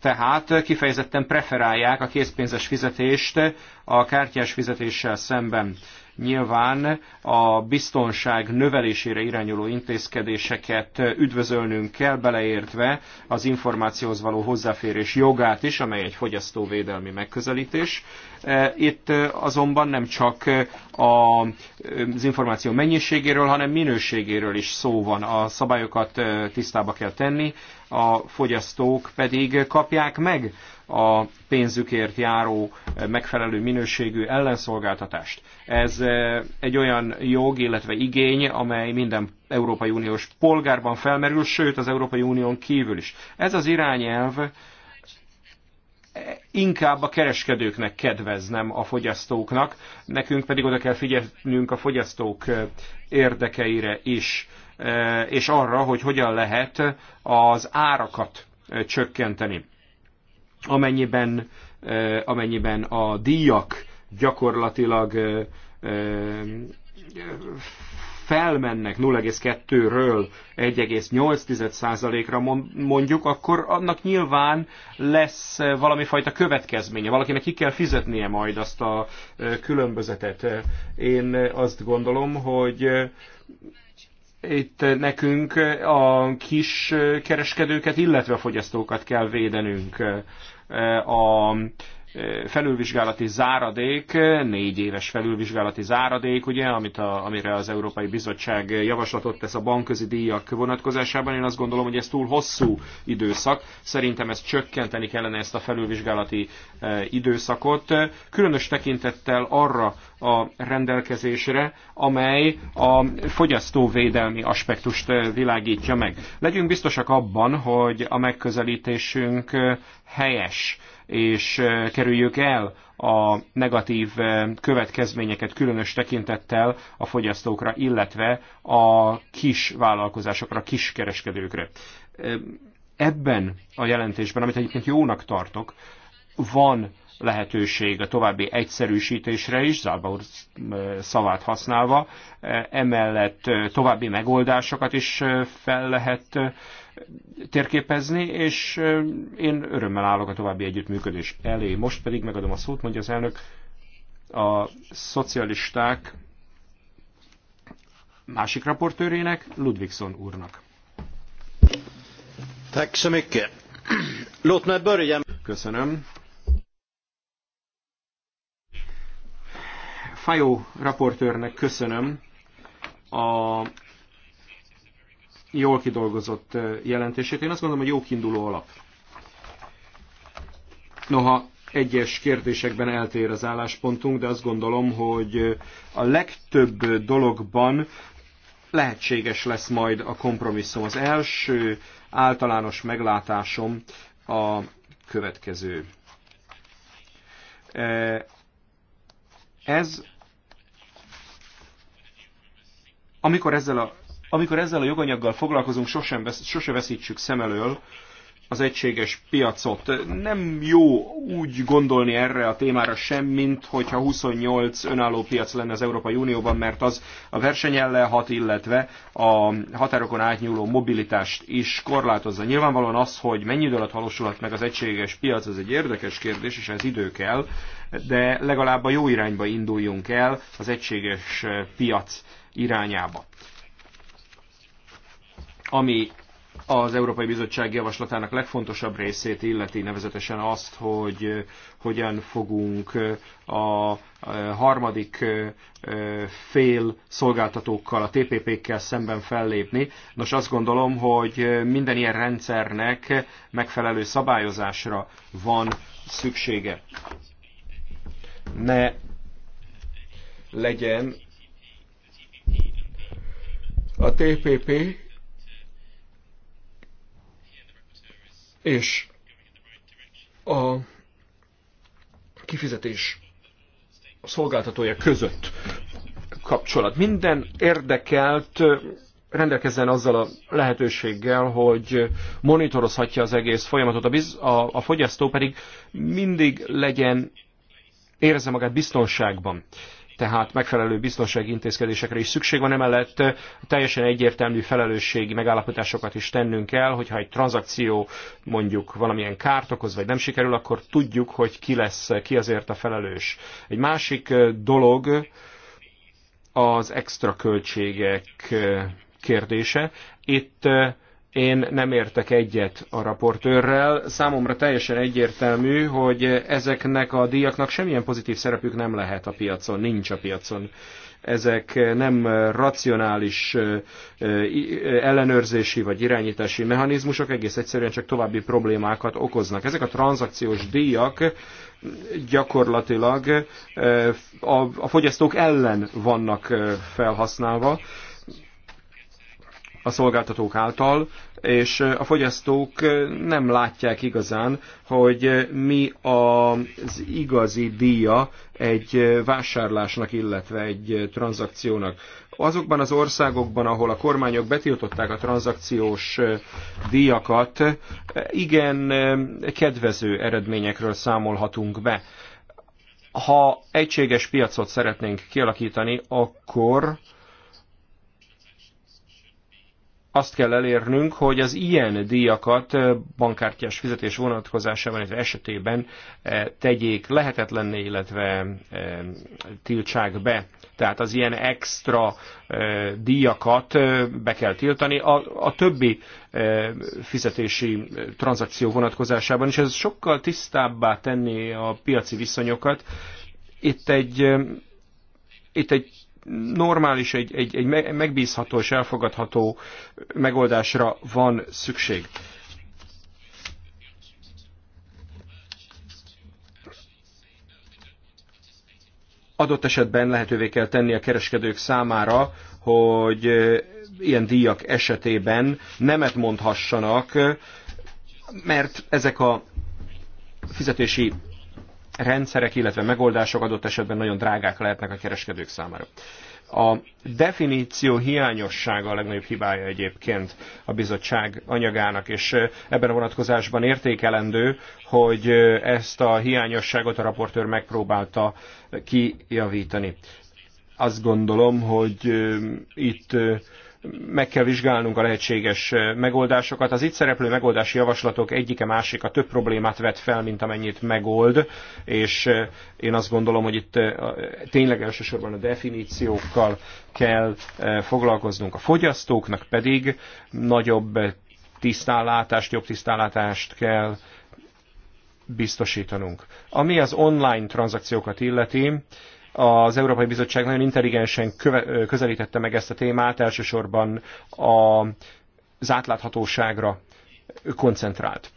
Tehát kifejezetten preferálják a készpénzes fizetést a kártyás fizetéssel szemben. Nyilván a biztonság növelésére irányuló intézkedéseket üdvözölnünk kell, beleértve az információhoz való hozzáférés jogát is, amely egy fogyasztóvédelmi megközelítés. E, itt azonban nem csak az információ mennyiségéről, hanem minőségéről is szó van. A szabályokat e, tisztába kell tenni, a fogyasztók pedig kapják meg a pénzükért járó megfelelő minőségű ellenszolgáltatást. Ez eh, egy olyan jog, illetve igény, amely minden Európai Uniós polgárban felmerül, sőt az Európai Unión kívül is. Ez az irányelv eh, inkább a kereskedőknek kedvez, nem a fogyasztóknak. Nekünk pedig oda kell figyelnünk a fogyasztók eh, érdekeire is. E, és arra, hogy hogyan lehet az árakat e, csökkenteni. Amennyiben, e, amennyiben a díjak gyakorlatilag felmennek 0,2-ről 1,8%-ra mondjuk, akkor annak nyilván lesz valami fajta következménye. Valakinek ki kell fizetnie majd azt a különbözetet. Én azt gondolom, hogy itt nekünk a kis kereskedőket, illetve a fogyasztókat kell védenünk. A felülvizsgálati záradék, négy éves felülvizsgálati záradék, ugye, amit a, amire az Európai Bizottság javaslatot tesz a bankközi díjak vonatkozásában. Én azt gondolom, hogy ez túl hosszú időszak. Szerintem ezt csökkenteni kellene ezt a felülvizsgálati e, időszakot, különös tekintettel arra a rendelkezésre, amely a fogyasztóvédelmi aspektust e, világítja meg. Legyünk biztosak abban, hogy a megközelítésünk e, helyes és kerüljük el a negatív következményeket különös tekintettel a fogyasztókra, illetve a kis vállalkozásokra, kis kereskedőkre. Ebben a jelentésben, amit egyébként jónak tartok, van lehetőség a további egyszerűsítésre is, Zálba úr szavát használva, emellett további megoldásokat is fel lehet térképezni, és én örömmel állok a további együttműködés elé. Most pedig megadom a szót, mondja az elnök, a szocialisták másik raportőrének, Ludvigson úrnak. Köszönöm. Fajó raportőrnek köszönöm a jól kidolgozott eh, jelentését. Én azt gondolom, hogy jó kiinduló alap. Noha egyes kérdésekben eltér az álláspontunk, de azt gondolom, hogy eh, a legtöbb dologban lehetséges lesz majd a kompromisszum. Az első általános meglátásom a következő. Eh, ez, amikor ezzel a amikor ezzel a joganyaggal foglalkozunk, sosem vesz, sose veszítsük szem elől az egységes piacot. Nem jó úgy gondolni erre a témára sem, mint hogyha 28 önálló piac lenne az Európai Unióban, mert az a verseny hat, illetve a határokon átnyúló mobilitást is korlátozza. Nyilvánvalóan az, hogy mennyi idő alatt valósulhat meg az egységes piac, ez egy érdekes kérdés, és ez idő kell, de legalább a jó irányba induljunk el az egységes piac irányába ami az Európai Bizottság javaslatának legfontosabb részét illeti, nevezetesen azt, hogy hogyan fogunk a harmadik fél szolgáltatókkal, a TPP-kkel szemben fellépni. Nos, azt gondolom, hogy minden ilyen rendszernek megfelelő szabályozásra van szüksége. Ne legyen a TPP és a kifizetés a szolgáltatója között kapcsolat. Minden érdekelt rendelkezzen azzal a lehetőséggel, hogy monitorozhatja az egész folyamatot, a, biz, a, a fogyasztó pedig mindig legyen, érezze magát biztonságban tehát megfelelő biztonsági intézkedésekre is szükség van, emellett teljesen egyértelmű felelősségi megállapításokat is tennünk kell, hogyha egy tranzakció mondjuk valamilyen kárt okoz, vagy nem sikerül, akkor tudjuk, hogy ki lesz, ki azért a felelős. Egy másik dolog az extra költségek kérdése. Itt én nem értek egyet a raportőrrel. Számomra teljesen egyértelmű, hogy ezeknek a díjaknak semmilyen pozitív szerepük nem lehet a piacon, nincs a piacon ezek nem racionális ellenőrzési vagy irányítási mechanizmusok, egész egyszerűen csak további problémákat okoznak. Ezek a tranzakciós díjak gyakorlatilag a fogyasztók ellen vannak felhasználva, a szolgáltatók által, és a fogyasztók nem látják igazán, hogy mi az igazi díja egy vásárlásnak, illetve egy tranzakciónak. Azokban az országokban, ahol a kormányok betiltották a tranzakciós díjakat, igen kedvező eredményekről számolhatunk be. Ha egységes piacot szeretnénk kialakítani, akkor azt kell elérnünk, hogy az ilyen díjakat bankkártyás fizetés vonatkozásában, illetve esetében tegyék lehetetlenné, illetve tiltsák be. Tehát az ilyen extra díjakat be kell tiltani. A, a többi fizetési tranzakció vonatkozásában is ez sokkal tisztábbá tenni a piaci viszonyokat. Itt egy, itt egy normális, egy, egy, egy megbízható és elfogadható megoldásra van szükség. Adott esetben lehetővé kell tenni a kereskedők számára, hogy ilyen díjak esetében nemet mondhassanak, mert ezek a fizetési rendszerek, illetve megoldások adott esetben nagyon drágák lehetnek a kereskedők számára. A definíció hiányossága a legnagyobb hibája egyébként a bizottság anyagának, és ebben a vonatkozásban értékelendő, hogy ezt a hiányosságot a raportőr megpróbálta kijavítani. Azt gondolom, hogy itt meg kell vizsgálnunk a lehetséges megoldásokat. Az itt szereplő megoldási javaslatok egyike másik a több problémát vet fel, mint amennyit megold, és én azt gondolom, hogy itt tényleg elsősorban a definíciókkal kell foglalkoznunk. A fogyasztóknak pedig nagyobb tisztállátást, jobb tisztállátást kell biztosítanunk. Ami az online tranzakciókat illeti, az Európai Bizottság nagyon intelligensen köve, közelítette meg ezt a témát, elsősorban a, az átláthatóságra koncentrált.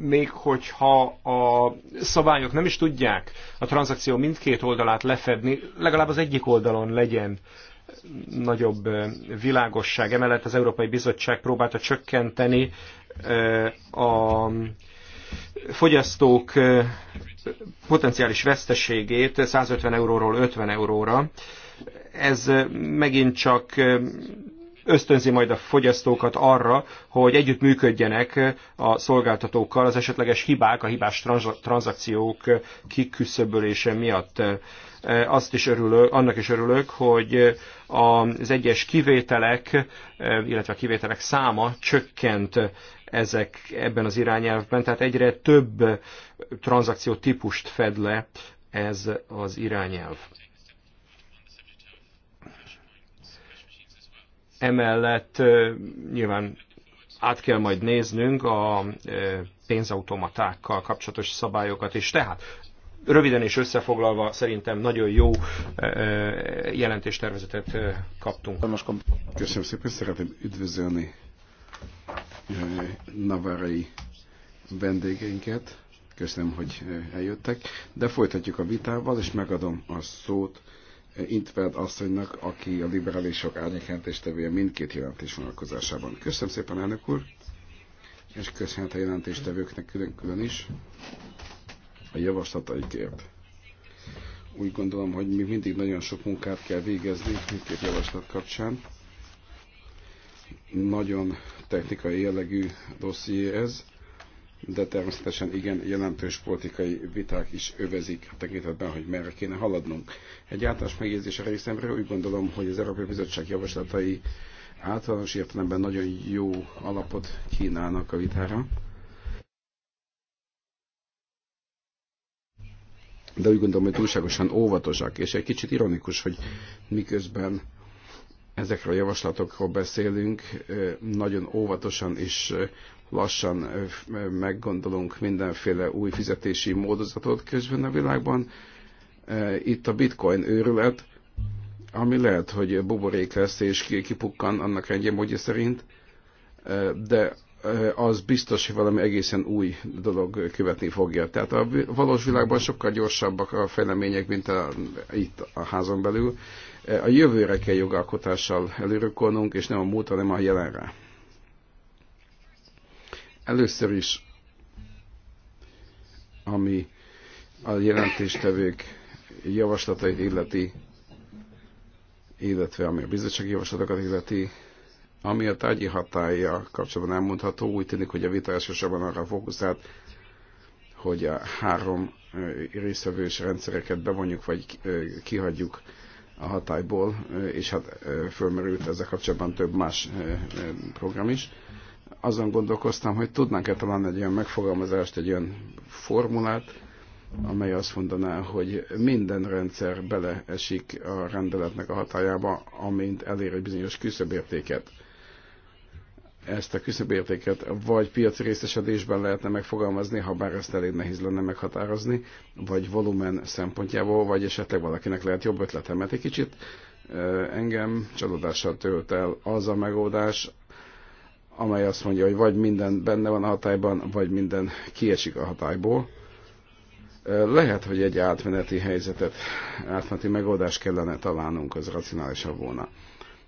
még hogyha a szabályok nem is tudják a tranzakció mindkét oldalát lefedni, legalább az egyik oldalon legyen nagyobb világosság. Emellett az Európai Bizottság próbálta csökkenteni a fogyasztók potenciális veszteségét 150 euróról 50 euróra. Ez megint csak ösztönzi majd a fogyasztókat arra, hogy együtt működjenek a szolgáltatókkal az esetleges hibák, a hibás tranzakciók kiküszöbölése miatt. Azt is örülök, annak is örülök, hogy az egyes kivételek, illetve a kivételek száma csökkent ezek ebben az irányelvben, tehát egyre több tranzakció típust fed le ez az irányelv. Emellett nyilván át kell majd néznünk a pénzautomatákkal kapcsolatos szabályokat is. Tehát röviden és összefoglalva szerintem nagyon jó jelentéstervezetet kaptunk. Köszönöm szépen, szeretném üdvözölni navarai vendégeinket. Köszönöm, hogy eljöttek. De folytatjuk a vitával, és megadom a szót Intved asszonynak, aki a liberálisok árnyékjelentéstevője mindkét jelentés vonalkozásában. Köszönöm szépen, elnök úr, és köszönhet a jelentéstevőknek külön-külön is a javaslataikért. Úgy gondolom, hogy még mindig nagyon sok munkát kell végezni mindkét javaslat kapcsán. Nagyon technikai jellegű dosszié ez, de természetesen igen jelentős politikai viták is övezik tekintetben, hogy merre kéne haladnunk. Egy általános megjegyzés a részemről úgy gondolom, hogy az Európai Bizottság javaslatai általános értelemben nagyon jó alapot kínálnak a vitára. De úgy gondolom, hogy túlságosan óvatosak, és egy kicsit ironikus, hogy miközben ezekről a javaslatokról beszélünk, nagyon óvatosan és lassan meggondolunk mindenféle új fizetési módozatot közben a világban. Itt a bitcoin őrület, ami lehet, hogy buborék lesz és kipukkan annak rendje módja szerint, de az biztos, hogy valami egészen új dolog követni fogja. Tehát a valós világban sokkal gyorsabbak a fejlemények, mint a, itt a házon belül. A jövőre kell jogalkotással előrökolnunk, és nem a múlt, hanem a jelenre. Először is, ami a jelentéstevők javaslatait illeti, illetve ami a bizottsági javaslatokat illeti, ami a tárgyi hatája kapcsolatban elmondható, úgy tűnik, hogy a vita elsősorban arra fókuszált, hogy a három részvevős rendszereket bevonjuk, vagy kihagyjuk a hatályból, és hát fölmerült ezzel kapcsolatban több más program is. Azon gondolkoztam, hogy tudnánk-e talán egy olyan megfogalmazást, egy olyan formulát, amely azt mondaná, hogy minden rendszer beleesik a rendeletnek a hatájába, amint elér egy bizonyos küszöbértéket ezt a küszöbértéket vagy piaci részesedésben lehetne megfogalmazni, ha bár ezt elég nehéz lenne meghatározni, vagy volumen szempontjából, vagy esetleg valakinek lehet jobb ötlete, mert egy kicsit engem csalódással tölt el az a megoldás, amely azt mondja, hogy vagy minden benne van a hatályban, vagy minden kiesik a hatályból. Lehet, hogy egy átmeneti helyzetet, átmeneti megoldást kellene találnunk, az racionálisabb volna.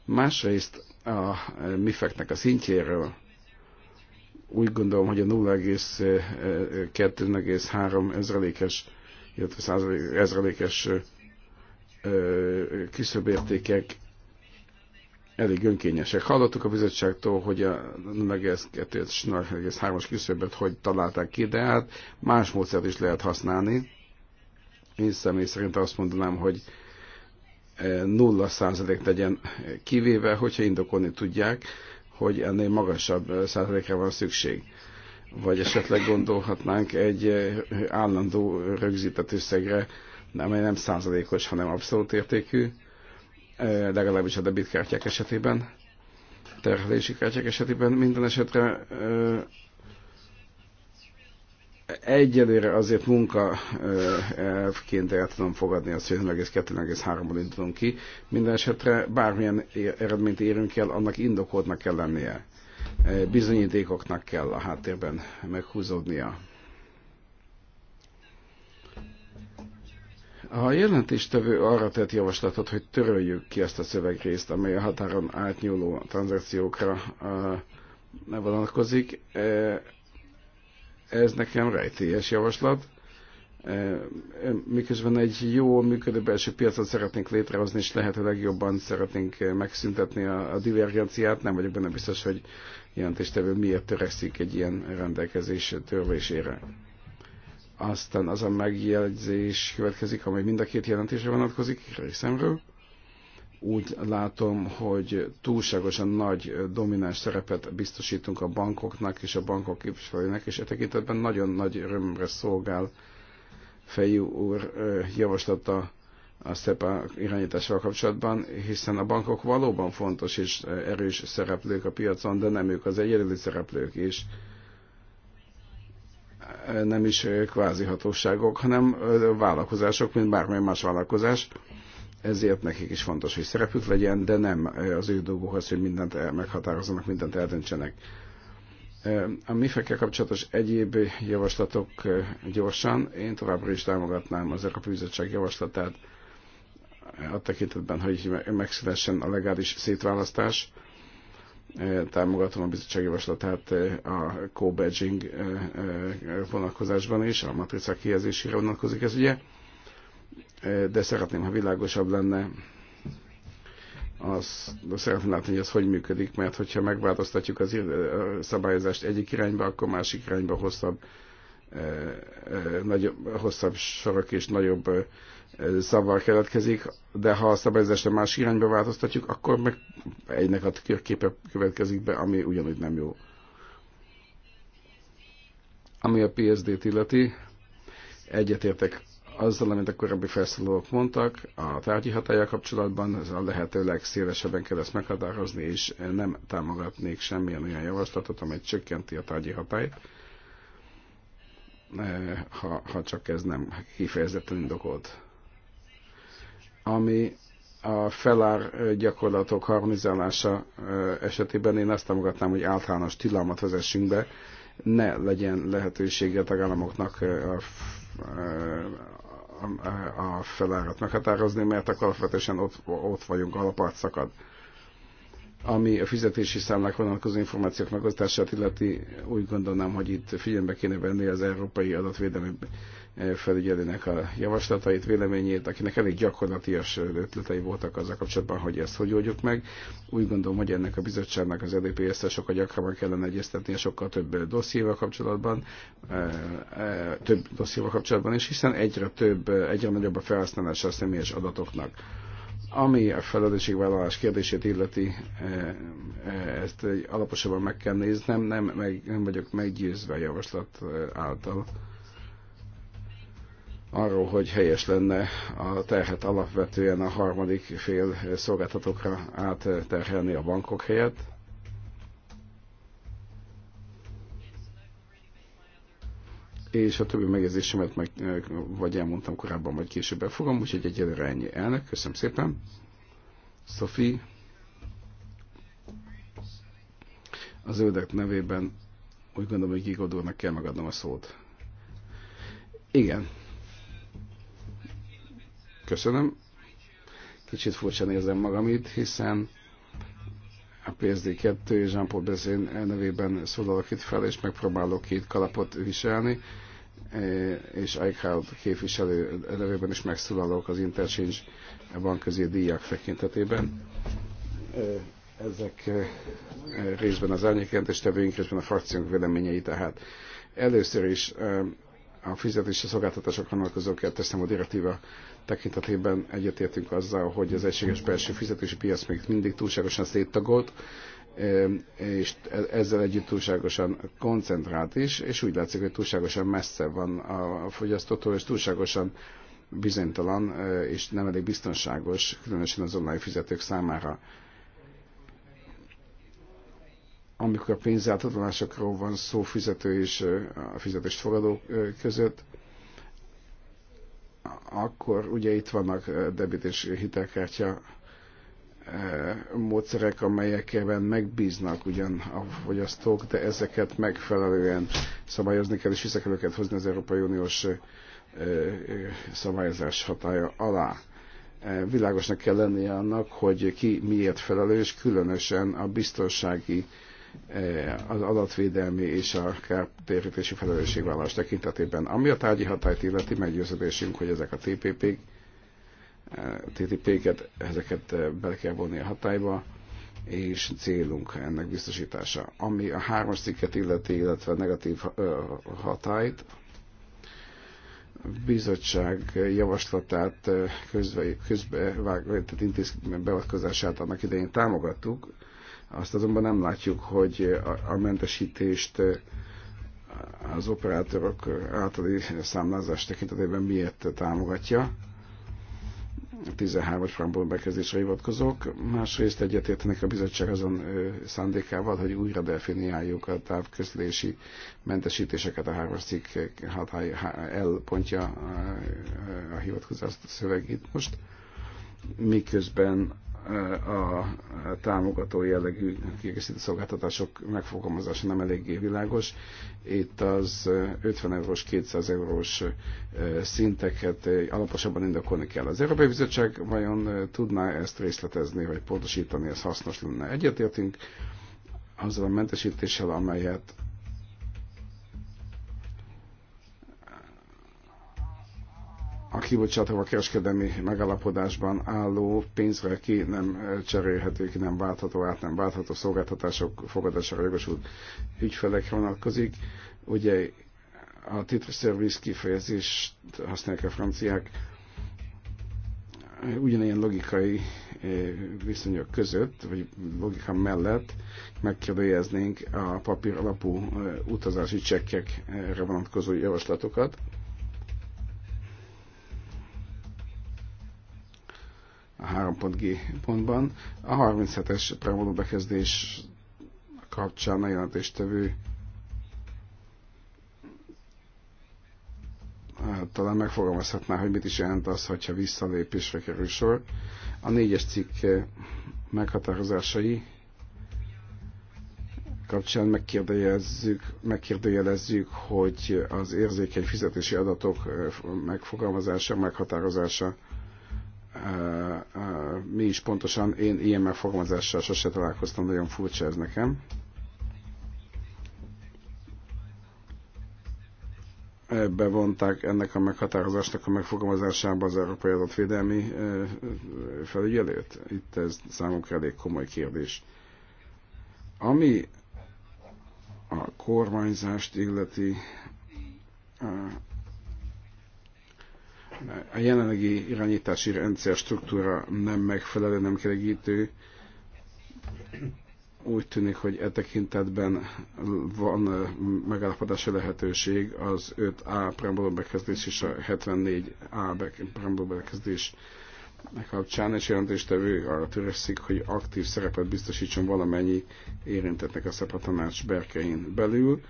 Másrészt a mifeknek a szintjéről, úgy gondolom, hogy a 0,2-0,3 ezrelékes, illetve ezrelékes küszöbértékek elég önkényesek. Hallottuk a bizottságtól, hogy a 0,2 0,3-as küszöbet hogy találták ki, de hát más módszert is lehet használni. Én személy szerint azt mondanám, hogy nulla százalék legyen, kivéve, hogyha indokolni tudják, hogy ennél magasabb százalékra van szükség. Vagy esetleg gondolhatnánk egy állandó rögzített összegre, amely nem százalékos, hanem abszolút értékű, legalábbis a debitkártyák esetében, terhelési kártyák esetében. Minden esetre Egyelőre azért munka elvként el tudom fogadni azt, hogy 02 13 ból indulunk ki. Minden esetre bármilyen eredményt érünk el, annak indokoltnak kell lennie. Bizonyítékoknak kell a háttérben meghúzódnia. A jelentéstevő arra tett javaslatot, hogy töröljük ki ezt a szövegrészt, amely a határon átnyúló tranzakciókra vonatkozik. Ez nekem rejtélyes javaslat. E, miközben egy jó működő belső piacot szeretnénk létrehozni, és lehető legjobban szeretnénk megszüntetni a, a divergenciát, nem vagyok benne biztos, hogy jelentéstevő miért törekszik egy ilyen rendelkezés törlésére. Aztán az a megjegyzés következik, amely mind a két jelentésre vonatkozik részemről úgy látom, hogy túlságosan nagy domináns szerepet biztosítunk a bankoknak és a bankok képviselőinek, és e tekintetben nagyon nagy örömre szolgál Fejű úr javaslata a SZEPA irányításával kapcsolatban, hiszen a bankok valóban fontos és erős szereplők a piacon, de nem ők az egyedüli szereplők, és nem is kvázi hatóságok, hanem vállalkozások, mint bármely más vállalkozás ezért nekik is fontos, hogy szerepük legyen, de nem az ő dolguk az, hogy mindent meghatározzanak, mindent eldöntsenek. A MIFEKkel kapcsolatos egyéb javaslatok gyorsan, én továbbra is támogatnám az a Bizottság javaslatát a tekintetben, hogy megszülessen a legális szétválasztás. Támogatom a bizottság javaslatát a co-badging vonatkozásban is, a matricák kihezésére vonatkozik ez ugye Eh, de szeretném, ha világosabb lenne, az, de szeretném látni, hogy ez hogy működik, mert hogyha megváltoztatjuk az szabályozást egyik irányba, akkor másik irányba hosszabb, eh, eh, nagyobb, hosszabb sorok és nagyobb zavar keletkezik, de ha a szabályozást a másik irányba változtatjuk, akkor meg egynek a körképe következik be, ami ugyanúgy nem jó. Ami a PSD-t illeti, egyetértek azzal, amit a korábbi felszólalók mondtak, a tárgyi hatája kapcsolatban ez a lehető legszélesebben kell ezt meghatározni, és nem támogatnék semmilyen olyan javaslatot, amely csökkenti a tárgyi hatályt, eh, ha, ha csak ez nem kifejezetten indokolt. Ami a felár eh, gyakorlatok harmonizálása eh, esetében én azt támogatnám, hogy általános tilalmat vezessünk be, ne legyen lehetősége a tagállamoknak a a felárat meghatározni, mert akkor alapvetően ott, ott vagyunk szakad. Ami a fizetési számlák vonatkozó információk megosztását illeti, úgy gondolnám, hogy itt figyelembe kéne venni az Európai Adatvédelmi eh, felügyelőnek a javaslatait, véleményét, akinek elég gyakorlatias ötletei voltak azzal kapcsolatban, hogy ezt hogy oldjuk meg. Úgy gondolom, hogy ennek a bizottságnak az EDPS-re sokkal gyakrabban kellene egyeztetni, sokkal több eh, dossziéval kapcsolatban, eh, több dossziéval kapcsolatban is, hiszen egyre több, egyre nagyobb a felhasználása a személyes adatoknak ami a felelősségvállalás kérdését illeti, e, e, ezt alaposabban meg kell néznem, nem, meg, nem vagyok meggyőzve a javaslat e, által arról, hogy helyes lenne a terhet alapvetően a harmadik fél szolgáltatókra átterhelni a bankok helyett és a többi megjegyzésemet meg, eh, vagy elmondtam korábban, vagy később fogom, úgyhogy egyelőre ennyi elnök. Köszönöm szépen. Szofi. az ördög nevében úgy gondolom, hogy Gigodónak kell megadnom a szót. Igen. Köszönöm. Kicsit furcsán érzem magam itt, hiszen a PSD2 és Jean-Paul Bezén nevében szólalok itt fel, és megpróbálok két kalapot viselni, e, és iCloud képviselő nevében is megszólalok az Interchange bankközi díjak tekintetében. E, ezek e, részben az tevőink részben a frakciónk véleményei tehát. Először is a fizetési szolgáltatásokra vonatkozó teszem a direktíva tekintetében egyetértünk azzal, hogy az egységes belső fizetési piac még mindig túlságosan széttagolt, és ezzel együtt túlságosan koncentrált is, és úgy látszik, hogy túlságosan messze van a fogyasztótól, és túlságosan bizonytalan, e, és nem elég biztonságos, különösen az online fizetők számára. Amikor a pénzátadalásokról van szó fizető és e, a fizetést fogadó e, között, akkor ugye itt vannak debit és hitelkártya módszerek, amelyekben megbíznak ugyan a fogyasztók, de ezeket megfelelően szabályozni kell, és vissza kell őket hozni az Európai Uniós szabályozás hatája alá. Világosnak kell lennie annak, hogy ki miért felelős, különösen a biztonsági Eh, az adatvédelmi és a kártérítési felelősségvállalás tekintetében. Ami a tárgyi hatályt illeti, meggyőződésünk, hogy ezek a tpp eh, TTP-ket, ezeket eh, be kell vonni a hatályba, és célunk ennek biztosítása. Ami a hármas cikket illeti, illetve negatív hatályt, bizottság javaslatát közbe, közbevág, tehát intézmény beavatkozását annak idején támogattuk, azt azonban nem látjuk, hogy a mentesítést eh, az operátorok általi számlázás tekintetében miért támogatja. 13-as frankból bekezdésre hivatkozók. Másrészt egyetértenek a bizottság azon eh, szándékával, hogy újra definiáljuk a távközlési mentesítéseket a hármas cikk eh, L pontja a hivatkozás szövegét most, miközben a támogató jellegű kiegészítő szolgáltatások megfogalmazása nem eléggé világos. Itt az 50 eurós, 200 eurós szinteket alaposabban indokolni kell. Az Európai Bizottság vajon tudná ezt részletezni, vagy pontosítani, ez hasznos lenne. Egyetértünk azzal a mentesítéssel, amelyet a kibocsátóval kereskedelmi megállapodásban álló pénzre ki nem eh, cserélhető, ki nem váltható át, nem váltható szolgáltatások fogadására jogosult ügyfelek vonatkozik. Ugye a titre service kifejezést használják a franciák eh, ugyanilyen logikai eh, viszonyok között, vagy logika mellett megkérdőjeznénk a papír alapú utazási csekkekre vonatkozó javaslatokat, a 3.g pontban. A 37-es preambulum bekezdés kapcsán a jelentéstevő hát, talán megfogalmazhatná, hogy mit is jelent az, hogyha visszalépésre kerül sor. A négyes cikk eh, meghatározásai kapcsán megkérdőjelezzük, megkérdőjelezzük, hogy az érzékeny fizetési adatok eh, megfogalmazása, meghatározása mi is pontosan, én ilyen megfogalmazással sose találkoztam, nagyon furcsa ez nekem. bevonták ennek a meghatározásnak a megfogalmazásába az Európai Adatvédelmi felügyelőt? Itt ez számunkra elég komoly kérdés. Ami a kormányzást illeti, a jelenlegi irányítási rendszer struktúra nem megfelelő, nem kielégítő. Úgy tűnik, hogy e tekintetben van megállapodási lehetőség az 5A preambulum bekezdés és a 74A preambulum bekezdés kapcsán, és jelentéstevő arra törekszik, hogy aktív szerepet biztosítson valamennyi érintetnek a szepatanács berkein belül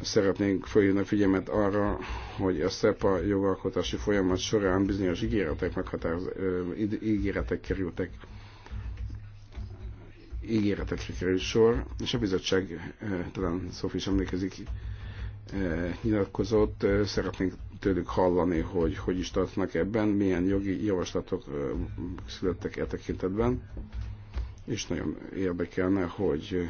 szeretnénk följönni a figyelmet arra, hogy a SZEPA jogalkotási folyamat során bizonyos ígéretek, meghatároz, ígéretek kerültek ígéretekre került sor, és a bizottság, talán Szofi is emlékezik, nyilatkozott, szeretnénk tőlük hallani, hogy hogy is tartnak ebben, milyen jogi javaslatok születtek e tekintetben, és nagyon érdekelne, hogy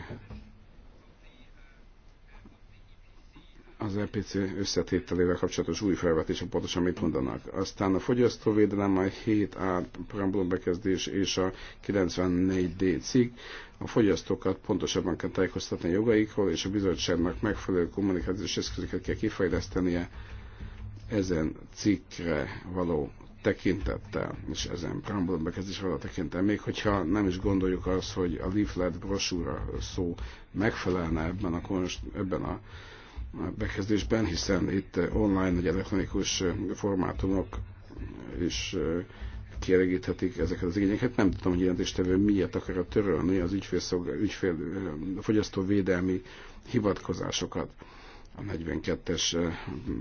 az EPC összetételével kapcsolatos új felvetések pontosan mit mondanak. Aztán a fogyasztóvédelem, a 7A preambulum bekezdés és a 94D cikk a fogyasztókat pontosabban kell tájékoztatni a jogaikról, és a bizottságnak megfelelő kommunikációs eszközöket kell kifejlesztenie ezen cikkre való tekintettel, és ezen preambulum bekezdés való tekintettel, még hogyha nem is gondoljuk azt, hogy a leaflet brosúra szó megfelelne ebben a, ebben a bekezdésben, hiszen itt eh, online vagy elektronikus eh, formátumok eh, is kielégíthetik ezeket az igényeket. Nem tudom, hogy jelentéstevő miért akar törölni az ügyfélszolgál, ügyfél, fogyasztóvédelmi hivatkozásokat a 42-es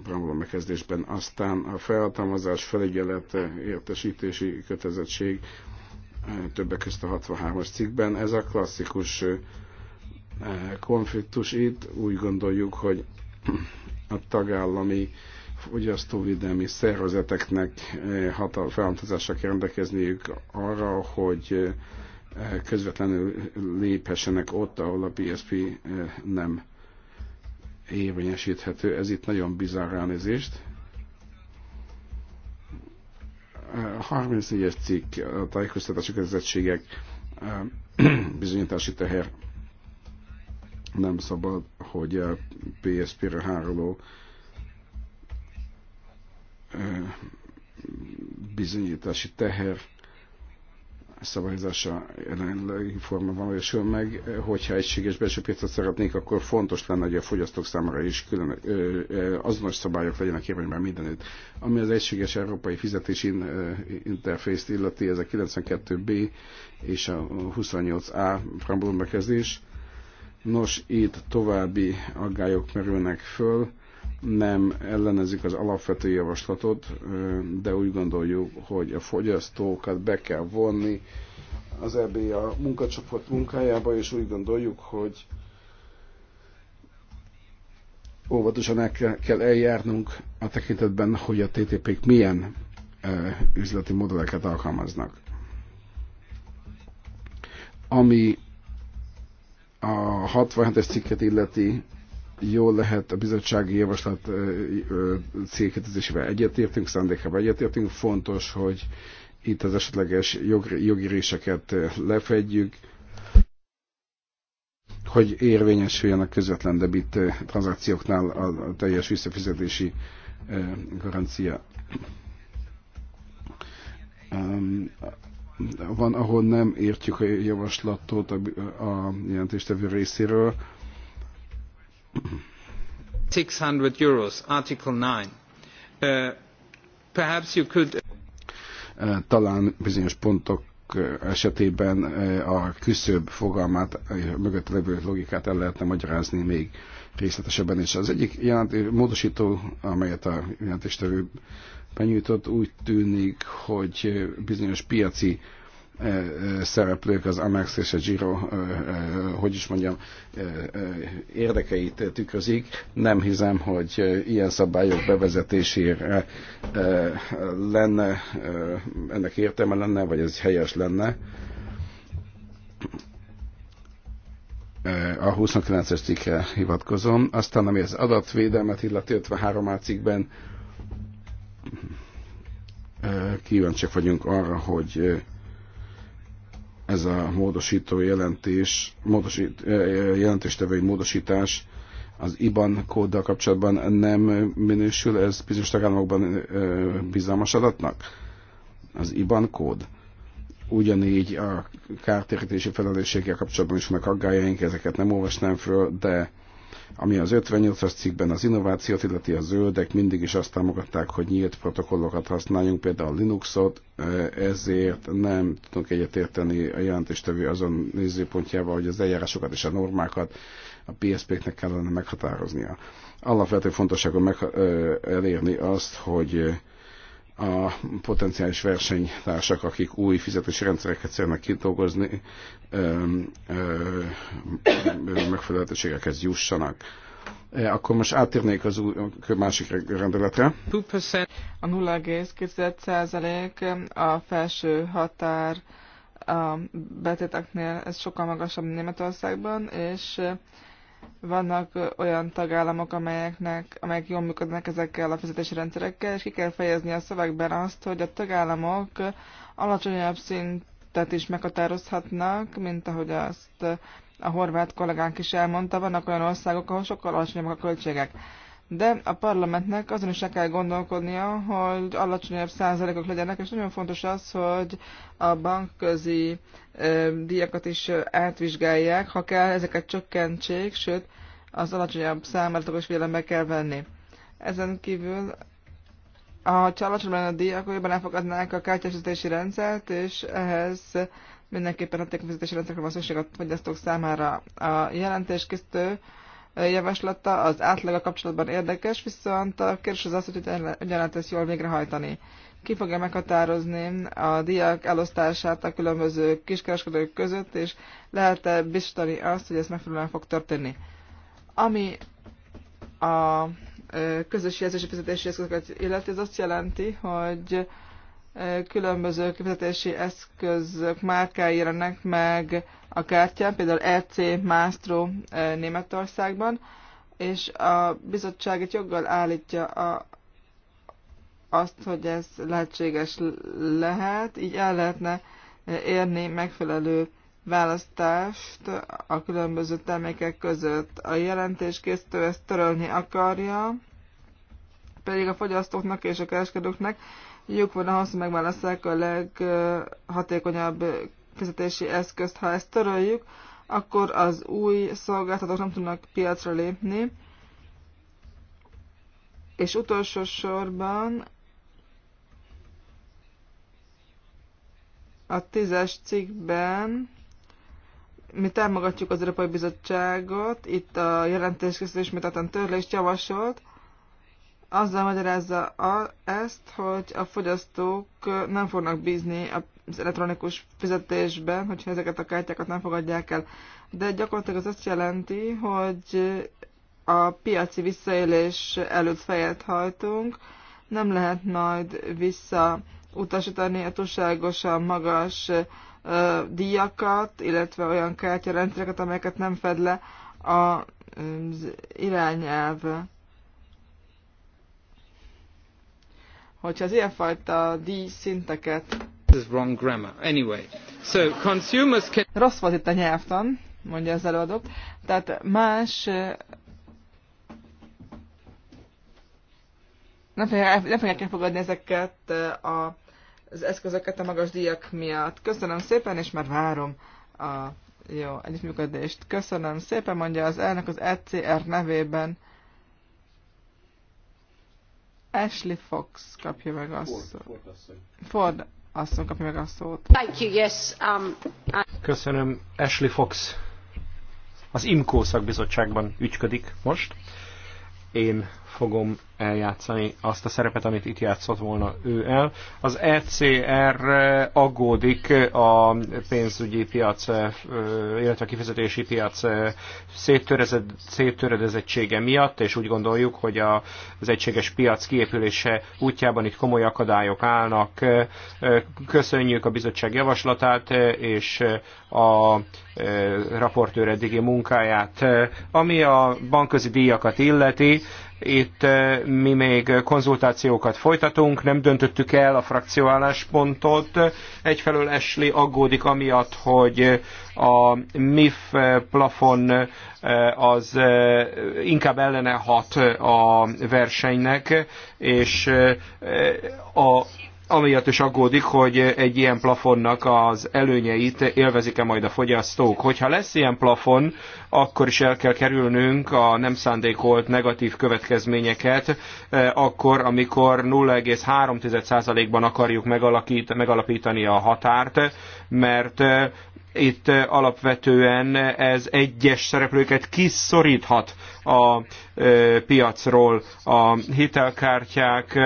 preambulum megkezdésben. Aztán a felhatalmazás, felügyelet, értesítési kötelezettség többek között a 63-as cikkben. Ez a klasszikus konfliktus itt. Úgy gondoljuk, hogy a tagállami fogyasztóvédelmi szervezeteknek eh, hatal kell rendelkezniük arra, hogy eh, közvetlenül léphessenek ott, ahol a PSP eh, nem érvényesíthető. Ez itt nagyon bizarr ránézést. 34-es cikk a tájékoztatási kötelezettségek bizonyítási teher nem szabad, hogy a PSP-re háruló bizonyítási teher szabályozása jelenlegi forma valósul meg. Hogyha egységes belső piacot szeretnék, akkor fontos lenne, hogy a fogyasztók számára is külön, azonos szabályok legyenek érvényben mindenütt. Ami az egységes európai fizetési interfészt illeti, ez a 92B és a 28A preambulum bekezdés Nos, itt további aggályok merülnek föl. Nem ellenezik az alapvető javaslatot, de úgy gondoljuk, hogy a fogyasztókat be kell vonni az EBA munkacsoport munkájába, és úgy gondoljuk, hogy óvatosan el kell eljárnunk a tekintetben, hogy a TTP-k milyen üzleti modelleket alkalmaznak. Ami a 67-es cikket illeti, jól lehet a bizottsági javaslat célkétezésével egyetértünk, szándékával egyetértünk. Fontos, hogy itt az esetleges jog, jogi réseket lefedjük, hogy érvényesüljön a közvetlen debit tranzakcióknál a teljes visszafizetési garancia van, ahol nem értjük a javaslatot a, a jelentéstevő részéről. 600 euros, Article 9. Uh, perhaps you could... Uh, talán bizonyos pontok uh, esetében uh, a küszöbb fogalmát, mögött levő logikát el lehetne magyarázni még részletesebben is. Az egyik jelent, módosító, amelyet a jelentéstevő benyújtott, úgy tűnik, hogy bizonyos piaci eh, eh, szereplők, az Amex és a Giro, eh, hogy is mondjam, érdekeit tükrözik. Nem hiszem, hogy ilyen szabályok bevezetésére lenne, ennek értelme lenne, vagy ez helyes lenne. A 29-es cikkre hivatkozom. Aztán, ami az adatvédelmet illeti 53 cikkben kíváncsiak vagyunk arra, hogy ez a módosító jelentés, módosít, jelentéstevői módosítás az IBAN kóddal kapcsolatban nem minősül, ez bizonyos tagállamokban bizalmas adatnak? Az IBAN kód? Ugyanígy a kártérítési felelősséggel kapcsolatban is vannak aggájaink, ezeket nem olvasnám föl, de ami az 58-as cikkben az innovációt illeti a zöldek, mindig is azt támogatták, hogy nyílt protokollokat használjunk, például a Linuxot, eh, ezért nem tudunk egyetérteni a jelentéstevő azon nézőpontjával, hogy az eljárásokat és a normákat a PSP-knek kellene meghatároznia. Alapvető fontosságon meg, eh, elérni azt, hogy eh, a potenciális versenytársak, akik új fizetési rendszereket szeretnek kidolgozni, megfelelőségekhez jussanak. E, akkor most átérnék az új, másik rendeletre. A 0,2% a felső határ a betéteknél, ez sokkal magasabb Németországban, és vannak olyan tagállamok, amelyeknek, amelyek jól működnek ezekkel a fizetési rendszerekkel, és ki kell fejezni a szövegben azt, hogy a tagállamok alacsonyabb szintet is meghatározhatnak, mint ahogy azt a horvát kollégánk is elmondta, vannak olyan országok, ahol sokkal alacsonyabbak a költségek de a parlamentnek azon is kell gondolkodnia, hogy alacsonyabb százalékok legyenek, és nagyon fontos az, hogy a bankközi ö, díjakat is átvizsgálják, ha kell, ezeket csökkentsék, sőt, az alacsonyabb számára is figyelembe kell venni. Ezen kívül, ha alacsonyabb lenne a díj, akkor jobban elfogadnák a kártyásítési rendszert, és ehhez mindenképpen a tékfizetési rendszerre van szükség a fogyasztók számára. A jelentéskészítő javaslata az átlaga kapcsolatban érdekes, viszont a kérdés az az, hogy hogyan lehet ezt jól végrehajtani. Ki fogja meghatározni a diák elosztását a különböző kiskereskedők között, és lehet-e biztosítani azt, hogy ez megfelelően fog történni. Ami a közös jelzési fizetési eszközöket illeti, ez azt jelenti, hogy különböző fizetési eszközök márkáirenek meg, a kártyán, például RC e Mástro eh, Németországban, és a bizottság egy joggal állítja a, azt, hogy ez lehetséges lehet, így el lehetne eh, érni megfelelő választást a különböző termékek között. A jelentéskészítő ezt törölni akarja, pedig a fogyasztóknak és a kereskedőknek lyuk van ahhoz, hogy megválasszák a leghatékonyabb fizetési eszközt. Ha ezt töröljük, akkor az új szolgáltatók nem tudnak piacra lépni. És utolsó sorban a tízes cikkben mi támogatjuk az Európai Bizottságot, itt a jelentéskészítés ismételten törlést javasolt, azzal magyarázza a, ezt, hogy a fogyasztók nem fognak bízni a az elektronikus fizetésben, hogyha ezeket a kártyákat nem fogadják el. De gyakorlatilag az azt jelenti, hogy a piaci visszaélés előtt fejet hajtunk, nem lehet majd visszautasítani a túlságosan magas ö, díjakat, illetve olyan kártyarendszereket, amelyeket nem fed le az irányelv. Hogyha az ilyenfajta díjszinteket Rossz volt itt a nyelvtan, mondja az előadó. Tehát más nem fogják, nem fogják elfogadni ezeket a, az eszközöket a magas díjak miatt. Köszönöm szépen, és már várom a jó együttműködést. Köszönöm szépen, mondja az elnök az ECR nevében. Ashley Fox kapja meg azt. Ford, Ford, Ford asszony kapja meg a szót. Thank you, yes, um, I... Köszönöm. Ashley Fox az IMCO szakbizottságban ügyködik most. Én fogom eljátszani azt a szerepet, amit itt játszott volna ő el. Az ECR aggódik a pénzügyi piac, illetve a kifizetési piac széttöredezettsége miatt, és úgy gondoljuk, hogy az egységes piac kiépülése útjában itt komoly akadályok állnak. Köszönjük a bizottság javaslatát, és a raportőr eddigi munkáját. Ami a bankközi díjakat illeti, itt eh, mi még konzultációkat folytatunk, nem döntöttük el a frakcióálláspontot. Egyfelől Esli aggódik amiatt, hogy a MIF plafon eh, az eh, inkább ellene hat a versenynek, és a amiatt is aggódik, hogy egy ilyen plafonnak az előnyeit élvezik-e majd a fogyasztók. Hogyha lesz ilyen plafon, akkor is el kell kerülnünk a nem szándékolt negatív következményeket, eh, akkor, amikor 0,3%-ban akarjuk megalapítani a határt, mert eh, itt eh, alapvetően ez egyes szereplőket kiszoríthat a piacról. A hitelkártyák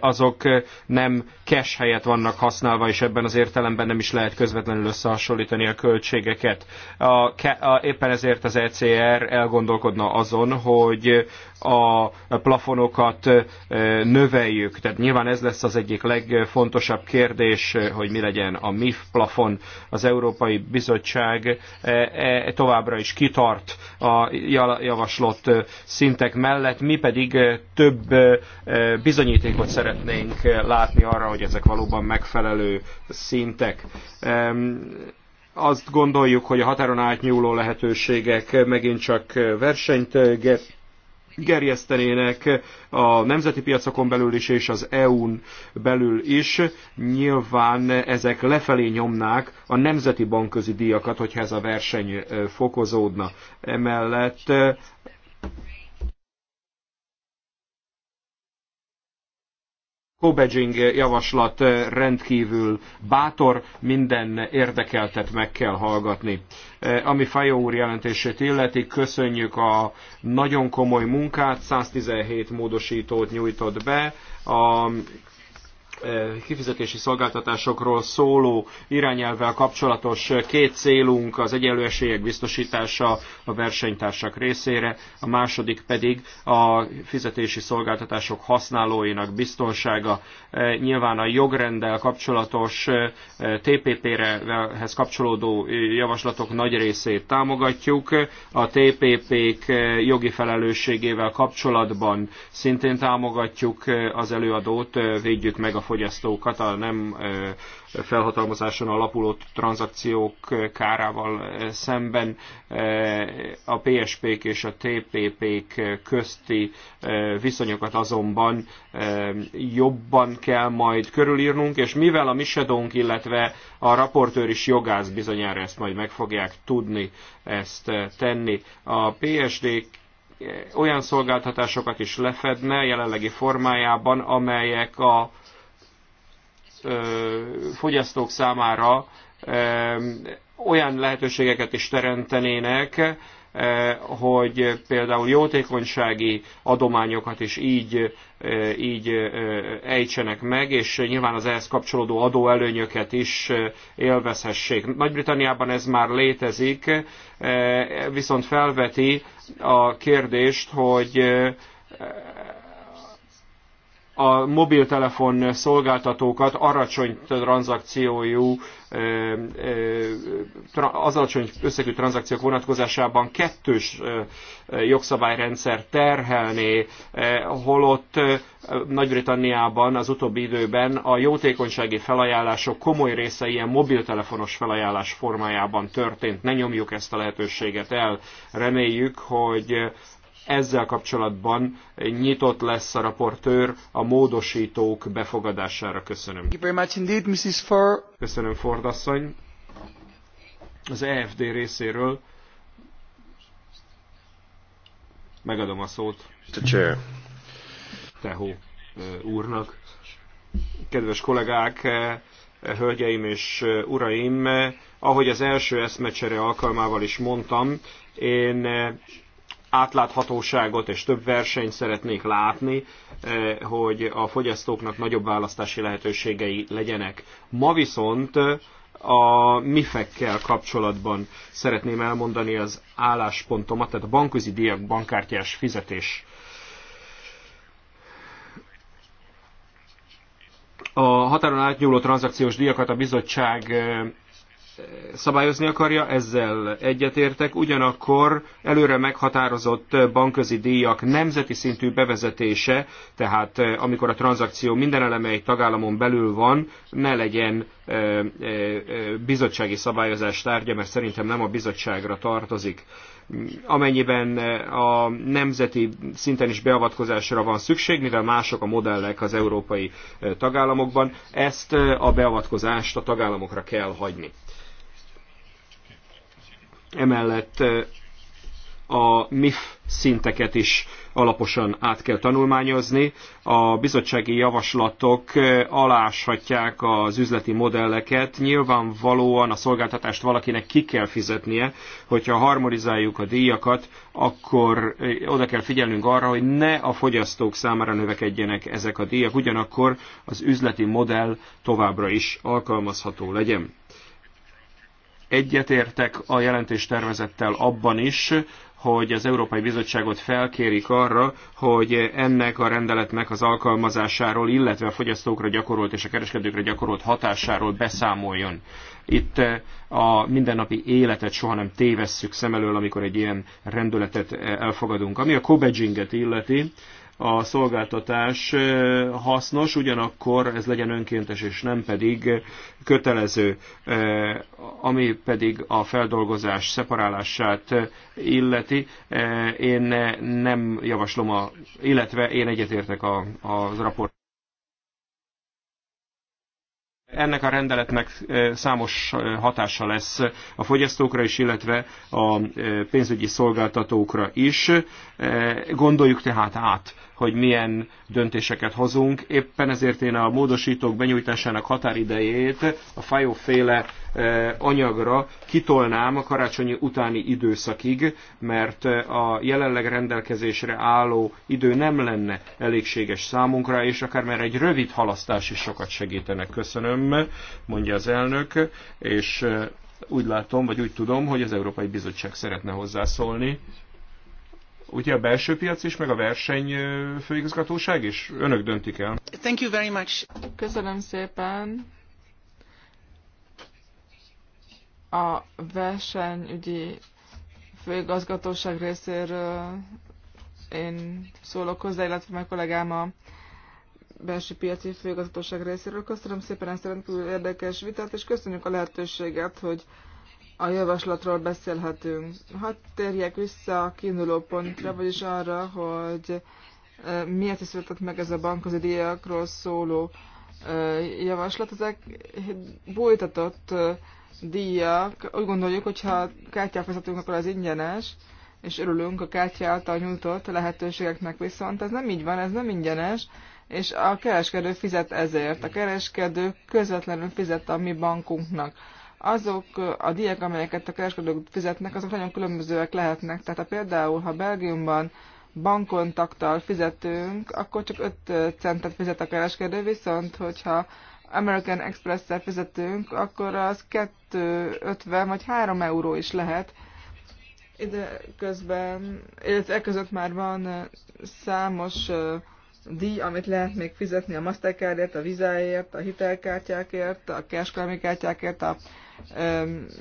azok nem cash helyett vannak használva, és ebben az értelemben nem is lehet közvetlenül összehasonlítani a költségeket. A, a, éppen ezért az ECR elgondolkodna azon, hogy a plafonokat növeljük. Tehát nyilván ez lesz az egyik legfontosabb kérdés, hogy mi legyen a MIF plafon. Az Európai Bizottság e, továbbra is kitart a javaslott szintek mellett, mi pedig több bizonyíték bizonyítékot szeretnénk eh, látni arra, hogy ezek valóban megfelelő szintek azt gondoljuk, hogy a határon átnyúló lehetőségek megint csak eh, versenyt eh, gerjesztenének a nemzeti piacokon belül is és az EU-n belül is. Nyilván ezek lefelé nyomnák a nemzeti bankközi díjakat, hogyha ez a verseny fokozódna. Emellett co javaslat rendkívül bátor, minden érdekeltet meg kell hallgatni. Eh, ami Fajó úr jelentését illeti, köszönjük a nagyon komoly munkát, 117 módosítót nyújtott be, a Eh, kifizetési szolgáltatásokról szóló irányelvvel kapcsolatos két célunk az egyenlő esélyek biztosítása a versenytársak részére, a második pedig a fizetési szolgáltatások használóinak biztonsága. Eh, nyilván a jogrendel kapcsolatos eh, tpp rehez kapcsolódó javaslatok nagy részét támogatjuk. A TPP-k jogi felelősségével kapcsolatban szintén támogatjuk az előadót, védjük meg a fogyasztókat a nem felhatalmazáson alapuló tranzakciók kárával szemben a PSP-k és a TPP-k közti viszonyokat azonban jobban kell majd körülírnunk, és mivel a misedónk, illetve a raportőr is jogász bizonyára ezt majd meg fogják tudni ezt tenni. A PSD olyan szolgáltatásokat is lefedne jelenlegi formájában, amelyek a fogyasztók számára olyan lehetőségeket is teremtenének, hogy például jótékonysági adományokat is így, így ejtsenek meg, és nyilván az ehhez kapcsolódó adóelőnyöket is élvezhessék. Nagy-Britanniában ez már létezik, viszont felveti a kérdést, hogy a mobiltelefon szolgáltatókat aracsony tranzakciójú, az alacsony összegű tranzakciók vonatkozásában kettős jogszabályrendszer terhelné, holott Nagy-Britanniában az utóbbi időben a jótékonysági felajánlások komoly része ilyen mobiltelefonos felajánlás formájában történt. Ne nyomjuk ezt a lehetőséget el. Reméljük, hogy ezzel kapcsolatban nyitott lesz a raportőr a módosítók befogadására. Köszönöm. Köszönöm, Ford asszony. Az EFD részéről megadom a szót. Tehó úrnak. Kedves kollégák, hölgyeim és uraim, ahogy az első eszmecsere alkalmával is mondtam, én átláthatóságot és több versenyt szeretnék látni, eh, hogy a fogyasztóknak nagyobb választási lehetőségei legyenek. Ma viszont eh, a MIFEK-kel kapcsolatban szeretném elmondani az álláspontomat, tehát a bankközi díjak bankkártyás fizetés. A határon átnyúló tranzakciós díjakat a bizottság eh, szabályozni akarja, ezzel egyetértek, ugyanakkor előre meghatározott bankközi díjak nemzeti szintű bevezetése, tehát eh, amikor a tranzakció minden eleme egy tagállamon belül van, ne legyen eh, eh, bizottsági szabályozás tárgya, mert szerintem nem a bizottságra tartozik amennyiben a nemzeti szinten is beavatkozásra van szükség, mivel mások a modellek az európai tagállamokban, ezt a beavatkozást a tagállamokra kell hagyni. Emellett eh, a MIF szinteket is alaposan át kell tanulmányozni. A bizottsági javaslatok eh, aláshatják az üzleti modelleket. Nyilvánvalóan a szolgáltatást valakinek ki kell fizetnie, hogyha harmonizáljuk a díjakat, akkor eh, oda kell figyelnünk arra, hogy ne a fogyasztók számára növekedjenek ezek a díjak, ugyanakkor az üzleti modell továbbra is alkalmazható legyen. Egyetértek a jelentéstervezettel abban is, hogy az Európai Bizottságot felkérik arra, hogy ennek a rendeletnek az alkalmazásáról, illetve a fogyasztókra gyakorolt és a kereskedőkre gyakorolt hatásáról beszámoljon. Itt a mindennapi életet soha nem tévesszük szem elől, amikor egy ilyen rendületet elfogadunk. Ami a co illeti, a szolgáltatás hasznos, ugyanakkor ez legyen önkéntes és nem pedig kötelező, ami pedig a feldolgozás szeparálását illeti. Én nem javaslom, a, illetve én egyetértek a, az raport. Ennek a rendeletnek számos hatása lesz a fogyasztókra is, illetve a pénzügyi szolgáltatókra is. Gondoljuk tehát át hogy milyen döntéseket hozunk. Éppen ezért én a módosítók benyújtásának határidejét a fajóféle eh, anyagra kitolnám a karácsonyi utáni időszakig, mert eh, a jelenleg rendelkezésre álló idő nem lenne elégséges számunkra, és akár már egy rövid halasztás is sokat segítenek Köszönöm, mondja az elnök, és eh, úgy látom, vagy úgy tudom, hogy az Európai Bizottság szeretne hozzászólni ugye a belső piac is, meg a verseny főigazgatóság is? Önök döntik el. Thank you very much. Köszönöm szépen. A versenyügyi főigazgatóság részéről én szólok hozzá, illetve meg kollégám a belső piaci főigazgatóság részéről. Köszönöm szépen ezt a rendkívül érdekes vitát, és köszönjük a lehetőséget, hogy a javaslatról beszélhetünk. Hadd térjek vissza a kiinduló pontra, vagyis arra, hogy miért is született meg ez a bankközi díjakról szóló javaslat. Ezek bújtatott díjak. Úgy gondoljuk, hogyha kártyát vezetünk, akkor az ingyenes, és örülünk a kártya által nyújtott lehetőségeknek viszont. Ez nem így van, ez nem ingyenes, és a kereskedő fizet ezért. A kereskedő közvetlenül fizet a mi bankunknak azok a díjak, amelyeket a kereskedők fizetnek, azok nagyon különbözőek lehetnek. Tehát ha például, ha Belgiumban bankkontakttal fizetünk, akkor csak 5 centet fizet a kereskedő, viszont hogyha American Express-szel fizetünk, akkor az 2,50 vagy 3 euró is lehet. Ide közben, illetve e között már van számos díj, amit lehet még fizetni a Mastercardért, a Vizáért, a hitelkártyákért, a kereskedelmi kártyákért, a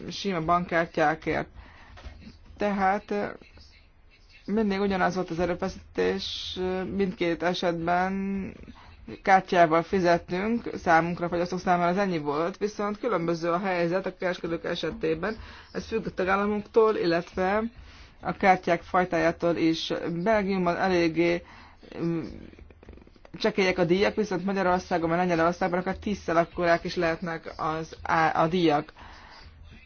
sima bankkártyákért. Tehát mindig ugyanaz volt az erőfeszítés, mindkét esetben kártyával fizettünk, számunkra vagy azok számára az ennyi volt, viszont különböző a helyzet a kereskedők esetében, ez függ a tagállamunktól, illetve a kártyák fajtájától is. Belgiumban eléggé csekélyek a díjak, viszont Magyarországon vagy Lengyelországban akár tízszer akkorák is lehetnek az, a, a díjak.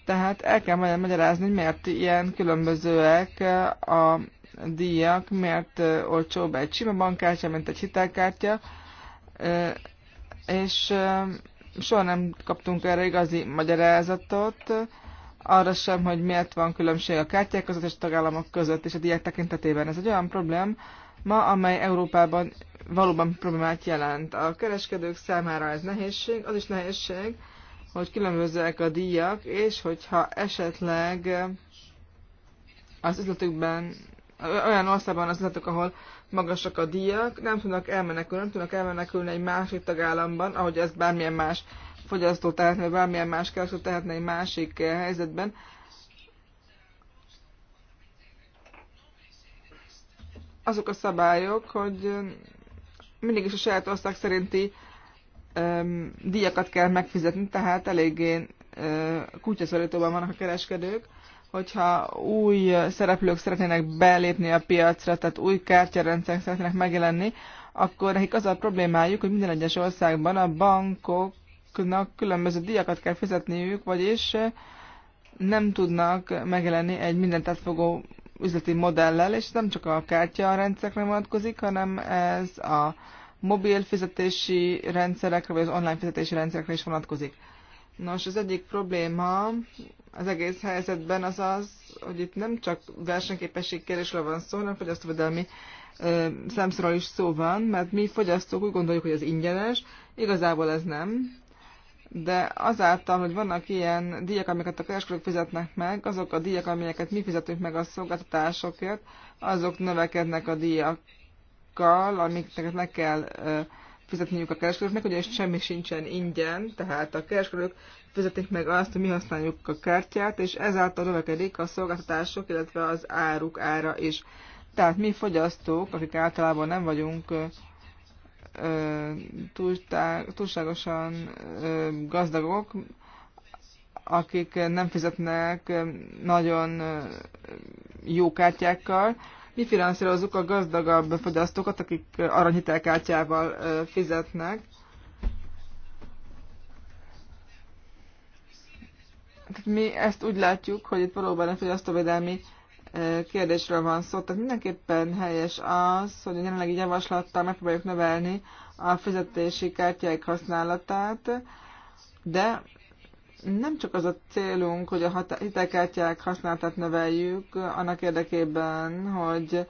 Tehát el kell majd magyarázni, hogy miért ilyen különbözőek a díjak, miért olcsóbb egy sima bankkártya, mint egy hitelkártya, és soha nem kaptunk erre igazi magyarázatot, arra sem, hogy miért van különbség a kártyák között és a tagállamok között, és a diák tekintetében. Ez egy olyan problém, ma, amely Európában valóban problémát jelent. A kereskedők számára ez nehézség, az is nehézség, hogy különbözőek a díjak, és hogyha esetleg az üzletükben, olyan országban az üzletük ahol magasak a díjak, nem tudnak elmenekülni, nem tudnak elmenekülni egy másik tagállamban, ahogy ezt bármilyen más fogyasztó tehetne, bármilyen más kereskedő tehetne egy másik helyzetben, azok a szabályok, hogy mindig is a saját ország szerinti um, díjakat kell megfizetni, tehát eléggé uh, kutyaszorítóban vannak a kereskedők, hogyha új szereplők szeretnének belépni a piacra, tehát új kártyarendszerek szeretnének megjelenni, akkor nekik az a problémájuk, hogy minden egyes országban a bankoknak különböző díjakat kell fizetniük, vagyis nem tudnak megjelenni egy mindent átfogó üzleti modellel, és nem csak a kártya rendszerekre vonatkozik, hanem ez a mobil fizetési rendszerekre, vagy az online fizetési rendszerekre is vonatkozik. Nos, az egyik probléma az egész helyzetben az az, hogy itt nem csak versenyképesség kérdésről van szó, hanem fogyasztóvedelmi szemszorral is szó van, mert mi fogyasztók úgy gondoljuk, hogy ez ingyenes, igazából ez nem de azáltal, hogy vannak ilyen díjak, amiket a kereskedők fizetnek meg, azok a díjak, amelyeket mi fizetünk meg a szolgáltatásokért, azok növekednek a díjakkal, amiket meg kell fizetniük a kereskedőknek, ugyanis semmi sincsen ingyen, tehát a kereskedők fizetik meg azt, hogy mi használjuk a kártyát, és ezáltal növekedik a szolgáltatások, illetve az áruk ára is. Tehát mi fogyasztók, akik általában nem vagyunk túlságosan gazdagok, akik nem fizetnek nagyon jó kártyákkal. Mi finanszírozzuk a gazdagabb fogyasztókat, akik aranyhitelkártyával fizetnek. Mi ezt úgy látjuk, hogy itt valóban a fogyasztóvédelmi kérdésről van szó, tehát mindenképpen helyes az, hogy a jelenlegi javaslattal megpróbáljuk növelni a fizetési kártyáik használatát, de nem csak az a célunk, hogy a hitelkártyák használatát növeljük annak érdekében, hogy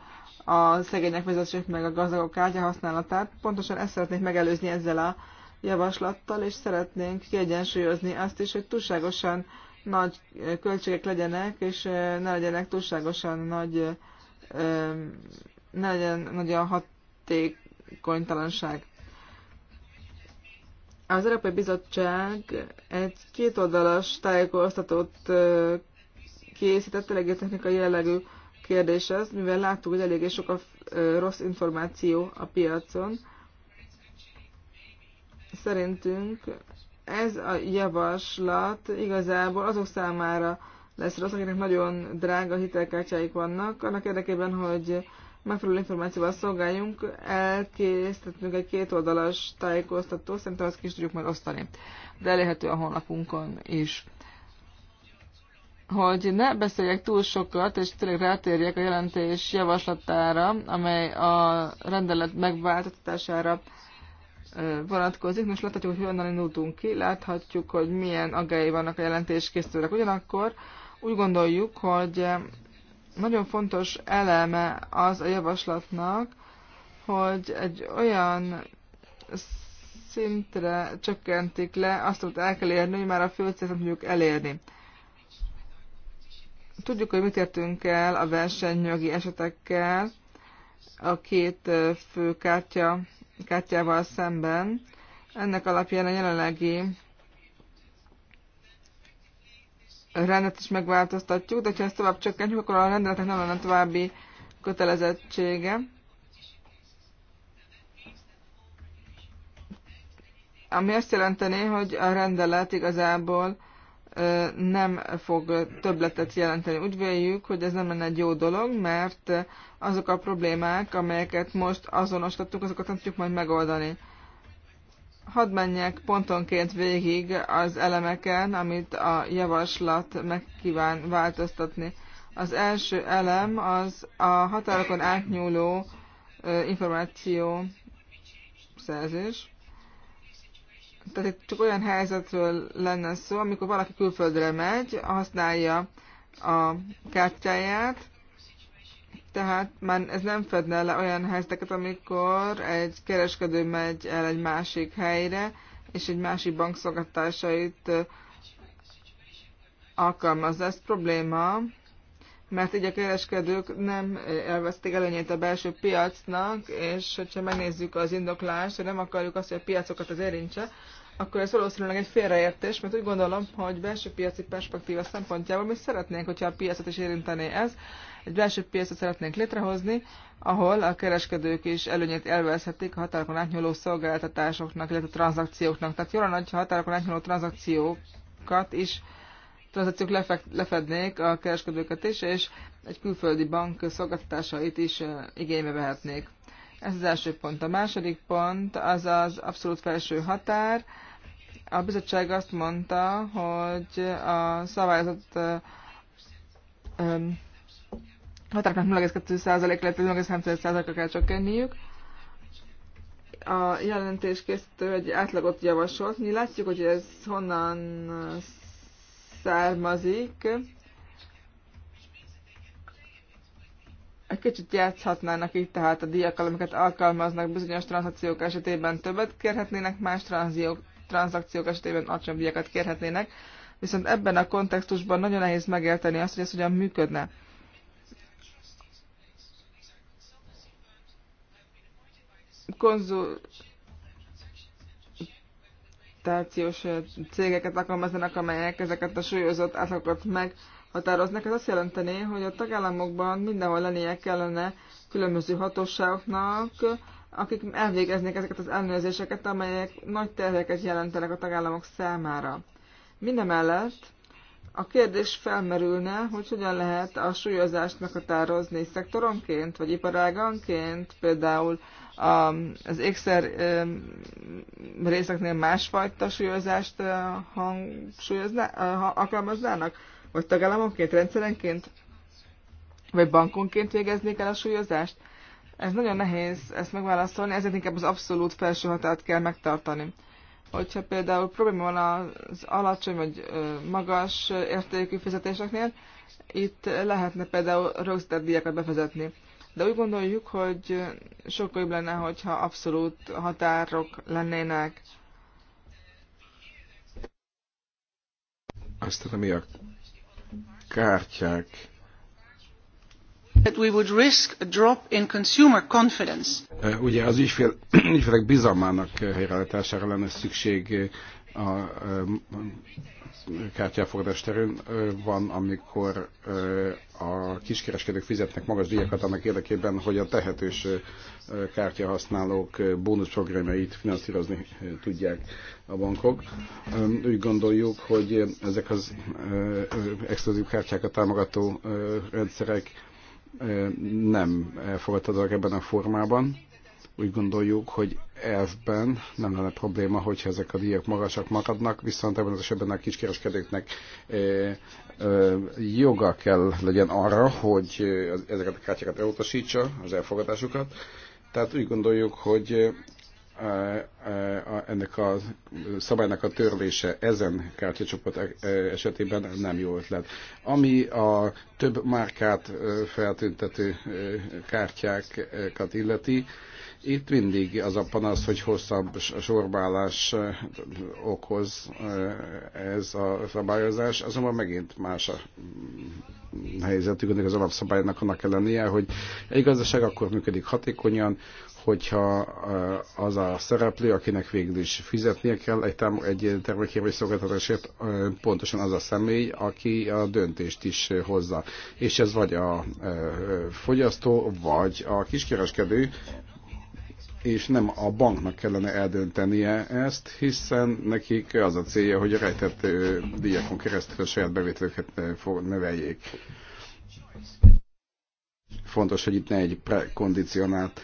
a szegények vezessék meg a gazdagok kártya használatát. Pontosan ezt szeretnék megelőzni ezzel a javaslattal, és szeretnénk kiegyensúlyozni azt is, hogy túlságosan nagy költségek legyenek, és ne legyenek túlságosan nagy, ne legyen nagy a hatékonytalanság. Az Európai Bizottság egy kétoldalas tájékoztatót készített, eléggé technikai jellegű kérdés ez, mivel láttuk, hogy eléggé sok a rossz információ a piacon. Szerintünk ez a javaslat igazából azok számára lesz rossz, akiknek nagyon drága hitelkártyáik vannak. Annak érdekében, hogy megfelelő információval szolgáljunk, elkészítettünk egy kétoldalas tájékoztató, szerintem azt is tudjuk majd osztani. De elérhető a honlapunkon is. Hogy ne beszéljek túl sokat, és tényleg rátérjek a jelentés javaslatára, amely a rendelet megváltoztatására vonatkozik. Most láthatjuk, hogy honnan indultunk ki, láthatjuk, hogy milyen agályi vannak a jelentéskészítőnek. Ugyanakkor úgy gondoljuk, hogy nagyon fontos eleme az a javaslatnak, hogy egy olyan szintre csökkentik le azt, amit el kell érni, hogy már a főcélt célt tudjuk elérni. Tudjuk, hogy mit értünk el a versenyjogi esetekkel, a két fő kártya kártyával szemben. Ennek alapján a jelenlegi rendet is megváltoztatjuk, de ha ezt tovább csökkentjük, akkor a rendeletnek nem lenne további kötelezettsége. Ami azt jelenteni, hogy a rendelet igazából nem fog többletet jelenteni. Úgy véljük, hogy ez nem lenne egy jó dolog, mert azok a problémák, amelyeket most azonosítottuk, azokat nem tudjuk majd megoldani. Hadd menjek pontonként végig az elemeken, amit a javaslat megkíván változtatni. Az első elem az a határokon átnyúló információ szerzés. Tehát itt csak olyan helyzetről lenne szó, amikor valaki külföldre megy, használja a kártyáját, tehát már ez nem fedne le olyan helyzeteket, amikor egy kereskedő megy el egy másik helyre, és egy másik bankszolgáltatásait alkalmaz. Ez probléma, mert így a kereskedők nem elvesztik előnyét a belső piacnak, és ha megnézzük az indoklást, nem akarjuk azt, hogy a piacokat az érintse, akkor ez valószínűleg egy félreértés, mert úgy gondolom, hogy belső piaci perspektíva szempontjából mi szeretnénk, hogyha a piacot is érintené ez, egy belső piacot szeretnénk létrehozni, ahol a kereskedők is előnyét élvezhetik, a határokon átnyúló szolgáltatásoknak, illetve tranzakcióknak. Tehát jól nagy határokon átnyúló tranzakciókat is tranzakciók lefednék a kereskedőket is, és egy külföldi bank szolgáltatásait is igénybe vehetnék. Ez az első pont. A második pont az az abszolút felső határ. A bizottság azt mondta, hogy a szabályozott határoknak 0,2% lehet, 0,3%-ra kell csökkenniük. A jelentés készítő egy átlagot javasolt. Mi látjuk, hogy ez honnan származik. Egy kicsit játszhatnának itt tehát a díjakkal, amiket alkalmaznak bizonyos tranzakciók esetében többet kérhetnének, más tranzakciók esetében alacsonyabb díjakat kérhetnének, viszont ebben a kontextusban nagyon nehéz megérteni azt, hogy ez hogyan működne. Konzultációs cégeket alkalmaznak, amelyek ezeket a súlyozott átlagokat meghatároznak. Ez azt jelenteni, hogy a tagállamokban mindenhol lennie kellene különböző hatóságoknak, akik elvégeznék ezeket az ellenőrzéseket, amelyek nagy terheket jelentenek a tagállamok számára. Mindemellett a kérdés felmerülne, hogy hogyan lehet a súlyozást meghatározni szektoronként, vagy iparáganként, például az ékszer részeknél másfajta súlyozást eh, eh, alkalmaznának, vagy tagállamonként, rendszerenként, vagy bankonként végeznék el a súlyozást. Ez nagyon nehéz ezt megválaszolni, ezért inkább az abszolút felső határt kell megtartani. Hogyha például probléma van az alacsony vagy magas értékű fizetéseknél, itt lehetne például rögzített díjakat befezetni. De úgy gondoljuk, hogy sokkal jobb lenne, hogyha abszolút határok lennének. Aztán ami a kártyák Ugye az ügyfél, ügyfelek bizalmának eh, helyreállítására lenne szükség eh, a, a, eh, a kártyáfogadás terén van, amikor a kiskereskedők fizetnek magas díjakat annak érdekében, hogy a tehetős kártyahasználók bónuszprogramjait finanszírozni tudják a bankok. Úgy gondoljuk, hogy ezek az exkluzív kártyákat támogató rendszerek nem elfogadhatóak ebben a formában. Úgy gondoljuk, hogy elfben nem lenne probléma, hogyha ezek a díjak magasak maradnak, viszont ebben az esetben a kiskereskedőknek joga kell legyen arra, hogy ezeket a kártyákat elutasítsa, az elfogadásukat. Tehát úgy gondoljuk, hogy ennek a szabálynak a törlése ezen kártyacsoport e, e, esetében nem jó ötlet. Ami a több márkát e, feltüntető kártyákat illeti, itt mindig az a panasz, hogy hosszabb sorbálás okoz ez a szabályozás, azonban megint más a mm, helyzetük, az alapszabálynak annak kell lennie, hogy egy gazdaság akkor működik hatékonyan, hogyha eh, az a szereplő, akinek végül is fizetnie kell egy, tám- egy termékért vagy szolgáltatásért, eh, pontosan az a személy, aki a döntést is hozza. És ez vagy a eh, fogyasztó, vagy a kiskereskedő, és nem a banknak kellene eldöntenie ezt, hiszen nekik az a célja, hogy a rejtett díjakon keresztül a saját bevételüket növeljék. Fontos, hogy itt ne egy prekondicionált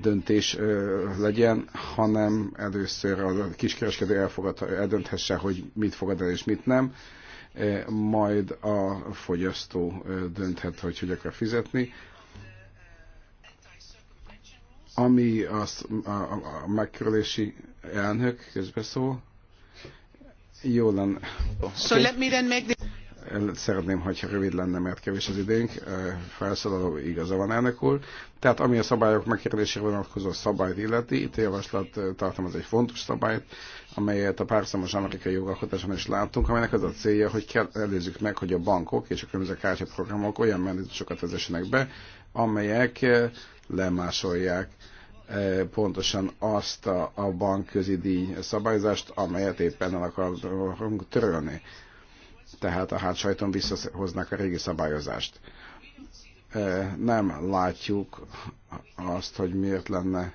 döntés legyen, hanem először a kiskereskedő elfogad, eldönthesse, hogy mit fogad el és mit nem, majd a fogyasztó dönthet, hogy hogy akar fizetni. Ami azt a, a, a megkerülési elnök közbeszól, jó lenne. Okay. So let me then make this el szeretném, hogyha rövid lenne, mert kevés az időnk, felszólaló igaza van elnök úr. Tehát ami a szabályok megkérdésére vonatkozó szabályt illeti, itt a javaslat az egy fontos szabályt, amelyet a párszámos amerikai jogalkotáson is láttunk, amelynek az a célja, hogy kell, előzzük meg, hogy a bankok és a különböző kártyaprogramok olyan mechanizmusokat vezessenek be, amelyek lemásolják pontosan azt a, a bankközi díj szabályzást, amelyet éppen el akarunk törölni tehát a hátsajton visszahoznak a régi szabályozást. Nem látjuk azt, hogy miért lenne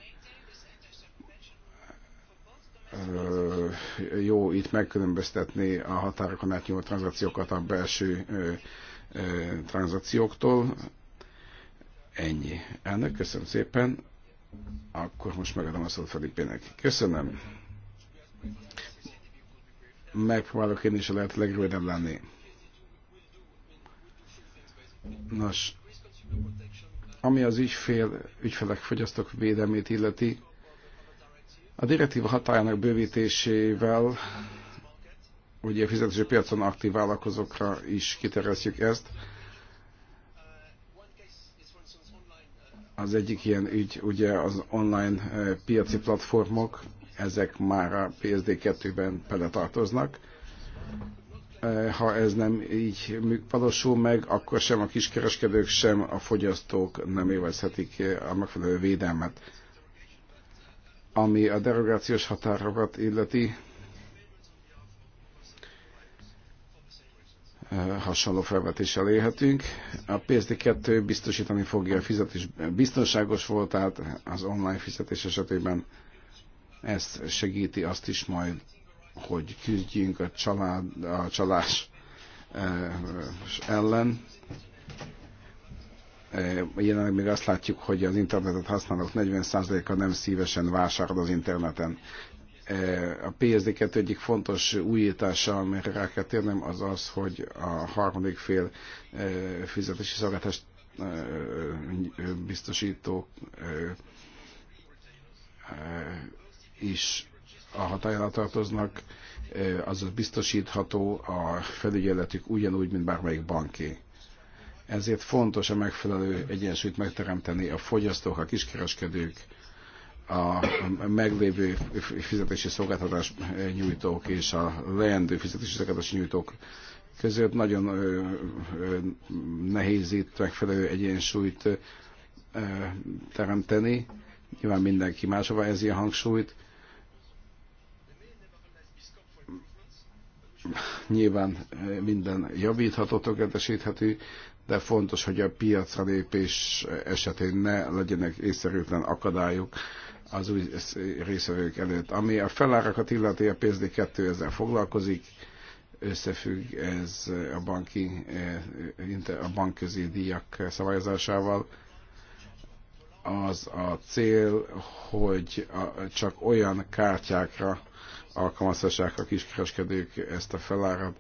jó itt megkülönböztetni a határokon átnyúló tranzakciókat a belső tranzakcióktól. Ennyi. Ennek köszönöm szépen. Akkor most megadom a szót Felipének. Köszönöm megpróbálok én is a lehet legrövidebb lenni. Nos, ami az ügyfél, ügyfelek fogyasztók védelmét illeti, a direktíva hatájának bővítésével ugye a fizetési piacon aktív vállalkozókra is kiterjesztjük ezt. Az egyik ilyen ügy ugye az online eh, piaci platformok, ezek már a PSD2-ben beletartoznak. Eh, ha ez nem így valósul meg, akkor sem a kiskereskedők, sem a fogyasztók nem élvezhetik eh, a megfelelő védelmet. Ami a derogációs határokat illeti, eh, hasonló felvetéssel élhetünk. A PSD2 biztosítani fogja a fizetés biztonságos voltát az online fizetés esetében ezt segíti azt is majd, hogy küzdjünk a, család, a csalás e, ellen. E, jelenleg még azt látjuk, hogy az internetet használók 40%-a nem szívesen vásárol az interneten. E, a PSD2 egyik fontos újítása, amire rá kell térnem, az az, hogy a harmadik fél fizetési szolgáltást biztosító is a hatályra tartoznak, azaz biztosítható a felügyeletük ugyanúgy, mint bármelyik banki. Ezért fontos a megfelelő egyensúlyt megteremteni a fogyasztók, a kiskereskedők, a meglévő fizetési szolgáltatás nyújtók és a leendő fizetési szolgáltatás nyújtók között nagyon nehéz itt megfelelő egyensúlyt teremteni. Nyilván mindenki máshova ez a hangsúlyt. Nyilván eh, minden javítható, tökéletesíthető, de fontos, hogy a piacra lépés eh, esetén ne legyenek észszerűtlen akadályok az új részvevők előtt. Ami a felárakat illeti, a PSD2 ezzel foglalkozik, összefügg ez eh, a banki, a bankközi díjak szabályozásával. Az a cél, hogy csak olyan kártyákra alkalmazhassák a kiskereskedők ezt a felárat,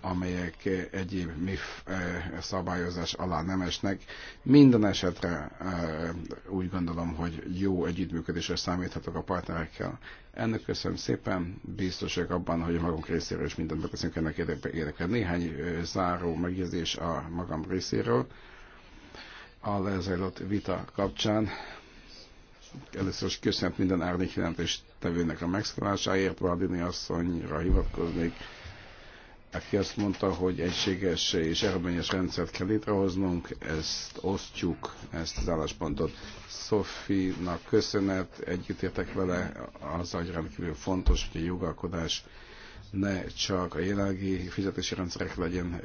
amelyek egyéb MIF eh, szabályozás alá nem esnek. Minden esetre eh, úgy gondolom, hogy jó együttműködésre számíthatok a partnerekkel. Ennek köszönöm szépen, biztosak abban, hogy a magunk részéről is mindent beköszönjük ennek érdekében. Néhány eh, záró megjegyzés a magam részéről a lezajlott vita kapcsán. Először is köszönöm minden árnyék jelentést jelentéstevőnek a megszállásáért Valdini asszonyra hivatkoznék, aki azt mondta, hogy egységes és eredményes rendszert kell létrehoznunk, ezt osztjuk, ezt az álláspontot. Szofinak köszönet, együttértek vele, az egy rendkívül fontos, hogy a jogalkodás ne csak a jelenlegi fizetési rendszerek legyen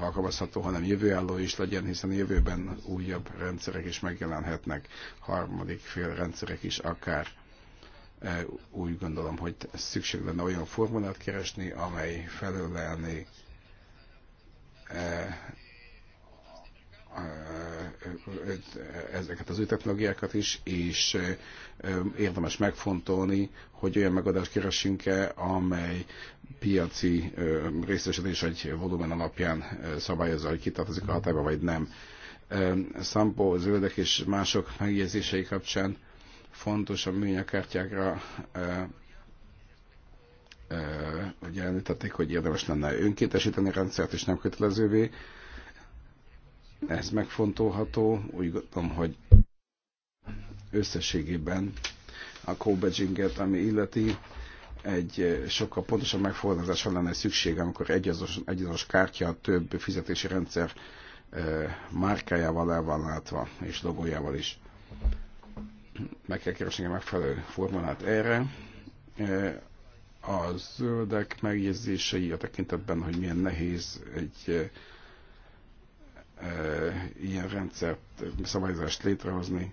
alkalmazható, hanem jövőálló is legyen, hiszen jövőben újabb rendszerek is megjelenhetnek, harmadik fél rendszerek is akár. Úgy gondolom, hogy szükség lenne olyan formulát keresni, amely felőlelni ezeket az új technológiákat is, és érdemes megfontolni, hogy olyan megoldást keresünk-e, amely piaci részesedés egy volumen alapján szabályozza, hogy kitartozik a hatályba, vagy nem. Szampó, zöldek és mások megjegyzései kapcsán fontos a műanyagkártyákra hogy említették, hogy érdemes lenne önkéntesíteni a rendszert, és nem kötelezővé. Ez megfontolható. Úgy gondolom, hogy összességében a co ami illeti, egy sokkal pontosabb megfogalmazásra lenne szükség, amikor egy egyazonos kártya több fizetési rendszer márkájával el van látva, és logójával is. Meg kell keresni a megfelelő formulát erre. A zöldek megjegyzései a tekintetben, hogy milyen nehéz egy ilyen rendszert, szabályozást létrehozni,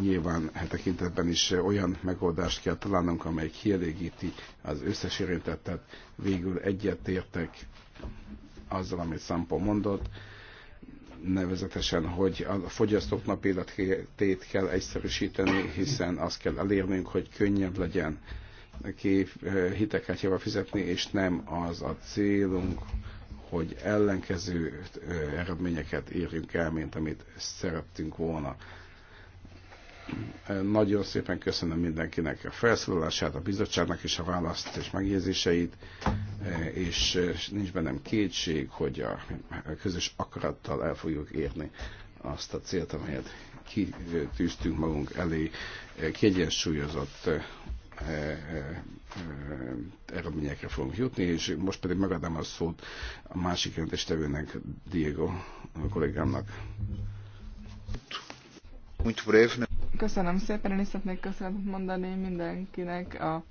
Nyilván e tekintetben is olyan megoldást kell találnunk, amely kielégíti az összes érintettet. Végül egyetértek azzal, amit Szampo mondott, nevezetesen, hogy a fogyasztóknak életét kell egyszerűsíteni, hiszen azt kell elérnünk, hogy könnyebb legyen ki hitekártyával fizetni, és nem az a célunk, hogy ellenkező eredményeket érjünk el, mint amit szerettünk volna. Nagyon szépen köszönöm mindenkinek a felszólalását, a bizottságnak és a választ és megjegyzéseit, és nincs bennem kétség, hogy a közös akarattal el fogjuk érni azt a célt, amelyet kitűztünk magunk elé, kiegyensúlyozott eh, eh, eredményekre fogunk jutni, és most pedig megadom a szót a másik jelentéstevőnek, Diego a kollégámnak. Muito breve, Köszönöm szépen, én is szeretnék köszönetet mondani mindenkinek a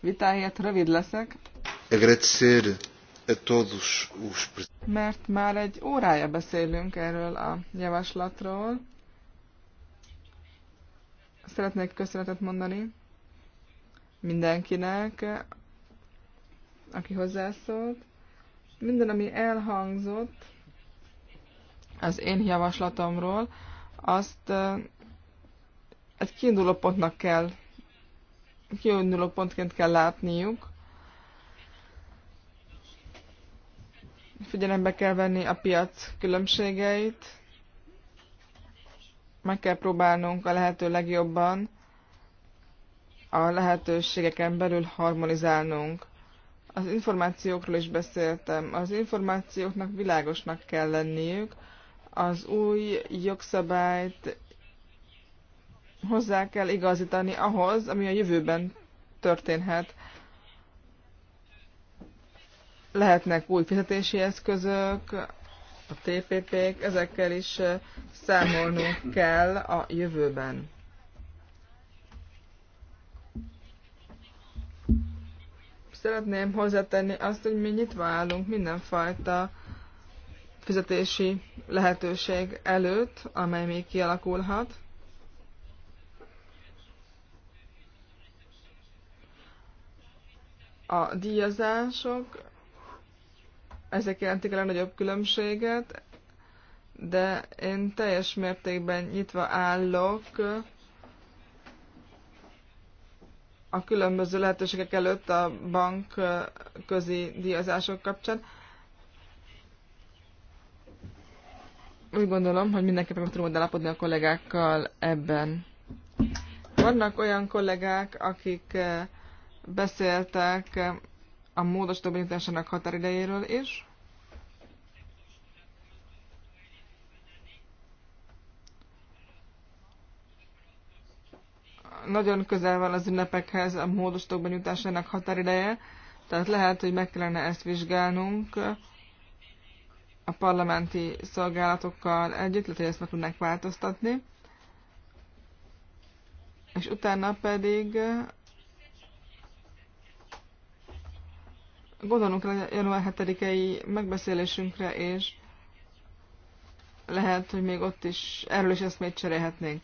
vitáért. Rövid leszek. Agradecer a todos os... Mert már egy órája beszélünk erről a javaslatról. Szeretnék köszönetet mondani mindenkinek, aki hozzászólt. Minden, ami elhangzott az én javaslatomról, azt egy kiinduló pontnak kell, kiinduló pontként kell látniuk. Figyelembe kell venni a piac különbségeit, meg kell próbálnunk a lehető legjobban a lehetőségeken belül harmonizálnunk. Az információkról is beszéltem. Az információknak világosnak kell lenniük, az új jogszabályt hozzá kell igazítani ahhoz, ami a jövőben történhet. Lehetnek új fizetési eszközök, a TPP-k, ezekkel is eh, számolnunk kell a jövőben. Szeretném hozzátenni azt, hogy mi nyitva állunk mindenfajta fizetési lehetőség előtt, amely még kialakulhat. A díjazások, ezek jelentik a legnagyobb különbséget, de én teljes mértékben nyitva állok a különböző lehetőségek előtt a bank közi díjazások kapcsán. Úgy gondolom, hogy mindenképpen meg tudom állapodni a kollégákkal ebben. Vannak olyan kollégák, akik Beszéltek a módosító benyújtásának határidejéről is. Nagyon közel van az ünnepekhez a módosítók benyújtásának határideje, tehát lehet, hogy meg kellene ezt vizsgálnunk a parlamenti szolgálatokkal együtt, lehet, hogy ezt meg tudnánk változtatni. És utána pedig Gondolunk a január 7-i megbeszélésünkre, és lehet, hogy még ott is erről is eszmét cserélhetnénk.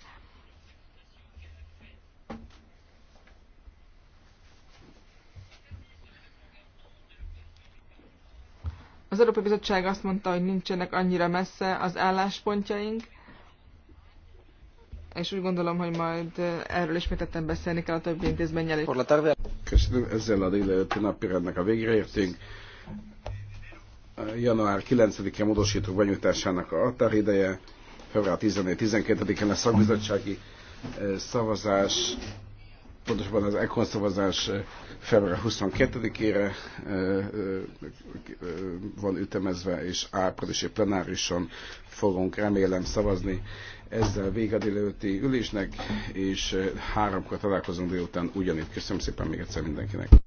Az Európai Bizottság azt mondta, hogy nincsenek annyira messze az álláspontjaink, és úgy gondolom, hogy majd erről ismételten beszélni kell a többi intézménnyel. Köszönöm, ezzel a délelőtti napirendnek a végre értünk. Január 9-e módosítók benyújtásának a határideje, február 14-12-en a szakbizottsági szavazás, pontosabban az ECON szavazás február 22-ére van ütemezve, és áprilisi plenárison fogunk remélem szavazni. Ezzel vége a délelőtti ülésnek, és eh, háromkor találkozunk délután ugyanitt. Köszönöm szépen még egyszer mindenkinek.